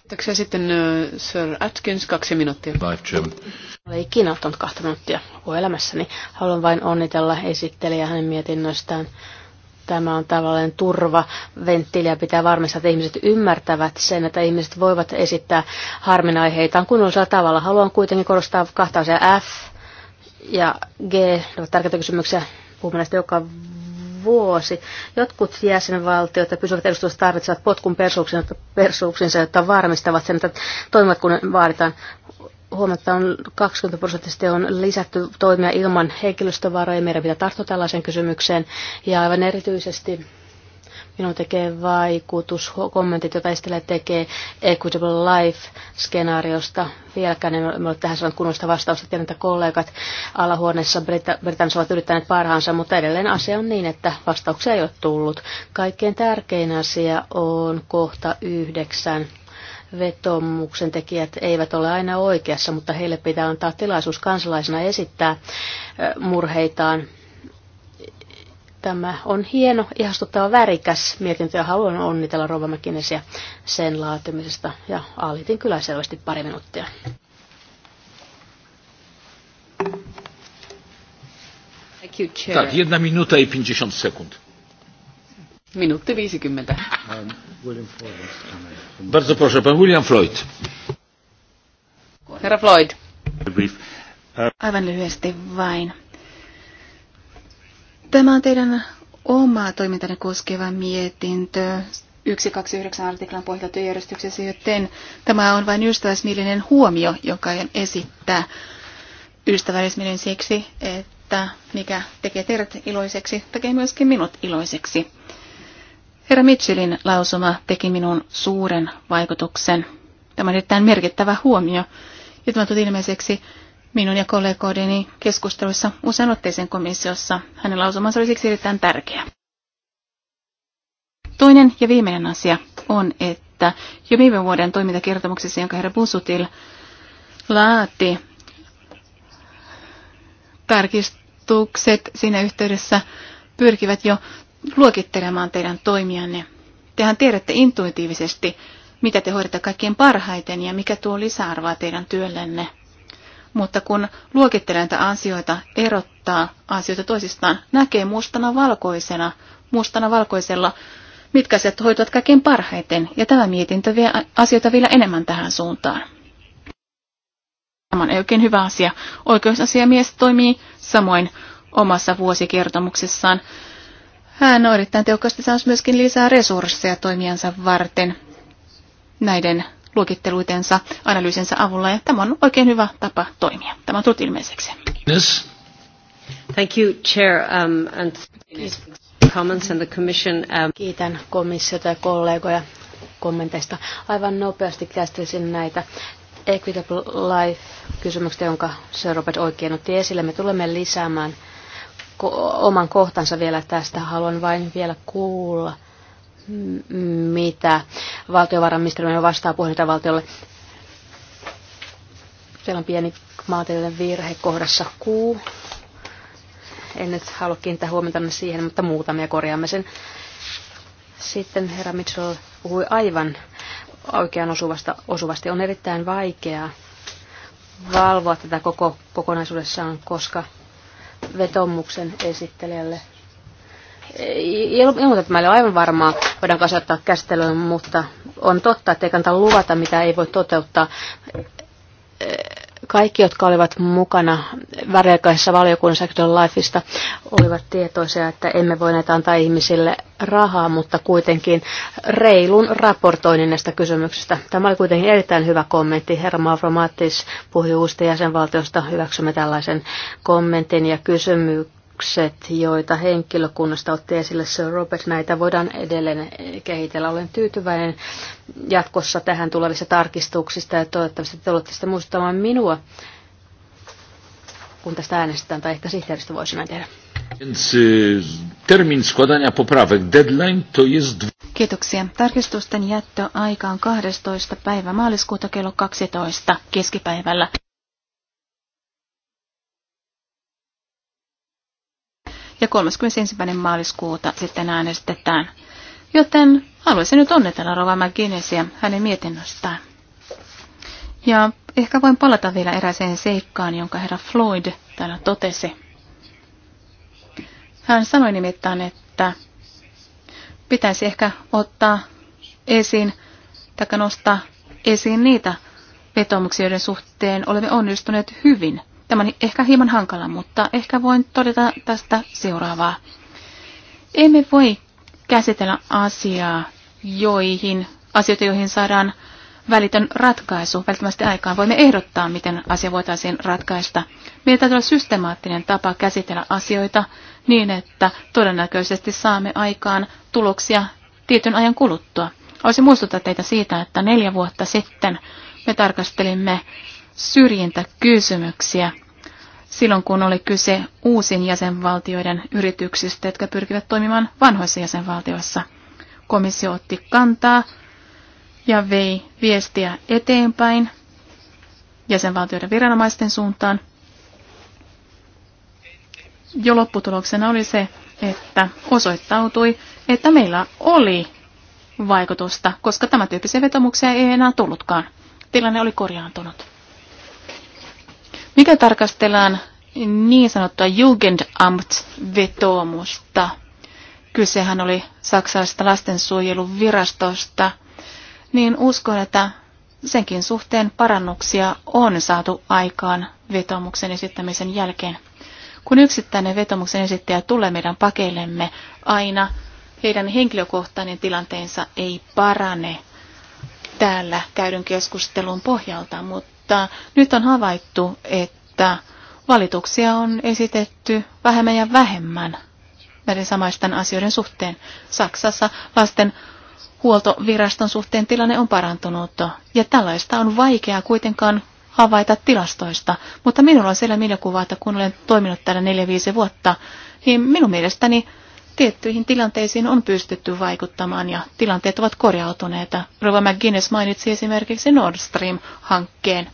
Kiitoksia sitten Sir Atkins, kaksi minuuttia. Life German. Olen ikinä ottanut kahta minuuttia elämässäni. Haluan vain onnitella esittelijä hänen mietinnöstään. Tämä on tavallinen turvaventtiili ja pitää varmistaa, että ihmiset ymmärtävät sen, että ihmiset voivat esittää harminaiheitaan kunnollisella tavalla. Haluan kuitenkin korostaa kahta asiaa F ja G, ne ovat tärkeitä kysymyksiä. Puhumme näistä joka vuosi. Jotkut jäsenvaltiot ja pysyvät edustukset tarvitsevat potkun persuuksinsa, jotta varmistavat sen, että toimivat kun vaaditaan on 20 prosenttisesti on lisätty toimia ilman henkilöstövaroja. Meidän pitää tarttua tällaiseen kysymykseen. Ja aivan erityisesti minun tekee vaikutus, kommentit, joita Estelle tekee Equitable Life-skenaariosta. Vieläkään en ole tähän saanut kunnollista vastausta. Tiedän, että kollegat alahuoneessa Britannissa ovat yrittäneet parhaansa, mutta edelleen asia on niin, että vastauksia ei ole tullut. Kaikkein tärkein asia on kohta yhdeksän vetomuksen tekijät eivät ole aina oikeassa, mutta heille pitää antaa tilaisuus kansalaisena esittää murheitaan. Tämä on hieno, ihastuttava, värikäs mietintö ja haluan onnitella Rova Mäkinesiä sen laatimisesta ja aalitin kyllä selvästi pari minuuttia. Tak, jedna minuta i 50 sekund. Minuutti 50. Um, Bardzo proszę, pan William Floyd. Herra Floyd. Uh, Aivan lyhyesti vain. Tämä on teidän omaa toimintanne koskeva mietintö 129 artiklan pohjalta työjärjestyksessä, joten tämä on vain ystävällismielinen huomio, joka esittää ystävällismielinen siksi, että mikä tekee teidät iloiseksi, tekee myöskin minut iloiseksi. Herra Mitchellin lausuma teki minun suuren vaikutuksen. Tämä on erittäin merkittävä huomio, ja tämä tuli ilmeiseksi minun ja kollegoideni keskusteluissa usein otteisen komissiossa. Hänen lausumansa oli siksi erittäin tärkeä. Toinen ja viimeinen asia on, että jo viime vuoden toimintakertomuksessa, jonka herra Busutil laati, tarkistukset siinä yhteydessä pyrkivät jo luokittelemaan teidän toimianne. Tehän tiedätte intuitiivisesti, mitä te hoidatte kaikkien parhaiten ja mikä tuo lisäarvoa teidän työllenne. Mutta kun luokittelenta ansioita, erottaa asioita toisistaan, näkee mustana valkoisena, mustana valkoisella, mitkä asiat hoituvat kaikkein parhaiten, ja tämä mietintö vie asioita vielä enemmän tähän suuntaan. Tämä on oikein hyvä asia. Oikeusasiamies toimii samoin omassa vuosikertomuksessaan hän on erittäin tehokkaasti saanut myöskin lisää resursseja toimijansa varten näiden luokitteluitensa, analyysinsa avulla, ja tämä on oikein hyvä tapa toimia. Tämä on tullut ilmeiseksi. Yes. Thank you, Chair, um, and comments and the commission. Um... Kiitän komissiota ja kollegoja kommenteista. Aivan nopeasti käsittelisin näitä Equitable Life-kysymyksiä, jonka Sir Robert oikein otti esille. Me tulemme lisäämään oman kohtansa vielä tästä. Haluan vain vielä kuulla, mitä valtiovarainministeriö vastaa valtiolle. Siellä on pieni maatilainen virhe kohdassa Q. En nyt halua kiinnittää huomiota siihen, mutta muutamia korjaamme sen. Sitten herra Mitchell puhui aivan oikean osuvasta, osuvasti. On erittäin vaikeaa valvoa tätä koko kokonaisuudessaan, koska vetomuksen esittelijälle. Ilman, että mä olen aivan varmaa, voidaan kasvattaa käsittelyyn, mutta on totta, että ei kannata luvata, mitä ei voi toteuttaa. Kaikki, jotka olivat mukana väriaikaisessa valiokunnassa Lifeista, olivat tietoisia, että emme voineet antaa ihmisille rahaa, mutta kuitenkin reilun raportoinnin näistä kysymyksistä. Tämä oli kuitenkin erittäin hyvä kommentti. Herra Mavromatis puhui uusista jäsenvaltiosta. Hyväksymme tällaisen kommentin ja kysymyksen ajatukset, joita henkilökunnasta otti esille Sir Robert, näitä voidaan edelleen kehitellä. Olen tyytyväinen jatkossa tähän tulevista tarkistuksista ja toivottavasti te olette sitä muistamaan minua, kun tästä äänestetään, tai ehkä sihteeristä voisi näin tehdä. Termin składania poprawek, deadline to jest... Kiitoksia. Tarkistusten jättö aika on 12. päivä maaliskuuta kello 12 keskipäivällä. ja 31. maaliskuuta sitten äänestetään. Joten haluaisin nyt onnitella Rova McGinnisiä hänen mietinnöstään. Ja ehkä voin palata vielä eräiseen seikkaan, jonka herra Floyd täällä totesi. Hän sanoi nimittäin, että pitäisi ehkä ottaa esiin tai nostaa esiin niitä vetomuksia, joiden suhteen olemme onnistuneet hyvin – Tämä on ehkä hieman hankala, mutta ehkä voin todeta tästä seuraavaa. Emme voi käsitellä asiaa, joihin, asioita, joihin saadaan välitön ratkaisu välttämättä aikaan. Voimme ehdottaa, miten asia voitaisiin ratkaista. Meillä täytyy olla systemaattinen tapa käsitellä asioita niin, että todennäköisesti saamme aikaan tuloksia tietyn ajan kuluttua. Olisin muistuttaa teitä siitä, että neljä vuotta sitten me tarkastelimme syrjintäkysymyksiä silloin, kun oli kyse uusin jäsenvaltioiden yrityksistä, jotka pyrkivät toimimaan vanhoissa jäsenvaltioissa. Komissio otti kantaa ja vei viestiä eteenpäin jäsenvaltioiden viranomaisten suuntaan. Jo lopputuloksena oli se, että osoittautui, että meillä oli vaikutusta, koska tämä tyyppisiä vetomuksia ei enää tullutkaan. Tilanne oli korjaantunut. Mikä tarkastellaan niin sanottua Jugendamt-vetoomusta? Kysehän oli saksalaisesta lastensuojeluvirastosta. Niin uskon, että senkin suhteen parannuksia on saatu aikaan vetomuksen esittämisen jälkeen. Kun yksittäinen vetomuksen esittäjä tulee meidän pakeillemme, aina heidän henkilökohtainen tilanteensa ei parane täällä käydyn keskustelun pohjalta, mutta mutta nyt on havaittu, että valituksia on esitetty vähemmän ja vähemmän näiden samaisten asioiden suhteen. Saksassa lasten huoltoviraston suhteen tilanne on parantunut, ja tällaista on vaikeaa kuitenkaan havaita tilastoista, mutta minulla on siellä mielikuva, että kun olen toiminut täällä 4-5 vuotta, niin minun mielestäni tiettyihin tilanteisiin on pystytty vaikuttamaan ja tilanteet ovat korjautuneita. Rova McGuinness mainitsi esimerkiksi Nord Stream-hankkeen.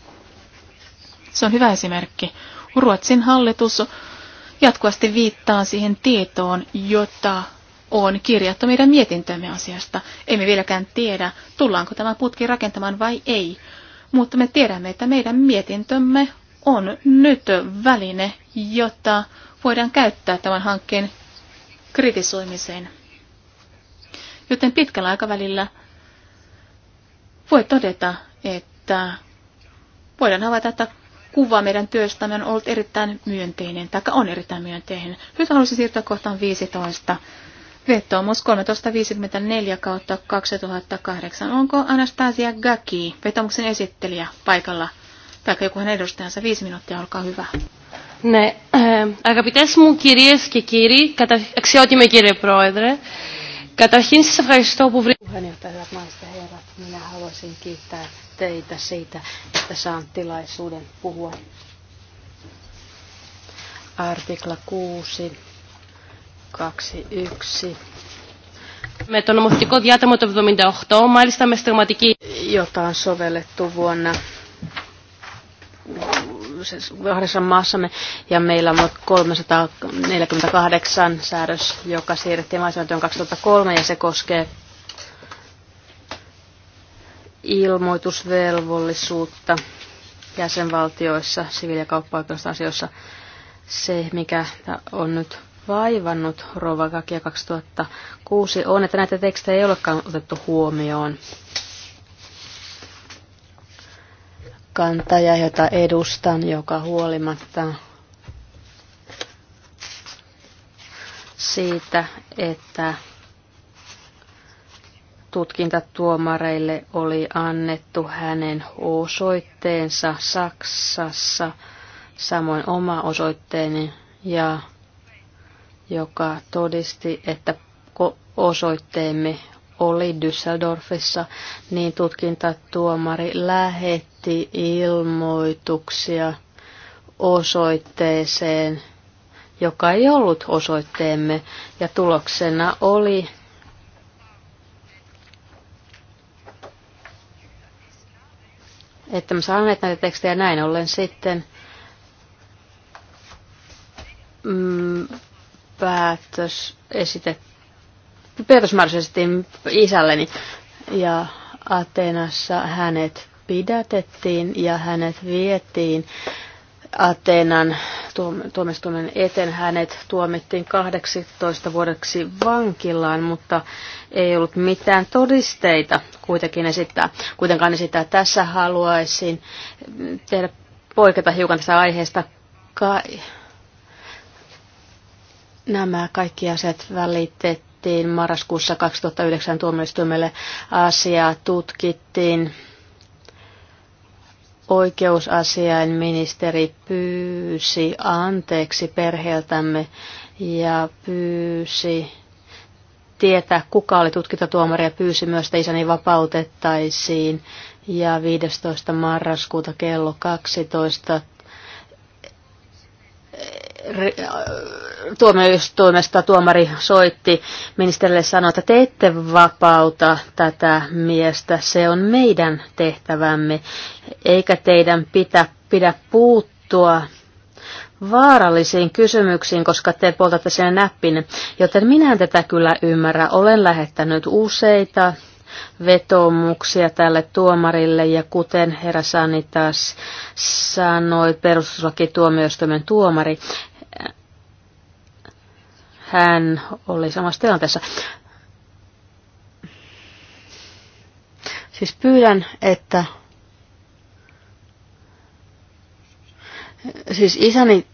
Se on hyvä esimerkki. Ruotsin hallitus jatkuvasti viittaa siihen tietoon, jota on kirjattu meidän mietintömme asiasta. Emme vieläkään tiedä, tullaanko tämä putki rakentamaan vai ei, mutta me tiedämme, että meidän mietintömme on nyt väline, jota voidaan käyttää tämän hankkeen kritisoimiseen. Joten pitkällä aikavälillä voi todeta, että voidaan havaita, että kuva meidän työstämme on ollut erittäin myönteinen, tai on erittäin myönteinen. Nyt haluaisin siirtyä kohtaan 15. Vetoomus 1354 kautta 2008. Onko Anastasia Gaki, vetomuksen esittelijä, paikalla? Tai joku hänen edustajansa. Viisi minuuttia, olkaa hyvä. Ne, äh, αγαπητές μου κυρίες και κύριοι, κατα... αξιότιμε Καταρχήν σας ευχαριστώ που βρήκατε. Puheenjohtaja, herrat, minä haluaisin kiittää teitä siitä, että saan tilaisuuden puhua. Artikla 6, 21. Με το νομοθετικό διάταμο του 78, μάλιστα με στεγματική... Jota on sovellettu vuonna Siis kahdessa maassamme ja meillä on 348 säädös, joka siirrettiin lainsäädäntöön 2003 ja se koskee ilmoitusvelvollisuutta jäsenvaltioissa siviili- ja kauppa asioissa. Se, mikä on nyt vaivannut Rovakakia 2006, on, että näitä tekstejä ei olekaan otettu huomioon kantaja, jota edustan, joka huolimatta siitä, että tutkintatuomareille oli annettu hänen osoitteensa Saksassa, samoin oma osoitteeni, ja joka todisti, että osoitteemme oli Düsseldorfissa, niin tutkintatuomari lähetti lähetti ilmoituksia osoitteeseen, joka ei ollut osoitteemme, ja tuloksena oli että me saamme näitä tekstejä näin ollen sitten mm, päätös esitet, esitettiin isälleni ja Atenassa hänet pidätettiin ja hänet vietiin Ateenan tuomistuminen eteen. Hänet tuomittiin 18 vuodeksi vankilaan, mutta ei ollut mitään todisteita kuitenkin esittää. Kuitenkaan esittää tässä haluaisin tehdä poiketa hiukan tästä aiheesta. Kai. Nämä kaikki asiat välitettiin marraskuussa 2009 tuomioistuimelle. Asiaa tutkittiin Oikeusasiainministeri pyysi anteeksi perheeltämme ja pyysi tietää, kuka oli tutkintatuomari ja pyysi myös, että isäni vapautettaisiin. Ja 15. marraskuuta kello 12 tuomioistuimesta tuomari soitti ministerille sanoi, että te ette vapauta tätä miestä, se on meidän tehtävämme, eikä teidän pitä, pidä puuttua vaarallisiin kysymyksiin, koska te poltatte sen näppin. Joten minä en tätä kyllä ymmärrä. Olen lähettänyt useita vetoomuksia tälle tuomarille ja kuten herra Sani taas sanoi perustuslakituomioistuimen tuomari, hän oli samassa tilanteessa. Siis pyydän, että siis isäni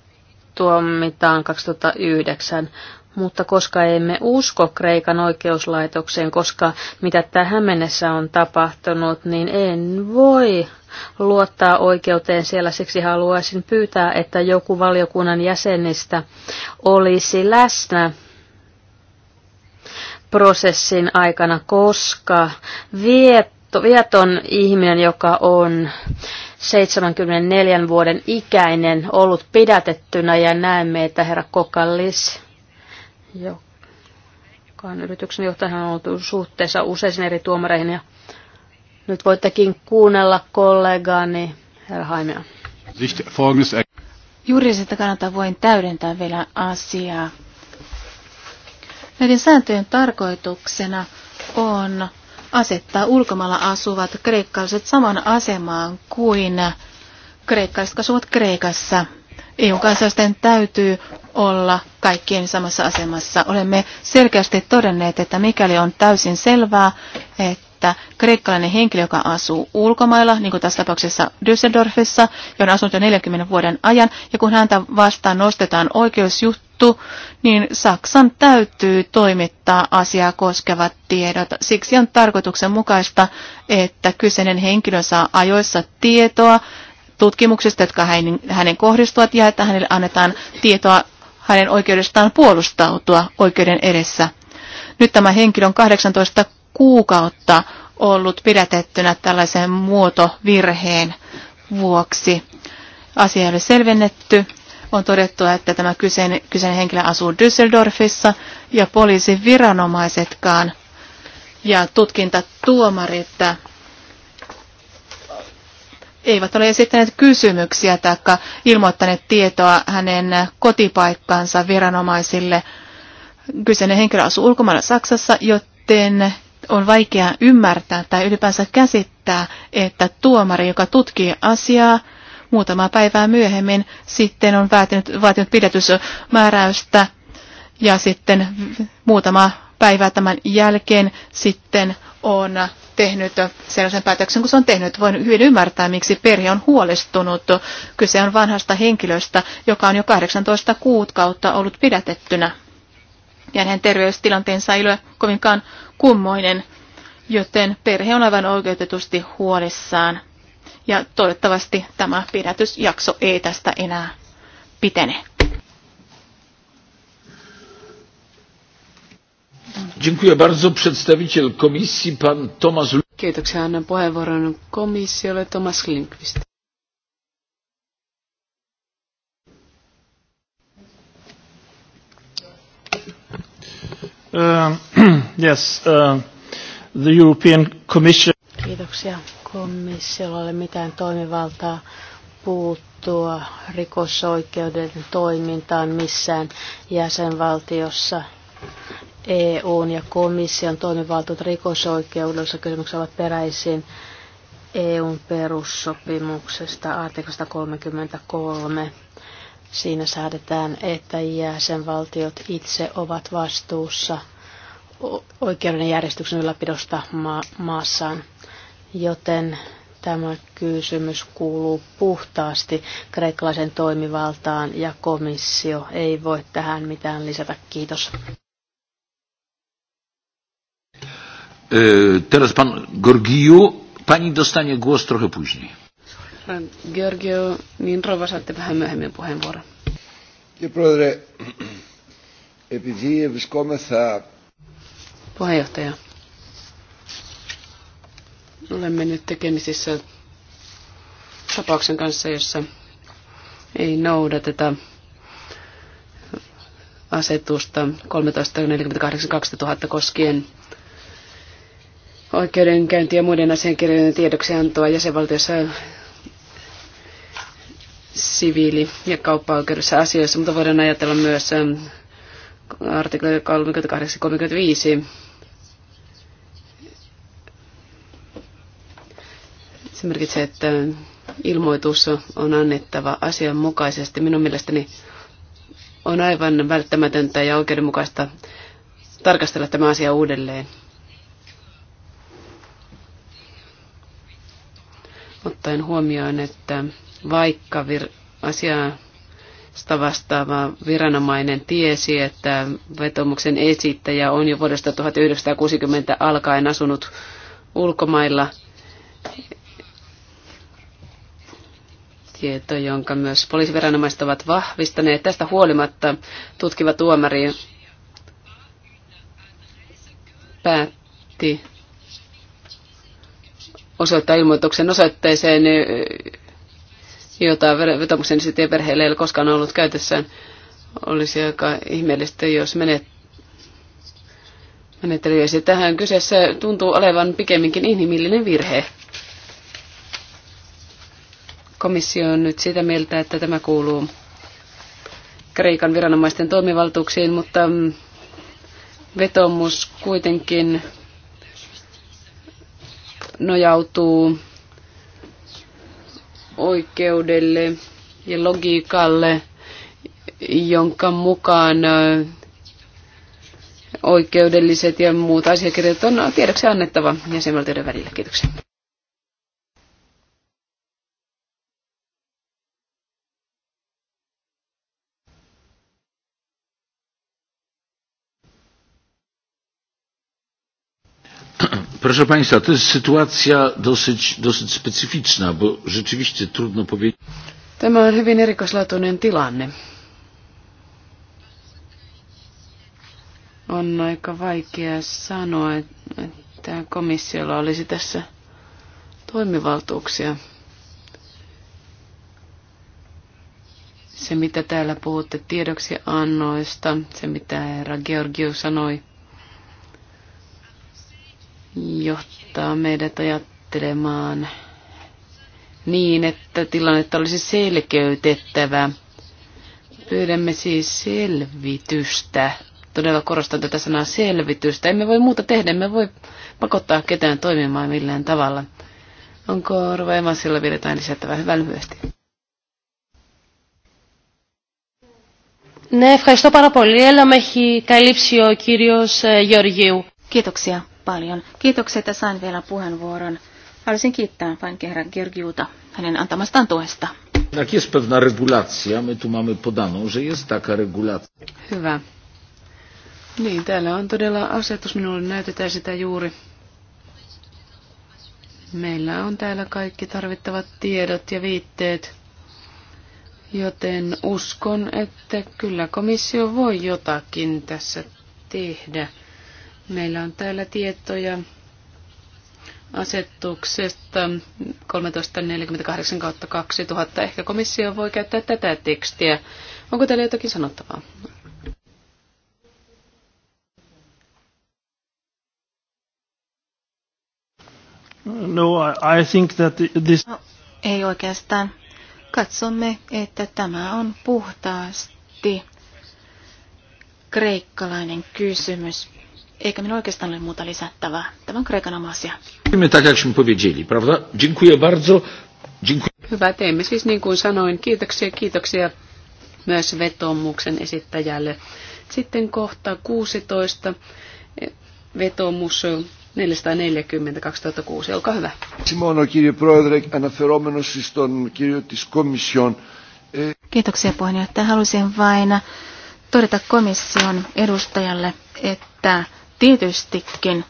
tuomitaan 2009 mutta koska emme usko Kreikan oikeuslaitokseen, koska mitä tähän mennessä on tapahtunut, niin en voi luottaa oikeuteen siellä. Siksi haluaisin pyytää, että joku valiokunnan jäsenistä olisi läsnä prosessin aikana, koska vietto, vieton ihminen, joka on 74 vuoden ikäinen ollut pidätettynä ja näemme, että herra Kokallis joka on yrityksen on ollut suhteessa useisiin eri tuomareihin. Ja nyt voittekin kuunnella kollegaani, herra Haimea. Er- Juuri sitä kannalta voin täydentää vielä asiaa. Näiden sääntöjen tarkoituksena on asettaa ulkomailla asuvat kreikkalaiset saman asemaan kuin kreikkalaiset asuvat Kreikassa. EU-kansalaisten täytyy olla kaikkien samassa asemassa. Olemme selkeästi todenneet, että mikäli on täysin selvää, että kreikkalainen henkilö, joka asuu ulkomailla, niin kuin tässä tapauksessa Düsseldorfissa, ja on asunut jo 40 vuoden ajan, ja kun häntä vastaan nostetaan oikeusjuttu, niin Saksan täytyy toimittaa asiaa koskevat tiedot. Siksi on tarkoituksenmukaista, että kyseinen henkilö saa ajoissa tietoa tutkimuksista, jotka hänen kohdistuvat, ja että hänelle annetaan tietoa hänen oikeudestaan puolustautua oikeuden edessä. Nyt tämä henkilö on 18 kuukautta ollut pidätettynä tällaisen muotovirheen vuoksi. Asia ei ole selvennetty. On todettu, että tämä kyseinen, kyseinen henkilö asuu Düsseldorfissa ja poliisin viranomaisetkaan ja tutkintatuomarit eivät ole esittäneet kysymyksiä tai ilmoittaneet tietoa hänen kotipaikkansa viranomaisille. Kyseinen henkilö asuu ulkomailla Saksassa, joten on vaikea ymmärtää tai ylipäänsä käsittää, että tuomari, joka tutkii asiaa, muutamaa päivää myöhemmin sitten on vaatinut, vaatinut pidätysmääräystä ja sitten muutama päivää tämän jälkeen sitten on tehnyt sellaisen päätöksen kuin se on tehnyt. Voin hyvin ymmärtää, miksi perhe on huolestunut. Kyse on vanhasta henkilöstä, joka on jo 18 kuukautta ollut pidätettynä. Ja hänen terveystilanteensa ei ole kovinkaan kummoinen, joten perhe on aivan oikeutetusti huolissaan. Ja toivottavasti tämä pidätysjakso ei tästä enää pitene. Dziękuję bardzo. Przedstawiciel komisji, pan Tomasz... Kiitoksia. Annan puheenvuoron komissiolle Thomas Lindqvist. Uh, yes, uh, the European Commission... Kiitoksia. komissiolle ei ole mitään toimivaltaa puuttua rikosoikeuden toimintaan missään jäsenvaltiossa EUn ja komission toimivaltuut rikosoikeudessa kysymykset ovat peräisin EUn perussopimuksesta artiklasta 33. Siinä säädetään, että jäsenvaltiot itse ovat vastuussa oikeuden järjestyksen ylläpidosta ma- maassaan, joten tämä kysymys kuuluu puhtaasti kreikkalaisen toimivaltaan ja komissio ei voi tähän mitään lisätä. Kiitos. E, teraz pan Gorgiu. Pani dostanie głos trochę później. Georgio, niin rouva saatte vähän myöhemmin puheenvuoron. Πρόεδρε, επειδή βρισκόμεθα... Puheenjohtaja. Olemme nyt tekemisissä tapauksen kanssa, jossa ei noudateta asetusta 1348-2000 koskien oikeudenkäynti ja muiden asiakirjojen tiedoksiantoa jäsenvaltiossa siviili- ja kauppa-oikeudessa asioissa, mutta voidaan ajatella myös ähm, artikla 38-35. Se merkitsee, että ilmoitus on annettava asianmukaisesti. Minun mielestäni on aivan välttämätöntä ja oikeudenmukaista tarkastella tämä asia uudelleen. ottaen huomioon, että vaikka vir- asiasta vastaava viranomainen tiesi, että vetomuksen esittäjä on jo vuodesta 1960 alkaen asunut ulkomailla, tieto, jonka myös poliisiviranomaiset ovat vahvistaneet. Tästä huolimatta tutkiva tuomari päätti osoittaa ilmoituksen osoitteeseen, jota vetomuksen sitten perheelle ei ole koskaan ollut käytössään. Olisi aika ihmeellistä, jos menet menettelyisi tähän. Kyseessä tuntuu olevan pikemminkin inhimillinen virhe. Komissio on nyt sitä mieltä, että tämä kuuluu Kreikan viranomaisten toimivaltuuksiin, mutta mm, vetomus kuitenkin nojautuu oikeudelle ja logiikalle, jonka mukaan oikeudelliset ja muut asiakirjat on tiedoksi annettava jäsenvaltioiden välillä. Kiitoksia. Proszę Państwa, to jest sytuacja dosyć, dosyć specyficzna, bo rzeczywiście trudno powiedzieć. Tämä on hyvin erikoislaatuinen tilanne. On aika vaikea sanoa, että komissiolla olisi tässä toimivaltuuksia. Se, mitä täällä puhutte tiedoksi annoista, se, mitä herra Georgiou sanoi, johtaa meidät ajattelemaan niin, että tilannetta olisi selkeytettävä. Pyydämme siis selvitystä. Todella korostan tätä sanaa selvitystä. Emme voi muuta tehdä, emme voi pakottaa ketään toimimaan millään tavalla. Onko Rova Evansilla vielä jotain lisättävää? Hyvä lyhyesti. Ne, ευχαριστώ πάρα πολύ. Έλα με έχει καλύψει ο κύριος Γεωργίου paljon. Kiitoksia, että sain vielä puheenvuoron. Haluaisin kiittää vain kerran Georgiuta hänen antamastaan tuesta. Tak jest tu mamy podaną, że jest taka Hyvä. Niin, täällä on todella asetus, minulle näytetään sitä juuri. Meillä on täällä kaikki tarvittavat tiedot ja viitteet, joten uskon, että kyllä komissio voi jotakin tässä tehdä. Meillä on täällä tietoja asetuksesta 1348 kautta 2000. Ehkä komissio voi käyttää tätä tekstiä. Onko teillä jotakin sanottavaa? No, I think that this... no, ei oikeastaan. Katsomme, että tämä on puhtaasti kreikkalainen kysymys. Eikä minulla oikeastaan ole muuta lisättävää. Tämä on Kreikan oma asia. Tak jak powiedzieli, prawda? Dziękuję bardzo. Dziękuję. Hyvä, teemme siis niin kuin sanoin. Kiitoksia, kiitoksia myös vetomuksen esittäjälle. Sitten kohta 16, vetomus 440 2006. Olkaa hyvä. Simono, kirjo Proedre, anaferomenos siis ton kirjo tis komission. Kiitoksia puheenjohtaja. Halusin vain todeta komission edustajalle, että Tietystikin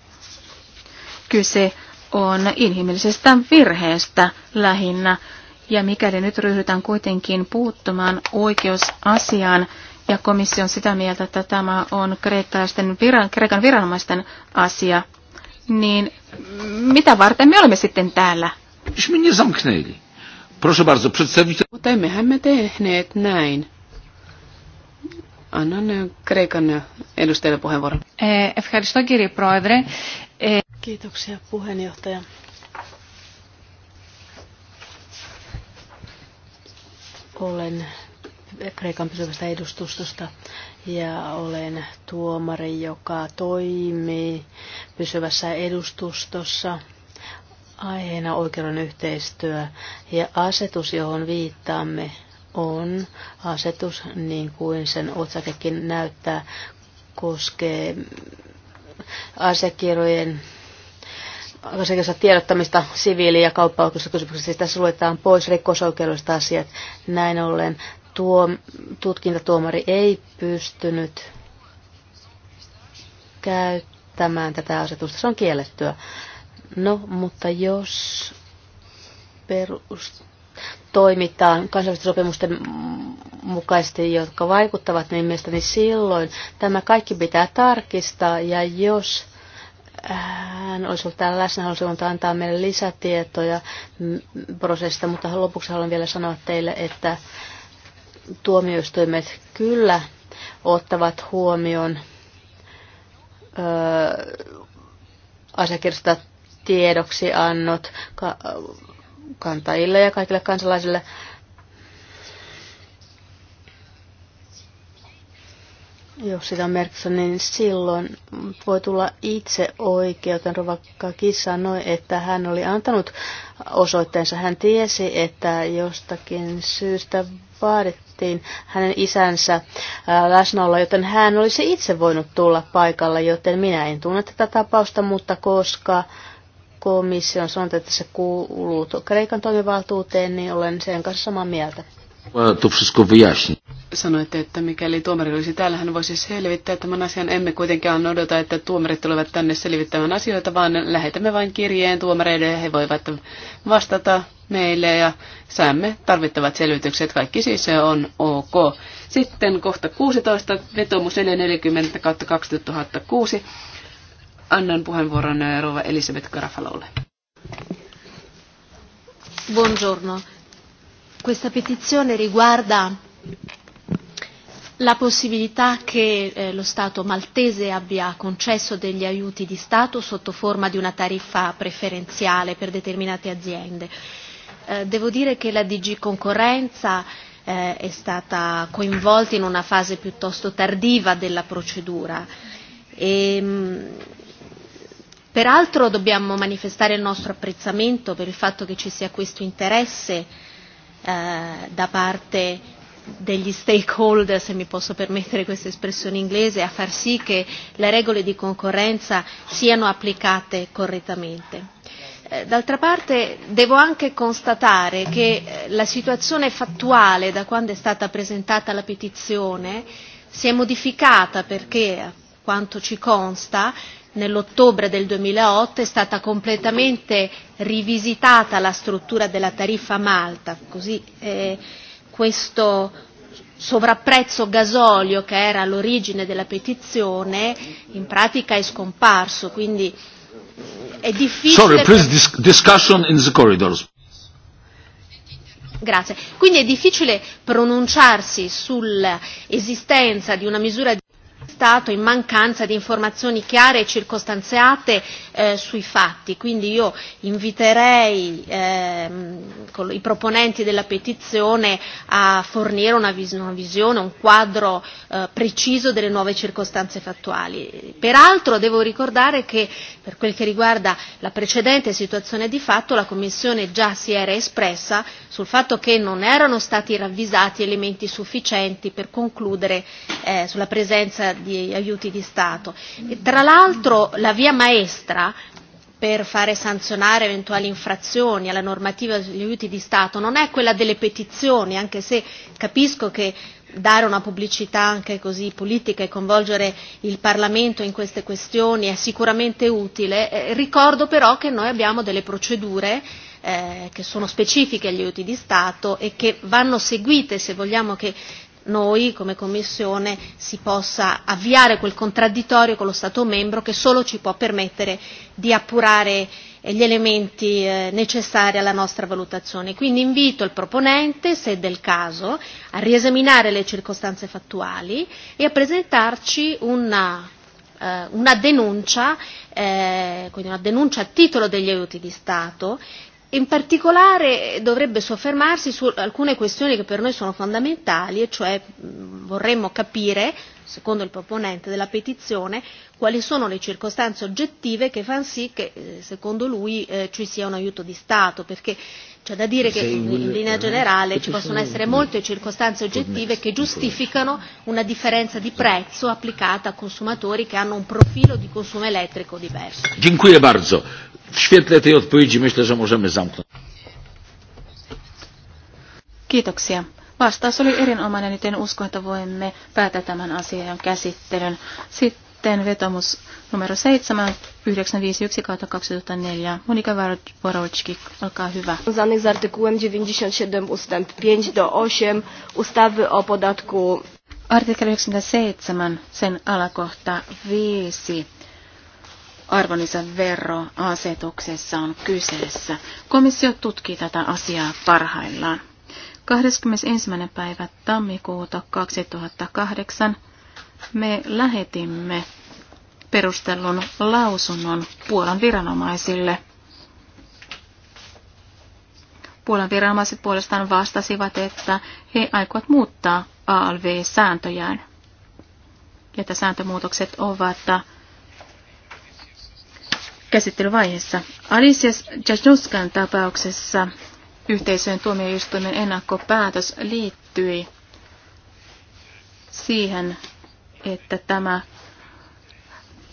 kyse on inhimillisestä virheestä lähinnä, ja mikäli nyt ryhdytään kuitenkin puuttumaan oikeusasiaan, ja komissio on sitä mieltä, että tämä on kreikkalaisten viran, kreikan viranomaisten asia, niin mitä varten me olemme sitten täällä? Mutta emmehän me tehneet näin. Annan äh, Kreikan äh, edustajalle puheenvuoron. Eh, ευχαριστώ κύριε Πρόεδρε. Kiitoksia puheenjohtaja. Olen Kreikan pysyvästä edustustosta ja olen tuomari, joka toimii pysyvässä edustustossa aiheena oikeuden yhteistyö ja asetus, johon viittaamme, on asetus, niin kuin sen otsakekin näyttää, koskee asiakirjojen asiakirjassa tiedottamista siviili- ja kauppa-oikeudessa kysymyksessä. Siis tässä luetaan pois rikosoikeudelliset asiat. Näin ollen tuo, tutkintatuomari ei pystynyt käyttämään tätä asetusta. Se on kiellettyä. No, mutta jos perust toimitaan kansainvälisten sopimusten mukaisesti, jotka vaikuttavat niin mielestäni silloin tämä kaikki pitää tarkistaa ja jos hän olisi ollut täällä läsnä, halusi antaa meille lisätietoja prosessista, mutta lopuksi haluan vielä sanoa teille, että tuomioistuimet kyllä ottavat huomioon öö, tiedoksi tiedoksiannot, ka- kantajille ja kaikille kansalaisille. Jos sitä on merkissä, niin silloin voi tulla itse oikeuteen. Rovakki sanoi, että hän oli antanut osoitteensa. Hän tiesi, että jostakin syystä vaadittiin hänen isänsä läsnäoloa, joten hän olisi itse voinut tulla paikalle, joten minä en tunne tätä tapausta, mutta koska komission on että se kuuluu Kreikan toimivaltuuteen, niin olen sen kanssa samaa mieltä. Sanoitte, että mikäli tuomari olisi täällä, hän voisi selvittää tämän asian. Emme kuitenkaan odota, että tuomarit tulevat tänne selvittämään asioita, vaan lähetämme vain kirjeen tuomareille ja he voivat vastata meille ja saamme tarvittavat selvitykset. Kaikki siis se on ok. Sitten kohta 16, vetomus 440 2006 annan puheenvuoron eh, rouva Elisabeth Garafalolle. Buongiorno. Questa petizione riguarda la possibilità che eh, lo Stato maltese abbia concesso degli aiuti di Stato sotto forma di una tariffa preferenziale per determinate aziende. Eh, devo dire che la DG Concorrenza eh, è stata coinvolta in una fase piuttosto tardiva della procedura e ehm, mh, Peraltro dobbiamo manifestare il nostro apprezzamento per il fatto che ci sia questo interesse eh, da parte degli stakeholder, se mi posso permettere questa espressione inglese, a far sì che le regole di concorrenza siano applicate correttamente. Eh, d'altra parte devo anche constatare che eh, la situazione fattuale da quando è stata presentata la petizione si è modificata perché, a quanto ci consta, nell'ottobre del 2008 è stata completamente rivisitata la struttura della tariffa Malta, così eh, questo sovrapprezzo gasolio che era all'origine della petizione in pratica è scomparso, quindi è difficile... Sorry, please, dis- discussion in the corridors. Grazie. Quindi è difficile pronunciarsi sull'esistenza di una misura di stato in mancanza di informazioni chiare e circostanziate eh, sui fatti. Quindi io inviterei eh, i proponenti della petizione a fornire una, vis- una visione, un quadro eh, preciso delle nuove circostanze fattuali. Peraltro devo ricordare che per quel che riguarda la precedente situazione di fatto la Commissione già si era espressa sul fatto che non erano stati ravvisati elementi sufficienti per concludere eh, sulla presenza di gli aiuti di Stato. E tra l'altro la via maestra per fare sanzionare eventuali infrazioni alla normativa sugli aiuti di Stato non è quella delle petizioni, anche se capisco che dare una pubblicità anche così politica e coinvolgere il Parlamento in queste questioni è sicuramente utile. Eh, ricordo però che noi abbiamo delle procedure eh, che sono specifiche agli aiuti di Stato e che vanno seguite se vogliamo che noi come Commissione si possa avviare quel contraddittorio con lo Stato membro che solo ci può permettere di appurare gli elementi eh, necessari alla nostra valutazione. Quindi invito il proponente, se del caso, a riesaminare le circostanze fattuali e a presentarci una, eh, una denuncia, eh, quindi una denuncia a titolo degli aiuti di Stato In particolare dovrebbe soffermarsi su alcune questioni che per noi sono fondamentali, e cioè vorremmo capire, secondo il proponente della petizione, quali sono le circostanze oggettive che fanno sì che, eh, secondo lui, eh, ci sia un aiuto di Stato, perché c'è cioè, da dire che in linea generale ci possono essere molte circostanze oggettive che giustificano una differenza di prezzo applicata a consumatori che hanno un profilo di consumo elettrico diverso. Dziękuję e bardzo W świetle tej odpowiedzi myślę, że możemy zamknąć. Kiitoksia. Vastaus oli erinomainen, joten niin uskon, että voimme päätä tämän asian käsittelyn. Sitten vetomus numero 7, 951 2004. Monika Warowczyk, olkaa hyvä. Związanych z artykułem 97 ustęp 5 do 8 ustawy o podatku... Artikkel 97, sen alakohta 5 arvonlisäveroasetuksessa on kyseessä. Komissio tutkii tätä asiaa parhaillaan. 21. päivä tammikuuta 2008 me lähetimme perustellun lausunnon Puolan viranomaisille. Puolan viranomaiset puolestaan vastasivat, että he aikovat muuttaa ALV-sääntöjään. Ja että sääntömuutokset ovat että käsittelyvaiheessa. Alicia Jasnuskan tapauksessa yhteisöjen tuomioistuimen ennakkopäätös liittyi siihen, että tämä,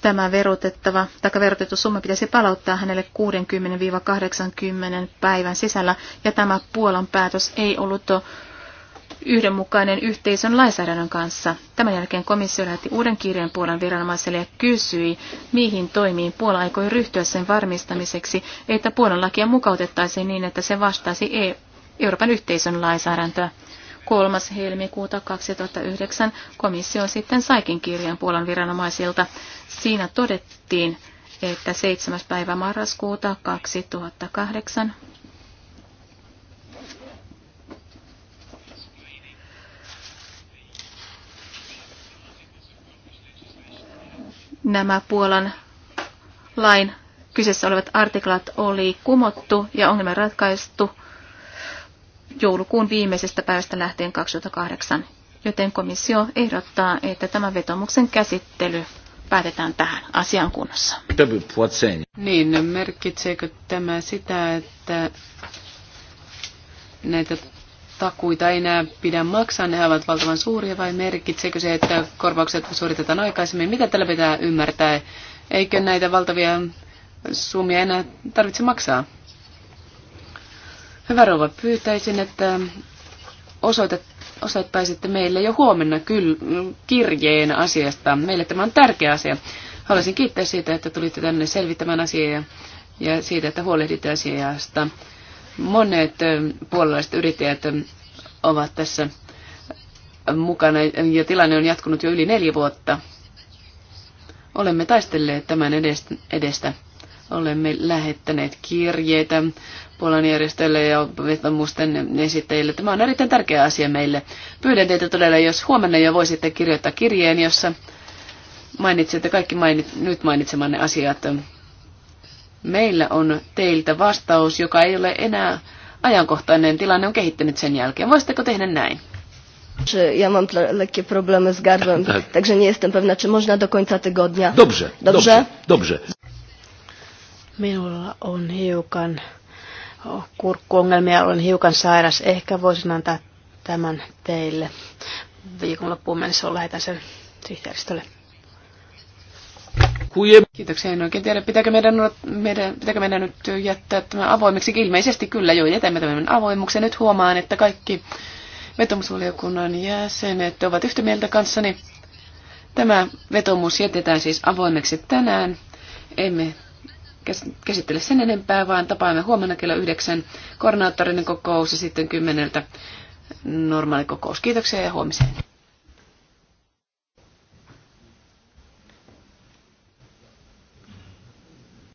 tämä verotettava, tai verotettu summa pitäisi palauttaa hänelle 60-80 päivän sisällä, ja tämä Puolan päätös ei ollut yhdenmukainen yhteisön lainsäädännön kanssa. Tämän jälkeen komissio lähetti uuden kirjeen Puolan viranomaiselle ja kysyi, mihin toimiin Puola aikoi ryhtyä sen varmistamiseksi, että Puolan lakia mukautettaisiin niin, että se vastaisi e- Euroopan yhteisön lainsäädäntöä. 3. helmikuuta 2009 komissio sitten saikin kirjan Puolan viranomaisilta. Siinä todettiin, että 7. päivä marraskuuta 2008 nämä Puolan lain kyseessä olevat artiklat oli kumottu ja ongelma ratkaistu joulukuun viimeisestä päivästä lähtien 2008, joten komissio ehdottaa, että tämän vetomuksen käsittely päätetään tähän asian kunnossa. Niin, merkitseekö tämä sitä, että näitä takuita enää pidä maksaa, ne ovat valtavan suuria vai merkitseekö se, että korvaukset suoritetaan aikaisemmin? Mitä tällä pitää ymmärtää? Eikö näitä valtavia summia enää tarvitse maksaa? Hyvä rouva, pyytäisin, että osoitat, osoittaisitte meille jo huomenna kyl, kirjeen asiasta. Meille tämä on tärkeä asia. Haluaisin kiittää siitä, että tulitte tänne selvittämään asiaa ja, ja siitä, että huolehditte asiasta. Monet puolalaiset yrittäjät ovat tässä mukana ja tilanne on jatkunut jo yli neljä vuotta. Olemme taistelleet tämän edestä. Olemme lähettäneet kirjeitä Puolan järjestöille ja vetomusten esittäjille. Tämä on erittäin tärkeä asia meille. Pyydän teitä todella, jos huomenna jo voisitte kirjoittaa kirjeen, jossa mainitsette kaikki mainit, nyt mainitsemanne asiat meillä on teiltä vastaus, joka ei ole enää ajankohtainen. Tilanne on kehittynyt sen jälkeen. Voisitteko tehdä näin? Czy ja mam lekkie problemy z gardłem, tak. także nie jestem pewna, czy można do końca tygodnia. Dobrze, dobrze, dobrze. Minulla on hiukan kurkkuongelmia, olen hiukan sairas. Ehkä voisin antaa tämän teille. Viikonloppuun mennessä lähetän sen sihteeristölle. Kiitoksia. En oikein tiedä, pitääkö meidän, meidän, pitääkö meidän nyt jättää tämä avoimeksi. Ilmeisesti kyllä jo jätämme tämän avoimuksen. Nyt huomaan, että kaikki vetomusvaliokunnan jäsenet ovat yhtä mieltä kanssani. Tämä vetomus jätetään siis avoimeksi tänään. Emme käsittele sen enempää, vaan tapaamme huomenna kello yhdeksän koordinaattorinen kokous ja sitten kymmeneltä normaali kokous. Kiitoksia ja huomiseen.